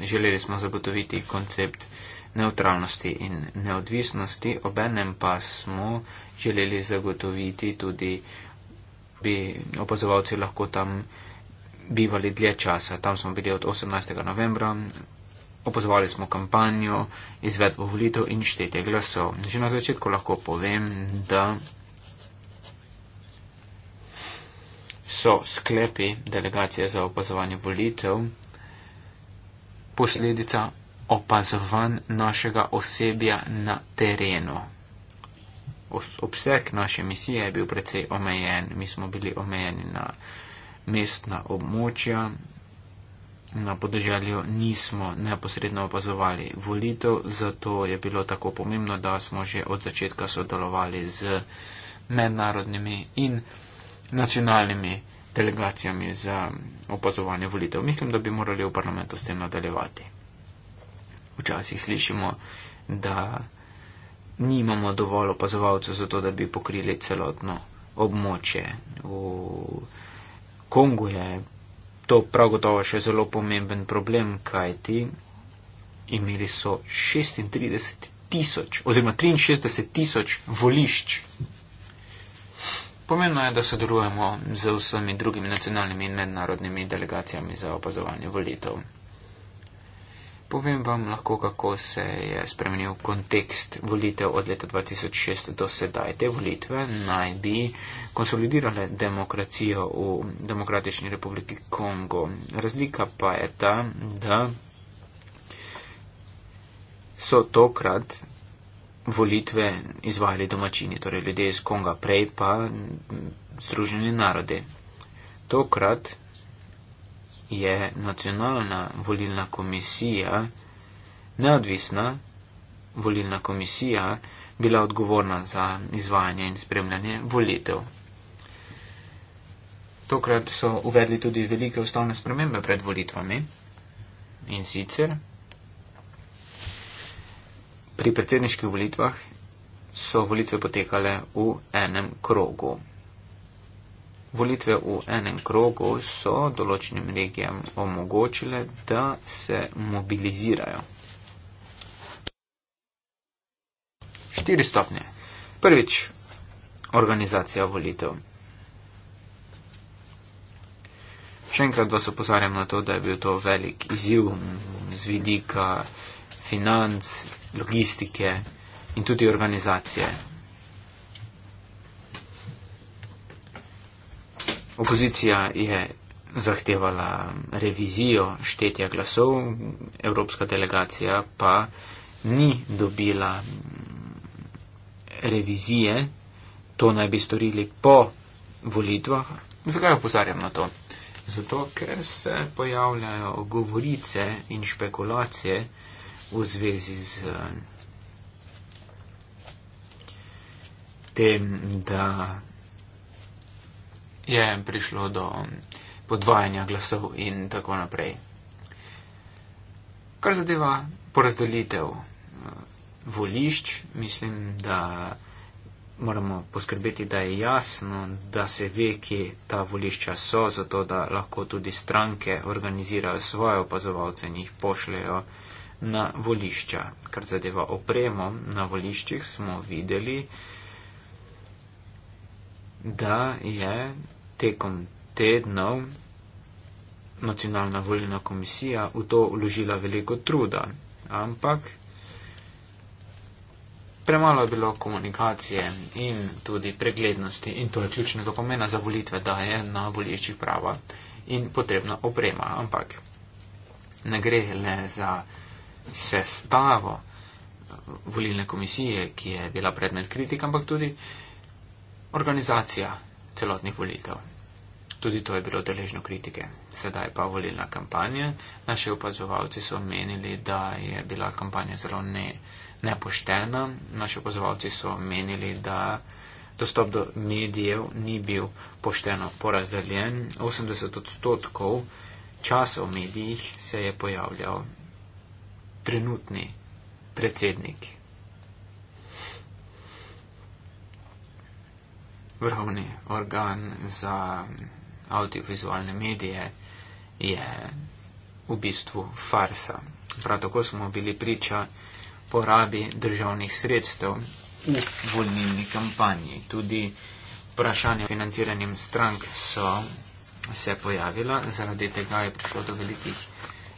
Želeli smo zagotoviti koncept neutralnosti in neodvisnosti, obenem pa smo želeli zagotoviti tudi, bi opazovalci lahko tam bivali dlje časa. Tam smo bili od 18. novembra Opozvali smo kampanjo, izvedbo volitev in štete glasov. Že na začetku lahko povem, da so sklepi delegacije za opazovanje volitev posledica opazovanj našega osebja na terenu. Obseg naše misije je bil precej omejen. Mi smo bili omejeni na mestna območja, na podeželju nismo neposredno opazovali volitev, zato je bilo tako pomembno, da smo že od začetka sodelovali z mednarodnimi in nacionalnimi delegacijami za opazovanje volitev. Mislim, da bi morali v parlamentu s tem nadaljevati. Včasih slišimo, da nimamo dovolj opazovalcev za to, da bi pokrili celotno območje. V Kongu je to prav gotovo še zelo pomemben problem, kajti imeli so 36 tisoč oziroma 63 tisoč volišč. Pomembno je, da sodelujemo z vsemi drugimi nacionalnimi in mednarodnimi delegacijami za opazovanje volitev. Povem vam lahko, kako se je spremenil kontekst volitev od leta 2006 do sedaj. Te volitve naj bi konsolidirale demokracijo v Demokratični republiki Kongo. Razlika pa je ta, da so tokrat volitve izvajali domačini, torej ljudje iz Konga, prej pa Združeni narodi. Tokrat je nacionalna volilna komisija, neodvisna volilna komisija, bila odgovorna za izvajanje in spremljanje volitev. Tokrat so uvedli tudi velike ustavne spremembe pred volitvami in sicer pri predsedniških volitvah so volitve potekale v enem krogu. Volitve v enem krogu so določenim regijam omogočile, da se mobilizirajo. Štiri stopnje. Prvič, organizacija volitev. Še enkrat vas opozarjam na to, da je bil to velik izziv z vidika financ, logistike in tudi organizacije Opozicija je zahtevala revizijo štetja glasov, evropska delegacija pa ni dobila revizije, to naj bi storili po volitvah. Zakaj opozarjam na to? Zato, ker se pojavljajo govorice in špekulacije v zvezi z eh, tem, da je prišlo do podvajanja glasov in tako naprej. Kar zadeva porazdelitev eh, volišč, mislim, da moramo poskrbeti, da je jasno, da se ve, kje ta volišča so, zato da lahko tudi stranke organizirajo svoje opazovalce in jih pošljajo na volišča. Kar zadeva opremo na voliščih, smo videli, da je tekom tednov nacionalna volilna komisija v to vložila veliko truda, ampak premalo je bilo komunikacije in tudi preglednosti in to je ključni dokument za volitve, da je na voliščih prava in potrebna oprema, ampak ne gre le za sestavo volilne komisije, ki je bila predmet kritik, ampak tudi organizacija celotnih volitev. Tudi to je bilo deležno kritike. Sedaj pa volilna kampanja. Naši opazovalci so menili, da je bila kampanja zelo ne, nepoštena. Naši opazovalci so menili, da dostop do medijev ni bil pošteno porazdeljen. 80 odstotkov časa v medijih se je pojavljal trenutni predsednik. Vrhovni organ za audiovizualne medije, je v bistvu farsa. Prav tako smo bili priča porabi državnih sredstev v volilni kampanji. Tudi vprašanje o financiranjem strank so se pojavila, zaradi tega je prišlo do velikih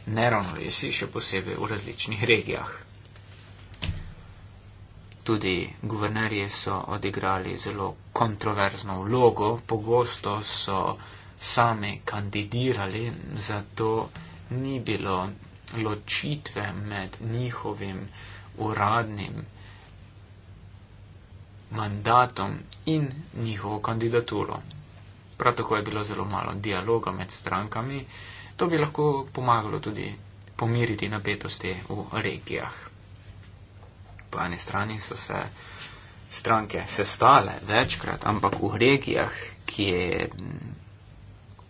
neravnovesij, še posebej v različnih regijah. Tudi guvernerje so odigrali zelo kontroverzno vlogo, pogosto so same kandidirali, zato ni bilo ločitve med njihovim uradnim mandatom in njihovo kandidaturo. Prav tako je bilo zelo malo dialoga med strankami, to bi lahko pomagalo tudi pomiriti napetosti v regijah. Po eni strani so se stranke sestale večkrat, ampak v regijah, ki je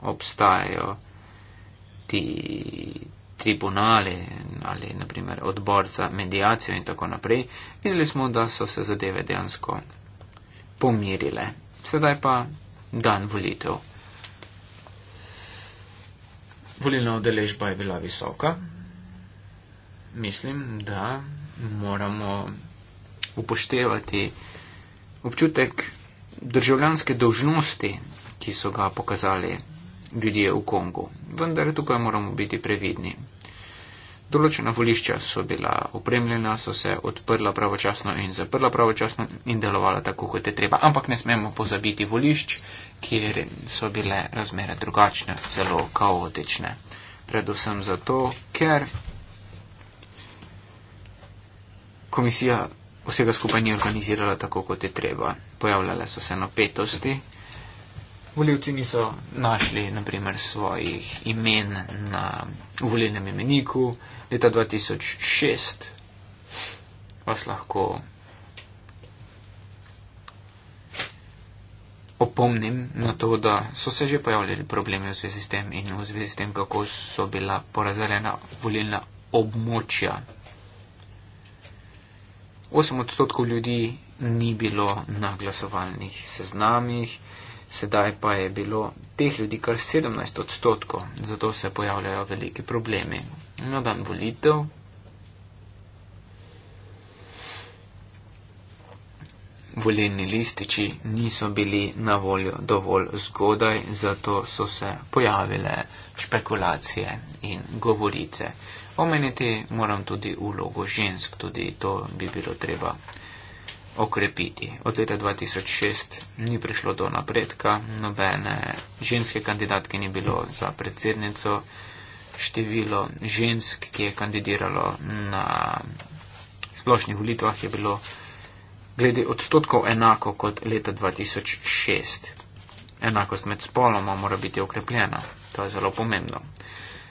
obstajajo ti tribunale ali naprimer odbor za medijacijo in tako naprej, videli smo, da so se zadeve dejansko pomirile. Sedaj pa dan volitev. Volilna odeležba je bila visoka. Mislim, da moramo upoštevati občutek državljanske dožnosti, ki so ga pokazali ljudje v Kongu. Vendar tukaj moramo biti previdni. Določena volišča so bila opremljena, so se odprla pravočasno in zaprla pravočasno in delovala tako, kot je treba. Ampak ne smemo pozabiti volišč, kjer so bile razmere drugačne, celo kaotične. Predvsem zato, ker komisija vsega skupaj ni organizirala tako, kot je treba. Pojavljale so se napetosti volivci niso našli naprimer svojih imen na volilnem imeniku. Leta 2006 vas lahko opomnim na to, da so se že pojavljali problemi v zvezi s tem in v zvezi s tem, kako so bila porazdeljena volilna območja. 8 odstotkov ljudi ni bilo na glasovalnih seznamih sedaj pa je bilo teh ljudi kar 17 odstotkov, zato se pojavljajo veliki problemi. Na dan volitev volilni lističi niso bili na voljo dovolj zgodaj, zato so se pojavile špekulacije in govorice. Omeniti moram tudi ulogo žensk, tudi to bi bilo treba okrepiti. Od leta 2006 ni prišlo do napredka, nobene ženske kandidatke ni bilo za predsednico, število žensk, ki je kandidiralo na splošnih volitvah, je bilo glede odstotkov enako kot leta 2006. Enakost med spoloma mora biti okrepljena, to je zelo pomembno.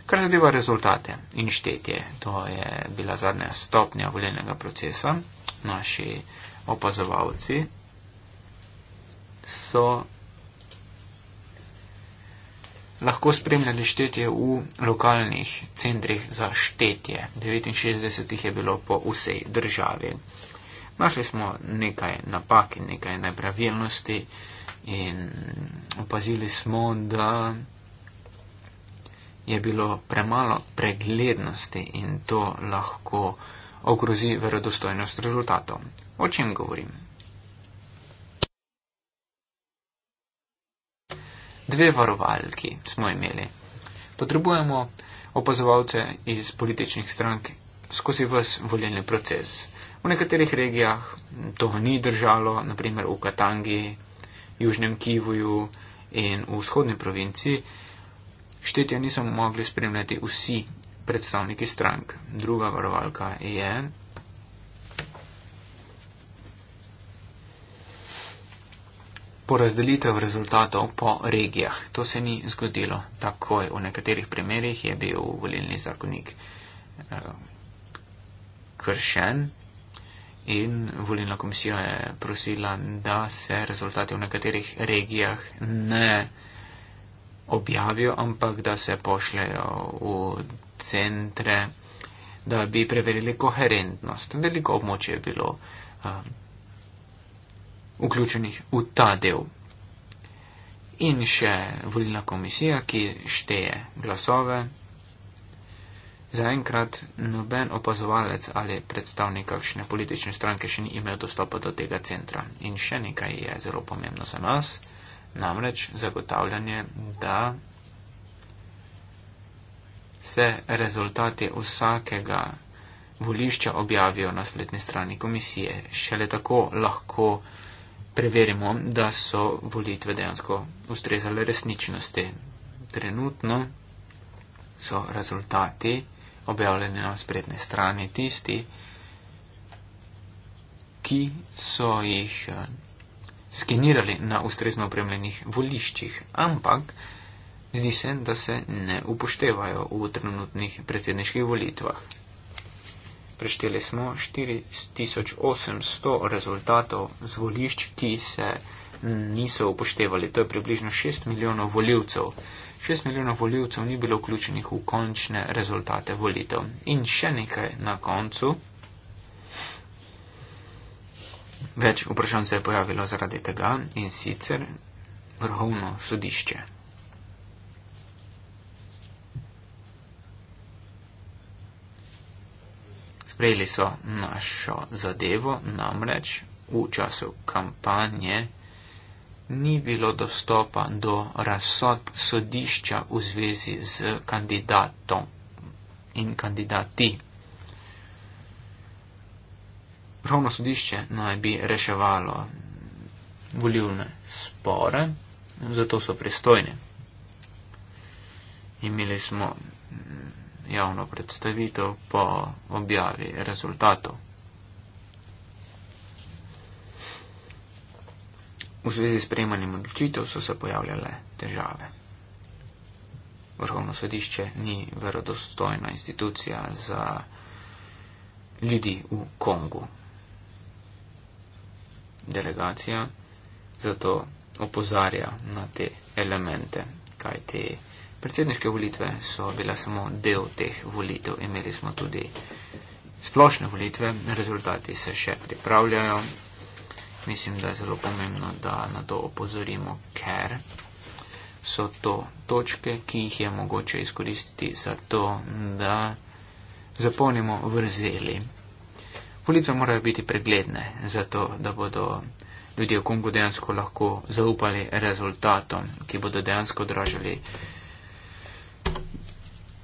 Kar zadeva rezultate in štetje, to je bila zadnja stopnja voljenega procesa. Naši opazovalci so lahko spremljali štetje v lokalnih centrih za štetje. 69 jih je bilo po vsej državi. Našli smo nekaj napak in nekaj nepravilnosti in opazili smo, da je bilo premalo preglednosti in to lahko ogrozi verodostojnost rezultatov. O čem govorim? Dve varovalki smo imeli. Potrebujemo opazovalce iz političnih strank skozi vas voljeni proces. V nekaterih regijah to ni držalo, naprimer v Katangi, Južnem Kivuju in v vzhodni provinci, štetja niso mogli spremljati vsi predstavniki strank. Druga varovalka je. Porazdelitev rezultatov po regijah. To se ni zgodilo takoj. V nekaterih primerjih je bil volilni zakonik eh, kršen in volilna komisija je prosila, da se rezultati v nekaterih regijah ne objavijo, ampak da se pošljajo v centre, da bi preverili koherentnost. Veliko območje je bilo um, vključenih v ta del. In še volilna komisija, ki šteje glasove. Zaenkrat noben opazovalec ali predstavnik kakšne politične stranke še ni imel dostopa do tega centra. In še nekaj je zelo pomembno za nas, namreč zagotavljanje, da se rezultati vsakega volišča objavijo na spletni strani komisije. Šele tako lahko preverimo, da so volitve dejansko ustrezale resničnosti. Trenutno so rezultati objavljeni na spletni strani tisti, ki so jih eh, skenirali na ustrezno opremljenih voliščih, ampak zdi se, da se ne upoštevajo v trenutnih predsedniških volitvah. Prešteli smo 4800 rezultatov z volišč, ki se niso upoštevali. To je približno 6 milijonov voljivcev. 6 milijonov voljivcev ni bilo vključenih v končne rezultate volitev. In še nekaj na koncu. Več vprašanj se je pojavilo zaradi tega in sicer vrhovno sodišče. sprejeli so našo zadevo, namreč v času kampanje ni bilo dostopa do razsodb sodišča v zvezi z kandidatom in kandidati. Pravno sodišče naj bi reševalo volilne spore, zato so pristojni. Imeli smo javno predstavitev po objavi rezultatov. V zvezi s prejemanjem odločitev so se pojavljale težave. Vrhovno sodišče ni verodostojna institucija za ljudi v Kongu. Delegacija zato opozarja na te elemente, kaj te. Predsedniške volitve so bile samo del teh volitev. Imeli smo tudi splošne volitve, rezultati se še pripravljajo. Mislim, da je zelo pomembno, da na to opozorimo, ker so to točke, ki jih je mogoče izkoristiti za to, da zapolnimo vrzeli. Volitve morajo biti pregledne, zato da bodo ljudje v Kongu dejansko lahko zaupali rezultatom, ki bodo dejansko odražali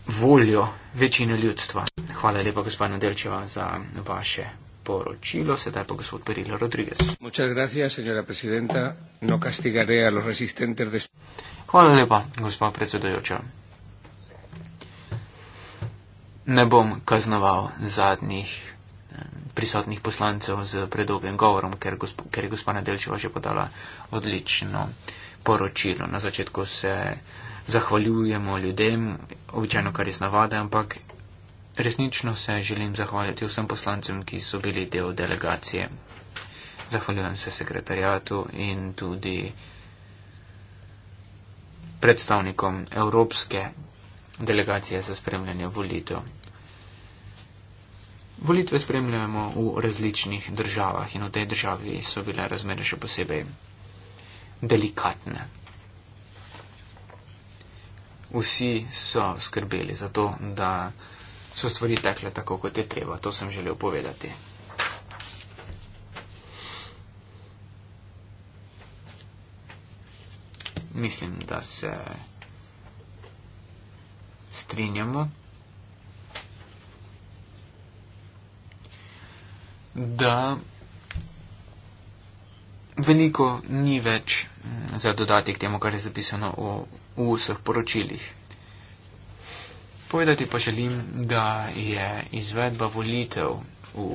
voljo večine ljudstva. Hvala lepa, gospod Nadelčeva, za vaše poročilo. Sedaj pa gospod Perilo Rodriguez. No Hvala lepa, gospod predsedujoča. Ne bom kaznoval zadnjih eh, prisotnih poslancev z predolgim govorom, ker, gospo, ker je gospod Nadelčeva že podala odlično poročilo. Na začetku se zahvaljujemo ljudem, običajno kar iz navade, ampak resnično se želim zahvaliti vsem poslancem, ki so bili del delegacije. Zahvaljujem se sekretarjatu in tudi predstavnikom Evropske delegacije za spremljanje volitev. Volitve spremljamo v različnih državah in v tej državi so bile razmere še posebej delikatne vsi so skrbeli za to, da so stvari tekle tako, kot je treba. To sem želel povedati. Mislim, da se strinjamo. Da veliko ni več mm, za dodatek temu, kar je zapisano v v vseh poročilih. Povedati pa želim, da je izvedba volitev v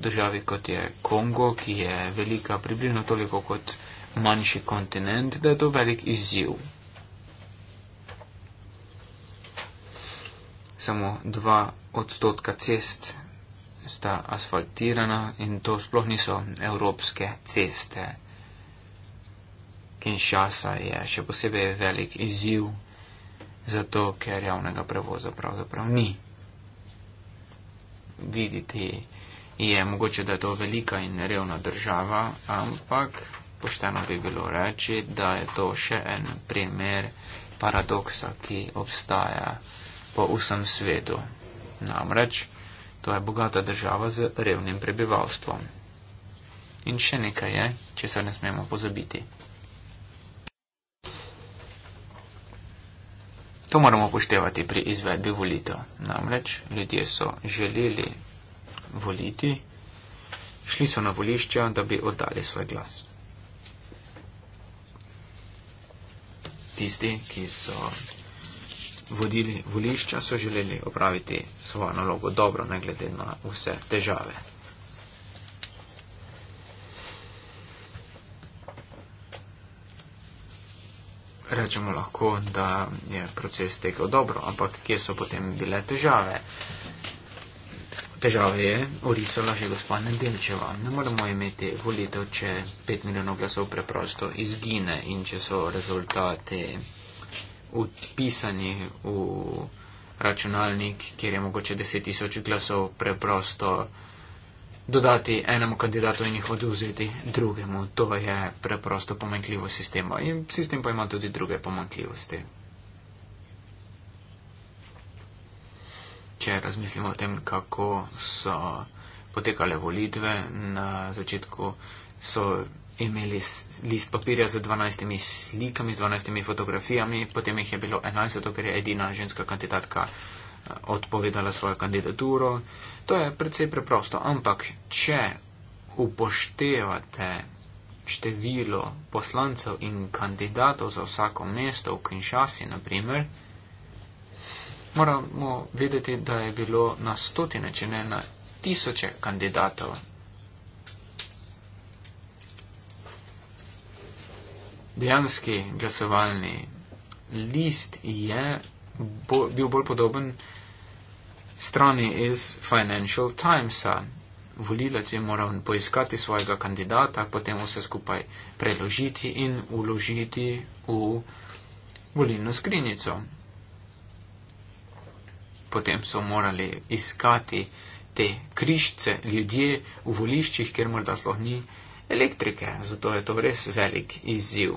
državi kot je Kongo, ki je velika približno toliko kot manjši kontinent, da je to velik izziv. Samo dva odstotka cest sta asfaltirana in to sploh niso evropske ceste. Kinshasa je še posebej velik izziv, zato ker javnega prevoza pravzaprav ni. Videti je mogoče, da je to velika in revna država, ampak pošteno bi bilo reči, da je to še en primer paradoksa, ki obstaja po vsem svetu. Namreč, to je bogata država z revnim prebivalstvom. In še nekaj je, če se ne smemo pozabiti. To moramo upoštevati pri izvedbi volitev. Namreč ljudje so želeli voliti, šli so na volišče, da bi oddali svoj glas. Tisti, ki so vodili volišča, so želeli opraviti svojo nalogo dobro, ne glede na vse težave. rečemo lahko, da je proces tekel dobro, ampak kje so potem bile težave? Težave je orisala že gospod Nedelčeva. Ne moremo imeti volitev, če 5 milijonov glasov preprosto izgine in če so rezultati upisani v računalnik, kjer je mogoče 10 tisoč glasov preprosto izgine dodati enemu kandidatu in jih oduzeti drugemu. To je preprosto pomankljivo sistema in sistem pa ima tudi druge pomankljivosti. Če razmislimo o tem, kako so potekale volitve na začetku, so imeli list papirja z 12 slikami, z 12 fotografijami, potem jih je bilo 11, ker je edina ženska kandidatka eh, odpovedala svojo kandidaturo. Uh, To je precej preprosto, ampak če upoštevate število poslancev in kandidatov za vsako mesto v Kinshasi, naprimer, moramo vedeti, da je bilo na stotine, če ne na tisoče kandidatov. Dejanski glasovalni list je bo, bil bolj podoben strani iz Financial Timesa. Volilec je moral poiskati svojega kandidata, potem vse skupaj preložiti in uložiti v volilno skrinjico. Potem so morali iskati te križce ljudje v voliščih, kjer morda sploh ni elektrike. Zato je to res velik izziv.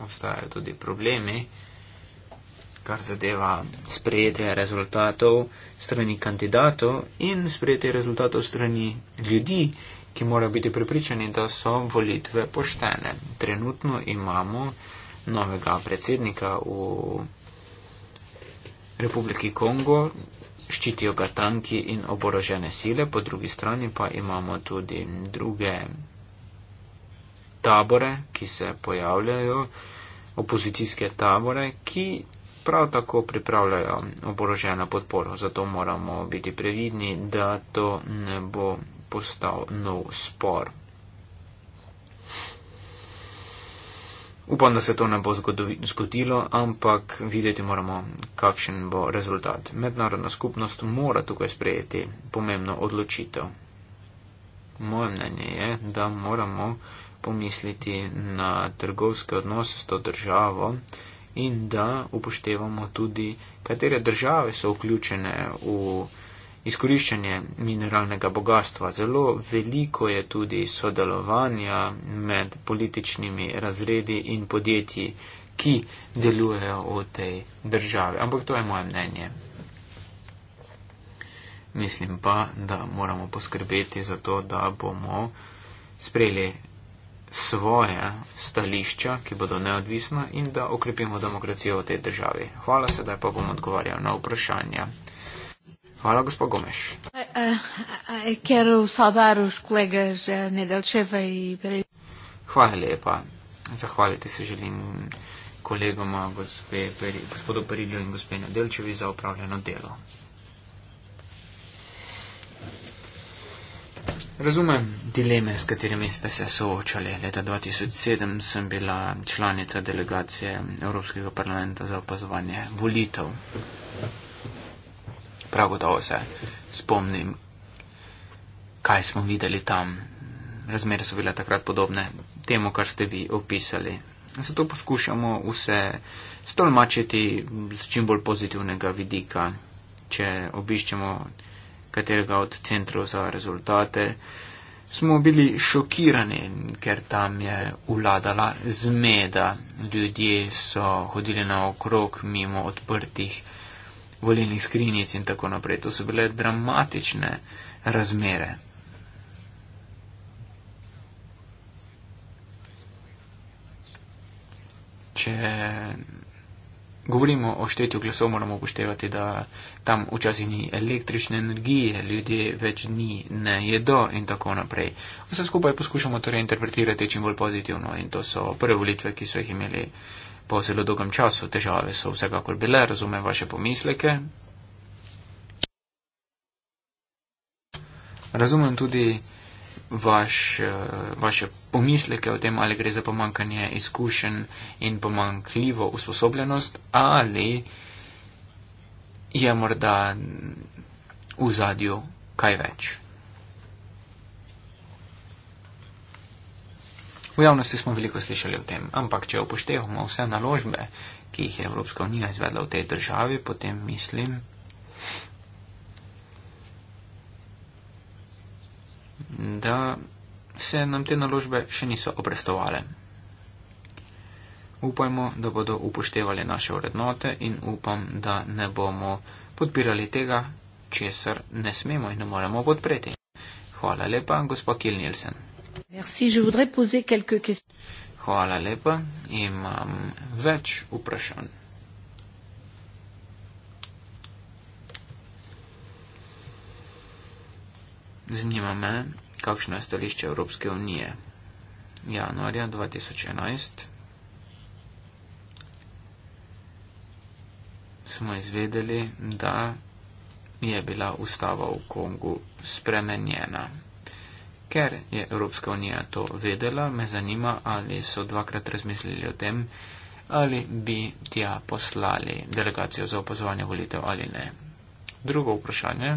Obstajajo tudi problemi kar zadeva sprejete rezultatov strani kandidatov in sprejete rezultatov strani ljudi, ki morajo biti prepričani, da so volitve poštene. Trenutno imamo novega predsednika v Republiki Kongo, ščitijo ga tanki in oborožene sile, po drugi strani pa imamo tudi druge tabore, ki se pojavljajo, opozicijske tabore, ki prav tako pripravljajo oboroženo podporo. Zato moramo biti previdni, da to ne bo postal nov spor. Upam, da se to ne bo zgodilo, ampak videti moramo, kakšen bo rezultat. Mednarodna skupnost mora tukaj sprejeti pomembno odločitev. Moje mnenje je, da moramo pomisliti na trgovske odnose s to državo, in da upoštevamo tudi, katere države so vključene v izkoriščanje mineralnega bogatstva. Zelo veliko je tudi sodelovanja med političnimi razredi in podjetji, ki delujejo v tej državi. Ampak to je moje mnenje. Mislim pa, da moramo poskrbeti za to, da bomo sprejeli svoje stališča, ki bodo neodvisna in da okrepimo demokracijo v tej državi. Hvala, sedaj pa bom odgovarjal na vprašanja. Hvala, gospod Gomeš. Eh, e Hvala lepa. Zahvaliti se želim kolegoma, gospodu Perilju in gospe Nedelčevi za upravljeno delo. Razumem dileme, s katerimi ste se soočali. Leta 2007 sem bila članica delegacije Evropskega parlamenta za opazovanje volitev. Prav gotovo se spomnim, kaj smo videli tam. Razmere so bile takrat podobne temu, kar ste vi opisali. Zato poskušamo vse stolmačiti z čim bolj pozitivnega vidika, če obiščemo katerega od centrov za rezultate, smo bili šokirani, ker tam je vladala zmeda. Ljudje so hodili naokrog mimo odprtih volilnih skrinjic in tako naprej. To so bile dramatične razmere. Če govorimo o štetju glasov, moramo upoštevati, da tam včasih ni električne energije, ljudje več ni, ne jedo in tako naprej. Vse skupaj poskušamo torej interpretirati čim bolj pozitivno in to so prve volitve, ki so jih imeli po zelo dolgem času. Težave so vsekakor bile, razumem vaše pomisleke. Razumem tudi, vaš, eh, vaše pomisleke o tem, ali gre za pomankanje izkušenj in pomankljivo usposobljenost, ali je morda v zadju kaj več. V javnosti smo veliko slišali o tem, ampak če upoštevamo vse naložbe, ki jih je Evropska unija izvedla v tej državi, potem mislim, da se nam te naložbe še niso obrestovale. Upajmo, da bodo upoštevali naše vrednote in upam, da ne bomo podpirali tega, česar ne smemo in ne moremo podpreti. Hvala lepa, gospod Kil Nielsen. Hvala lepa, imam več vprašanj. Zanima me, kakšno je stališče Evropske unije. Januarja 2011 smo izvedeli, da je bila ustava v Kongu spremenjena. Ker je Evropska unija to vedela, me zanima, ali so dvakrat razmislili o tem, ali bi tja poslali delegacijo za opozovanje volitev ali ne. Drugo vprašanje,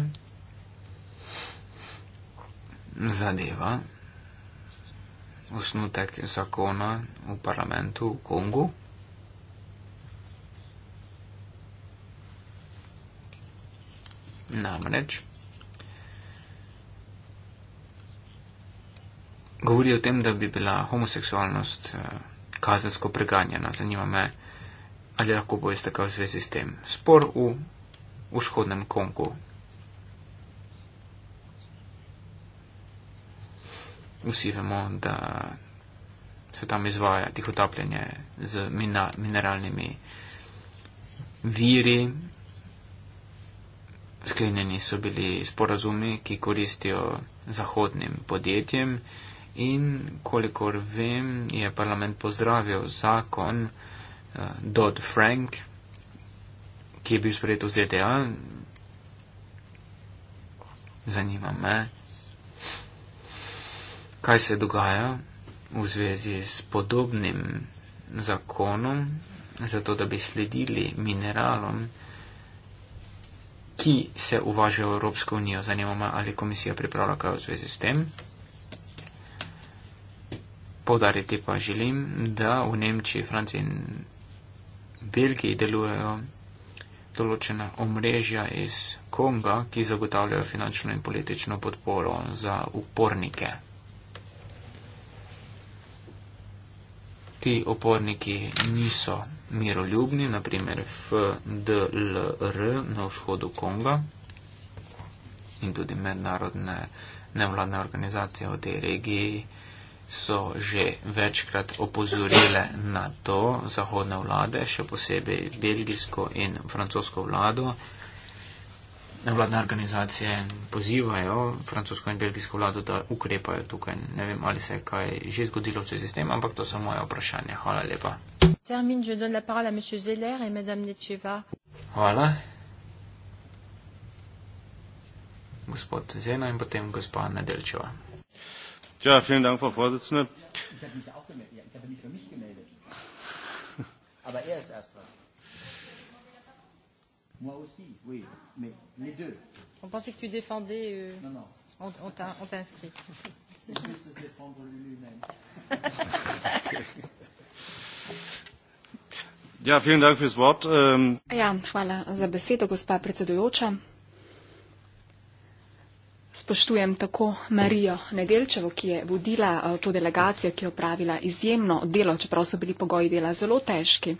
zadeva osnutek zakona v parlamentu v Kongu. Namreč govori o tem, da bi bila homoseksualnost eh, kazensko preganjena. Zanima me, ali lahko poveste kaj v zvezi s tem. Spor v vzhodnem Kongu vsi vemo, da se tam izvaja tihotapljenje z mina, mineralnimi viri. Sklenjeni so bili sporazumi, ki koristijo zahodnim podjetjem in kolikor vem, je parlament pozdravil zakon uh, eh, Dodd Frank, ki je bil sprejet v ZDA. Zanima me, kaj se dogaja v zvezi s podobnim zakonom, zato da bi sledili mineralom, ki se uvažajo v Evropsko unijo. Zanima me, ali komisija pripravlja kaj v zvezi s tem. Podariti pa želim, da v Nemčiji, Franciji in Belgiji delujejo določena omrežja iz Konga, ki zagotavljajo finančno in politično podporo za upornike. ti oporniki niso miroljubni, naprimer FDLR na vzhodu Konga in tudi mednarodne nevladne organizacije v tej regiji so že večkrat opozorile na to zahodne vlade, še posebej belgijsko in francosko vlado, nevladne organizacije pozivajo francosko in belgijsko vlado, da ukrepajo tukaj. Ne vem, ali se je kaj že zgodilo v tej tem, ampak to so moje vprašanje. Hvala lepa. Hvala. Gospod Zena in potem gospa Nedelčeva. Ja, vielen Dank, Frau Vorsitzende. Ja er Moi aussi, oui, mais. Les deux. On pensait que tu défendais. Euh... Non, non. On, on, t'a, on t'a inscrit. Il peut se défendre lui-même. Ja, vielen Dank fürs Wort. Ähm, ja, hvala za besedo, gospa predsedujoča. Spoštujem tako Marijo Nedelčevo, ki je vodila eh, to delegacijo, ki je opravila izjemno delo, čeprav so bili pogoji dela zelo težki.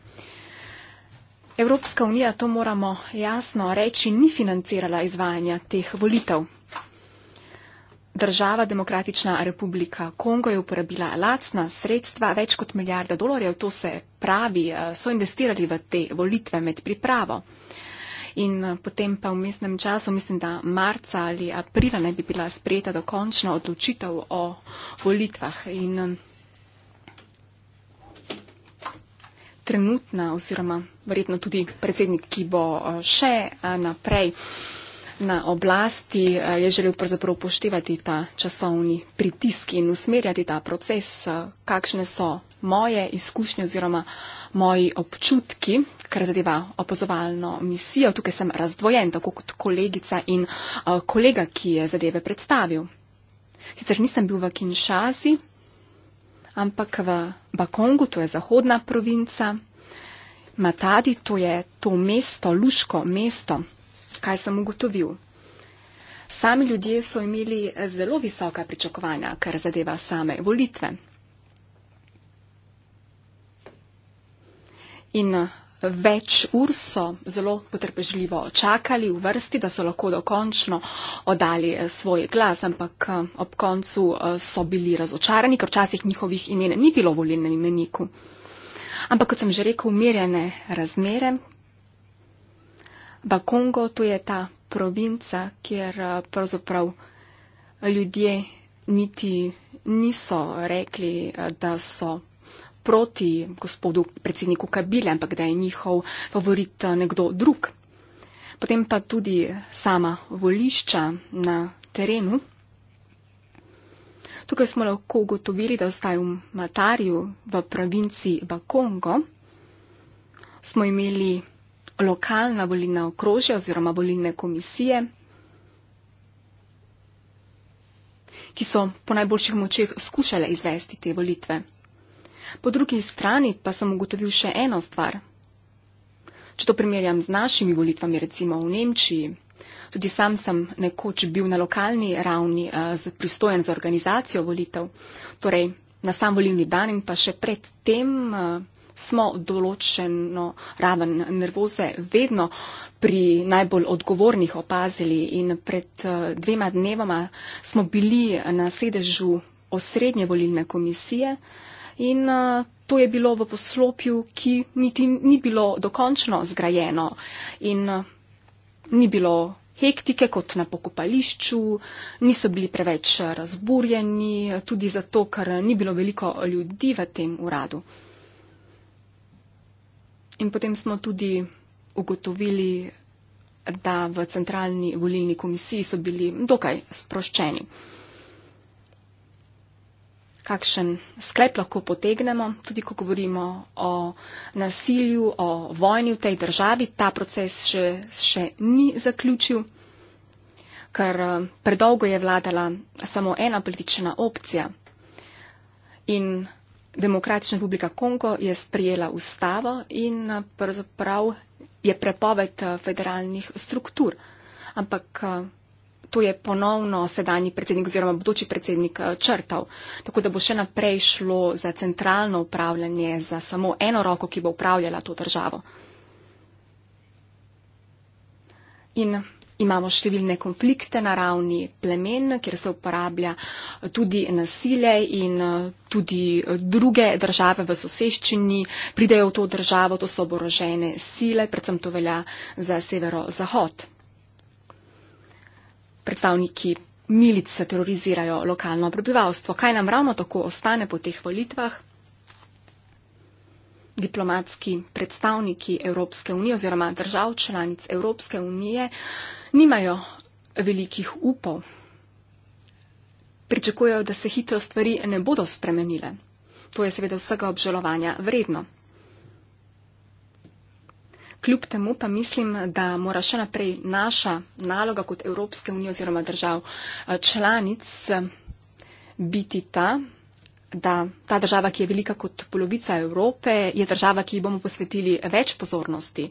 Evropska unija, to moramo jasno reči, ni financirala izvajanja teh volitev. Država Demokratična republika Kongo je uporabila lacna sredstva, več kot milijarda dolarjev, to se pravi, eh, so investirali v te volitve med pripravo. In eh, potem pa v mestnem času, mislim, da marca ali aprila ne bi bila sprejeta dokončna odločitev o volitvah. In eh, trenutna oziroma verjetno tudi predsednik, ki bo eh, še eh, naprej na oblasti, eh, je želel pravzaprav upoštevati ta časovni pritisk in usmerjati ta proces, kakšne so moje izkušnje oziroma moji občutki, kar zadeva opozovalno misijo. Tukaj sem razdvojen, tako kot kolegica in kolega, ki je zadeve predstavil. Sicer nisem bil v Kinšazi, ampak v Bakongu, to je zahodna provinca. Matadi, to je to mesto, luško mesto, kaj sem ugotovil. Sami ljudje so imeli zelo visoka pričakovanja, kar zadeva same volitve. In eh, več ur so zelo potrpežljivo čakali v vrsti, da so lahko dokončno oddali eh, svoj glas, ampak eh, ob koncu so bili razočarani, ker včasih njihovih imen ni bilo v volilnem imeniku. Ampak kot sem že rekel, umirjene razmere. Bakongo, to je ta provinca, kjer eh, pravzaprav ljudje niti niso rekli, eh, da so proti gospodu predsedniku Kabile, ampak da je njihov favorit eh, nekdo drug. Potem pa tudi sama volišča na terenu. Tukaj smo lahko ugotovili, da zdaj v Matarju, v provinci Bakongo, smo imeli lokalna volilna okrožja oziroma volilne komisije, ki so po najboljših močeh skušale izvesti te volitve. Po drugi strani pa sem ugotovil še eno stvar. Če to primerjam z našimi volitvami, recimo v Nemčiji, Tudi sam sem nekoč bil na lokalni ravni uh, pristojen za organizacijo volitev. Torej, na sam volilni dan in pa še predtem uh, eh, smo določeno raven nervoze vedno pri najbolj odgovornih opazili in pred uh, dvema dnevoma smo bili na sedežu osrednje volilne komisije in uh, To je bilo v poslopju, ki niti ni bilo dokončno zgrajeno in ni bilo hektike kot na pokopališču, niso bili preveč razburjeni, tudi zato, ker ni bilo veliko ljudi v tem uradu. In potem smo tudi ugotovili, da v centralni volilni komisiji so bili dokaj sproščeni kakšen sklep lahko potegnemo, tudi ko govorimo o nasilju, o vojni v tej državi. Ta proces še, še ni zaključil, ker eh, predolgo je vladala samo ena politična opcija. In Demokratična republika Kongo je sprijela ustavo in eh, pravzaprav je prepoved eh, federalnih struktur. Ampak to je ponovno sedanji predsednik oziroma bodoči predsednik eh, črtav. Tako da bo še naprej šlo za centralno upravljanje, za samo eno roko, ki bo upravljala to državo. In imamo številne konflikte na ravni plemen, kjer se uporablja eh, tudi nasilje in eh, tudi druge države v soseščini pridejo v to državo, to so oborožene sile, predvsem to velja za severo-zahod predstavniki milice terorizirajo lokalno prebivalstvo. Kaj nam ravno tako ostane po teh volitvah? Diplomatski predstavniki Evropske unije oziroma držav članic Evropske unije nimajo velikih upov. Pričakujejo, da se hitro stvari ne bodo spremenile. To je seveda vsega obžalovanja vredno. Kljub temu pa mislim, da mora še naprej naša naloga kot Evropske unije oziroma držav eh, članic eh, biti ta, da ta država, ki je velika kot polovica Evrope, je država, ki ji bomo posvetili več pozornosti.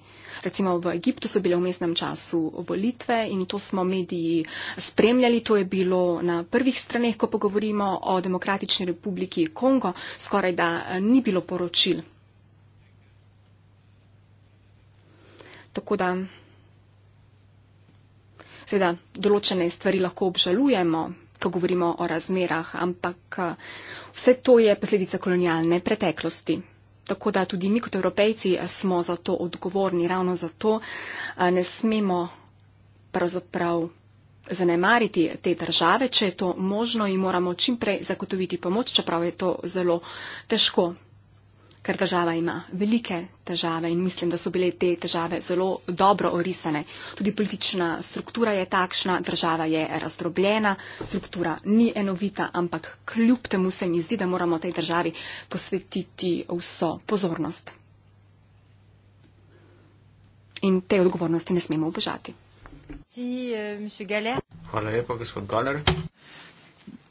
Recimo v Egiptu so bile v mestnem času volitve in to smo mediji spremljali. To je bilo na prvih straneh, ko pogovorimo o Demokratični republiki Kongo. Skoraj da eh, ni bilo poročil Tako da, seveda, določene stvari lahko obžalujemo, ko govorimo o razmerah, ampak eh, vse to je posledica kolonialne preteklosti. Tako da tudi mi kot evropejci eh, smo za to odgovorni, ravno zato eh, ne smemo pravzaprav zanemariti te države, če je to možno in moramo čimprej zagotoviti pomoč, čeprav je to zelo težko ker država ima velike težave in mislim, da so bile te težave zelo dobro orisane. Tudi politična struktura je takšna, država je razdrobljena, struktura ni enovita, ampak kljub temu se mi zdi, da moramo tej državi posvetiti vso pozornost. In te odgovornosti ne smemo obožati. Eh, Hvala lepa, gospod Galer.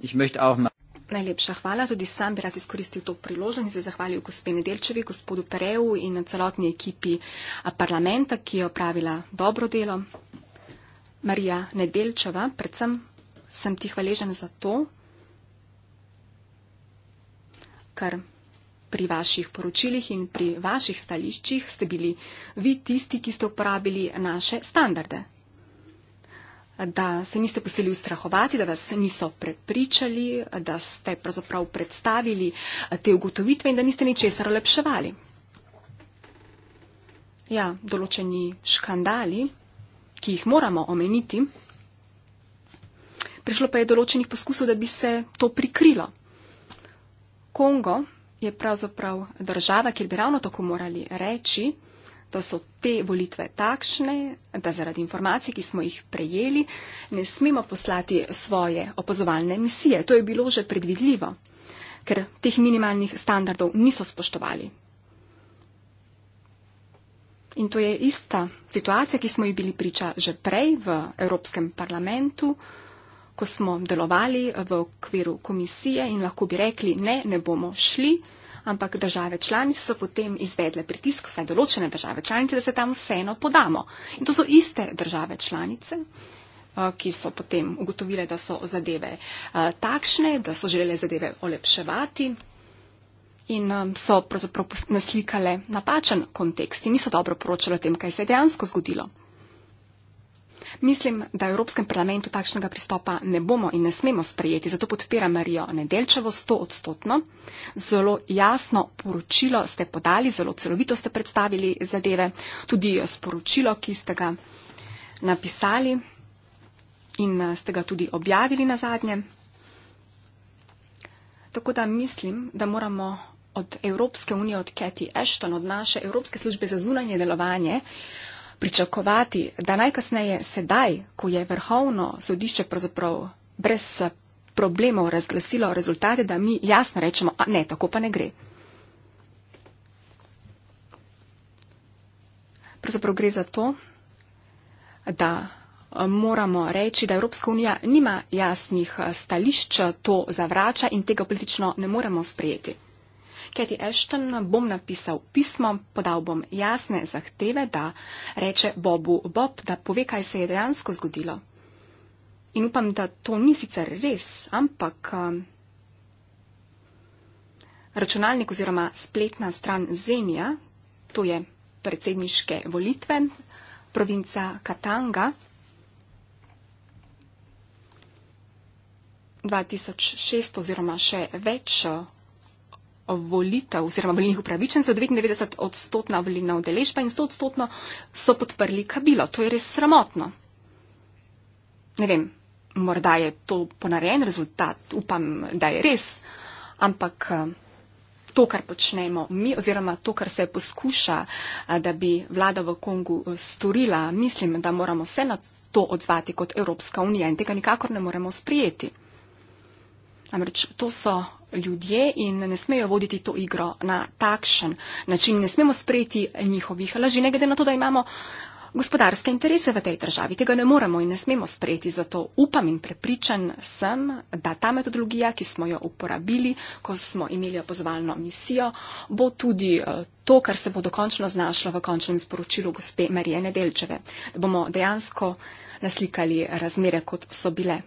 Ich möchte auch mal. Najlepša hvala. Tudi sam bi rad izkoristil to priložnost in se zahvalil gospe Nedelčevi, gospodu Pereju in celotni ekipi parlamenta, ki je opravila dobro delo. Marija Nedelčeva, predvsem sem ti hvaležen za to, kar pri vaših poročilih in pri vaših stališčih ste bili vi tisti, ki ste uporabili naše standarde da se niste pustili ustrahovati, da vas niso prepričali, da ste pravzaprav predstavili eh, te ugotovitve in da niste ničesar olepševali. Ja, določeni škandali, ki jih moramo omeniti, prišlo pa je določenih poskusov, da bi se to prikrilo. Kongo je pravzaprav država, kjer bi ravno tako morali reči, da so te volitve takšne, da zaradi informacij, ki smo jih prejeli, ne smemo poslati svoje opozovalne misije. To je bilo že predvidljivo, ker teh minimalnih standardov niso spoštovali. In to je ista situacija, ki smo ji bili priča že prej v Evropskem parlamentu, ko smo delovali v okviru komisije in lahko bi rekli, ne, ne bomo šli ampak države članice so potem izvedle pritisk, vsaj določene države članice, da se tam vseeno podamo. In to so iste države članice eh, ki so potem ugotovile, da so zadeve eh, takšne, da so želele zadeve olepševati in eh, so pravzaprav naslikale napačen kontekst in niso dobro poročale o tem, kaj se je dejansko zgodilo. Mislim, da v Evropskem parlamentu takšnega pristopa ne bomo in ne smemo sprejeti, zato podpira Marijo Nedelčevo sto odstotno. Zelo jasno poročilo ste podali, zelo celovito ste predstavili zadeve, tudi sporočilo, ki ste ga napisali in eh, ste ga tudi objavili na zadnje. Tako da mislim, da moramo od Evropske unije, od Cathy Ashton, od naše Evropske službe za zunanje delovanje, uh, pričakovati, da najkasneje sedaj, ko je vrhovno sodišče pravzaprav brez eh, problemov razglasilo rezultate, da mi jasno rečemo, a ne, tako pa ne gre. Pravzaprav gre za to, da eh, moramo reči, da Evropska unija nima jasnih eh, stališč, to zavrača in tega politično ne moremo sprejeti. Keti Ashton bom napisal pismo, podal bom jasne zahteve, da reče Bobu Bob, da pove, kaj se je dejansko zgodilo. In upam, da to ni sicer res, ampak um, računalnik oziroma spletna stran Zenija, to je predsedniške volitve, provinca Katanga. 2006 oziroma še več uh, volitev oziroma volilnih upravičencev 99 odstotna volilna udeležba in 100 odstotno so podprli kabilo. To je res sramotno. Ne vem, morda je to ponarejen rezultat, upam, da je res, ampak eh, to, kar počnemo mi oziroma to, kar se poskuša, eh, da bi vlada v Kongu eh, storila, mislim, da moramo se na to odzvati kot Evropska unija in tega nikakor ne moremo sprijeti. Namreč to so ljudje in ne smejo voditi to igro na takšen način. Ne smemo sprejeti njihovih laži, ne glede na to, da imamo gospodarske interese v tej državi. Tega ne moremo in ne smemo sprejeti. Zato upam in prepričan sem, da ta metodologija, ki smo jo uporabili, ko smo imeli opozovalno misijo, bo tudi eh, to, kar se bo dokončno znašlo v končnem sporočilu gospe Marije Nedelčeve. Da bomo dejansko naslikali razmere, kot so bile.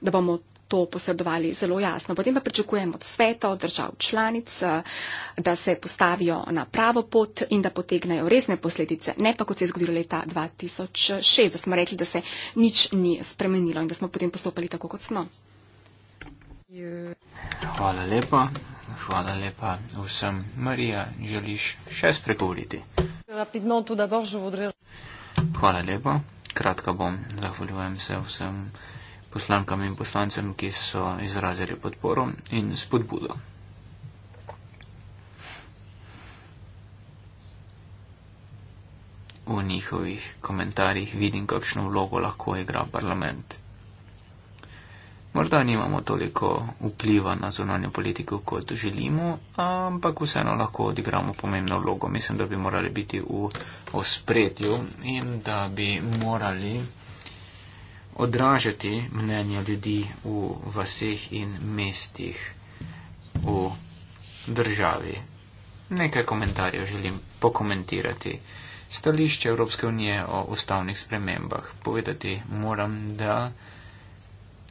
Da bomo to posredovali zelo jasno. Potem pa pričakujem od sveta, od držav članic, eh, da se postavijo na pravo pot in da potegnejo resne posledice, ne pa kot se je zgodilo leta 2006, da smo rekli, da se nič ni spremenilo in da smo potem postopali tako, kot smo. Hvala lepa. Hvala lepa vsem. Marija, želiš še spregovoriti? Hvala lepa. Kratka bom. Zahvaljujem se vsem poslankam in poslancem, ki so izrazili podporo in spodbudo. V njihovih komentarjih vidim, kakšno vlogo lahko igra parlament. Morda nimamo toliko vpliva na zonanjo politiko, kot želimo, ampak vseeno lahko odigramo pomembno vlogo. Mislim, da bi morali biti v ospredju in da bi morali odražati mnenja ljudi v vaseh in mestih v državi. Nekaj komentarjev želim pokomentirati. Stališče Evropske unije o ustavnih spremembah. Povedati moram, da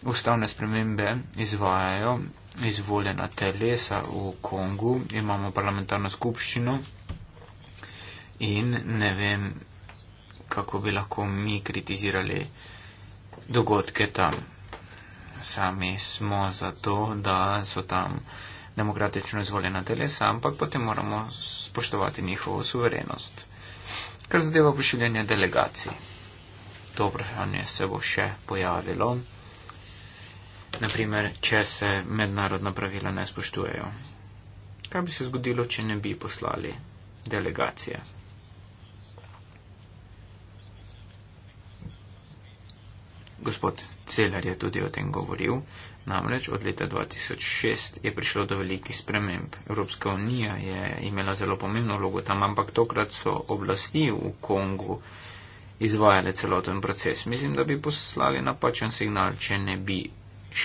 ustavne spremembe izvajajo izvoljena telesa v Kongu, imamo parlamentarno skupščino in ne vem, kako bi lahko mi kritizirali uh, dogodke tam. Sami smo zato, da so tam demokratično izvoljena telesa, ampak potem moramo spoštovati njihovo suverenost. Kar zadeva pošiljanje delegacij. To vprašanje se bo še pojavilo. Naprimer, če se mednarodna pravila ne spoštujejo. Kaj bi se zgodilo, če ne bi poslali delegacije? gospod Celar je tudi o tem govoril, namreč od leta 2006 je prišlo do velikih sprememb. Evropska unija je imela zelo pomembno vlogo tam, ampak tokrat so oblasti v Kongu izvajale celoten proces. Mislim, da bi poslali napačen signal, če ne bi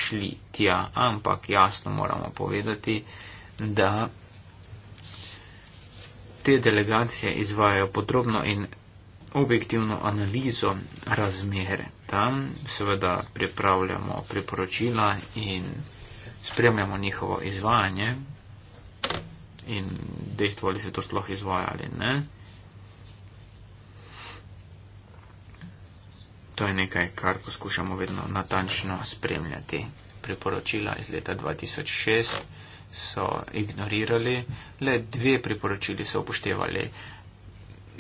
šli tja, ampak jasno moramo povedati, da te delegacije izvajajo podrobno in objektivno analizo razmer. Tam seveda pripravljamo priporočila in spremljamo njihovo izvajanje in dejstvo, ali se to sploh izvaja ali ne. To je nekaj, kar poskušamo vedno natančno spremljati. Priporočila iz leta 2006 so ignorirali, le dve priporočili so upoštevali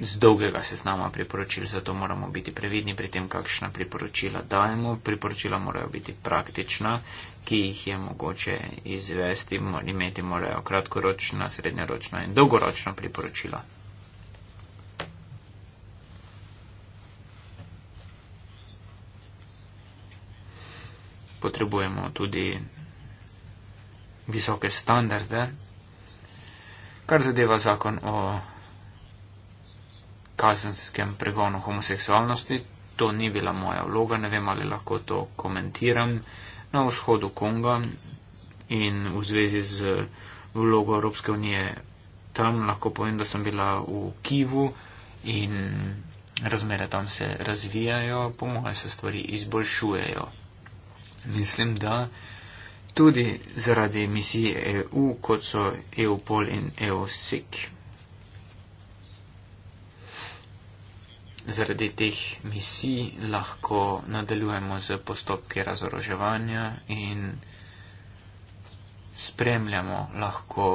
z dolgega seznama priporočil, zato moramo biti previdni pri tem, kakšna priporočila dajemo. Priporočila morajo biti praktična, ki jih je mogoče izvesti, imeti morajo kratkoročna, srednjeročna in dolgoročna priporočila. Potrebujemo tudi visoke standarde, kar zadeva zakon o kazenskem pregonu homoseksualnosti. To ni bila moja vloga, ne vem, ali lahko to komentiram na vzhodu Konga in v zvezi z vlogo Evropske unije tam. Lahko povem, da sem bila v Kivu in razmere tam se razvijajo, po mojem se stvari izboljšujejo. Mislim, da tudi zaradi misije EU, kot so EUPOL in EUSIC. zaradi teh misij lahko nadaljujemo z postopki razoroževanja in spremljamo lahko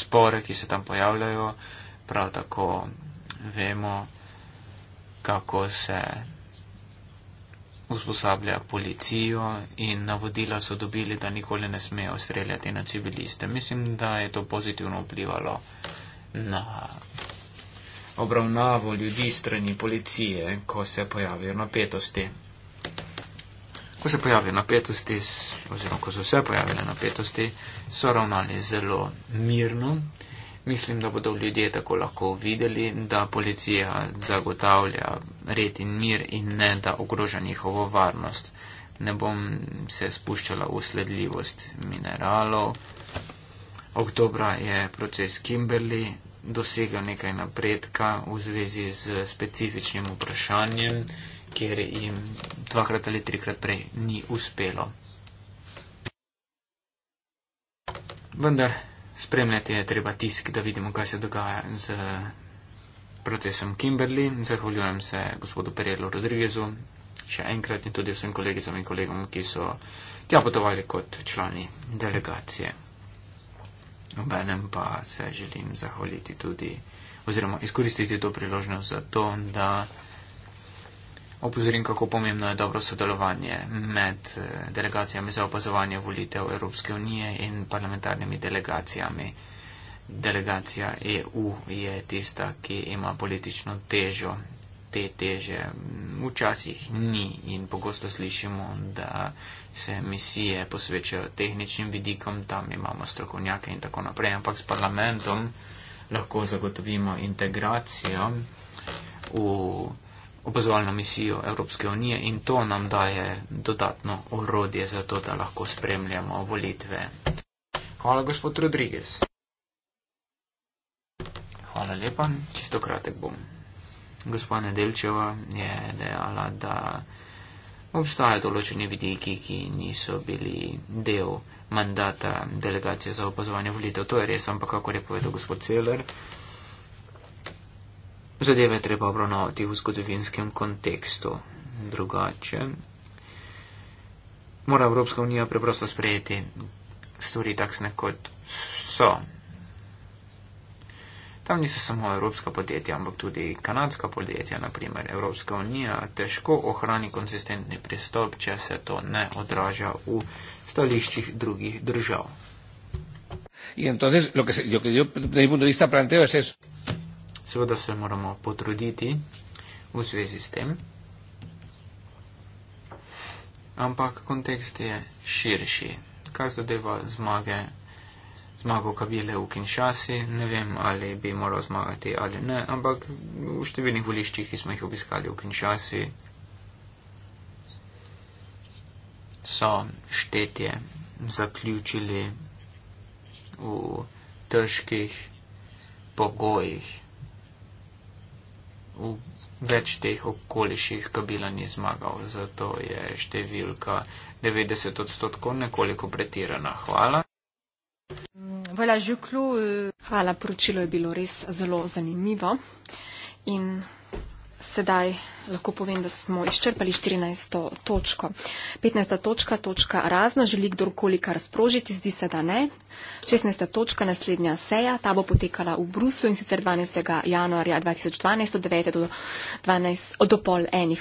spore, ki se tam pojavljajo, prav tako vemo, kako se usposablja policijo in navodila so dobili, da nikoli ne smejo streljati na civiliste. Mislim, da je to pozitivno vplivalo na obravnavo ljudi strani policije, ko se pojavijo napetosti. Ko se pojavijo napetosti, oziroma ko so se pojavile napetosti, so ravnali zelo mirno. Mislim, da bodo ljudje tako lahko videli, da policija zagotavlja red in mir in ne, da ogroža njihovo varnost. Ne bom se spuščala v sledljivost mineralov. Oktobra je proces Kimberley, dosegel nekaj napredka v zvezi z specifičnim vprašanjem, kjer jim dvakrat ali trikrat prej ni uspelo. Vendar spremljati je treba tisk, da vidimo, kaj se dogaja z procesom Kimberly. Zahvaljujem se gospodu Perelu Rodrigezu še enkrat in tudi vsem kolegicam in kolegom, ki so tja potovali kot člani delegacije obenem pa se želim zahvaliti tudi oziroma izkoristiti to priložnost za to, da opozorim, kako pomembno je dobro sodelovanje med eh, delegacijami za opazovanje volitev Evropske unije in parlamentarnimi delegacijami. Delegacija EU je tista, ki ima politično težo te teže včasih ni in pogosto slišimo, da se misije posvečajo tehničnim vidikom, tam imamo strokovnjake in tako naprej, ampak s parlamentom lahko zagotovimo integracijo v opozorilno misijo Evropske unije in to nam daje dodatno orodje za to, da lahko spremljamo volitve. Hvala, gospod Rodriguez. Hvala lepa, čisto kratek bom gospa Nedelčeva je dejala, da obstajajo določeni vidiki, ki niso bili del mandata delegacije za opazovanje volitev. To je res, ampak kako je povedal gospod Celer, zadeve treba obravnavati v zgodovinskem kontekstu drugače. Mora Evropska unija preprosto sprejeti stvari takšne, kot so. Tam niso samo evropska podjetja, ampak tudi kanadska podjetja, naprimer Evropska unija, težko ohrani konsistentni pristop, če se to ne odraža v stališčih drugih držav. Seveda se moramo potruditi v zvezi s tem, ampak kontekst je širši. Kaj zadeva zmage zmago kabile v Kinshasi, ne vem, ali bi moral zmagati ali ne, ampak v številnih voliščih, ki smo jih obiskali v Kinshasi, so štetje zaključili v težkih pogojih. V več teh okoliših kabila ni zmagal, zato je številka 90 odstotkov nekoliko pretirana. Hvala. Euh, Hvala, poročilo je bilo res zelo zanimivo. In sedaj lahko povem, da smo izčrpali 14. točko. 15. točka, točka razna, želi kdorkoli kar sprožiti, zdi se, da ne. 16. točka, naslednja seja, ta bo potekala v Bruslu in sicer 12. januarja 2012 od 9. do, 12, do pol enih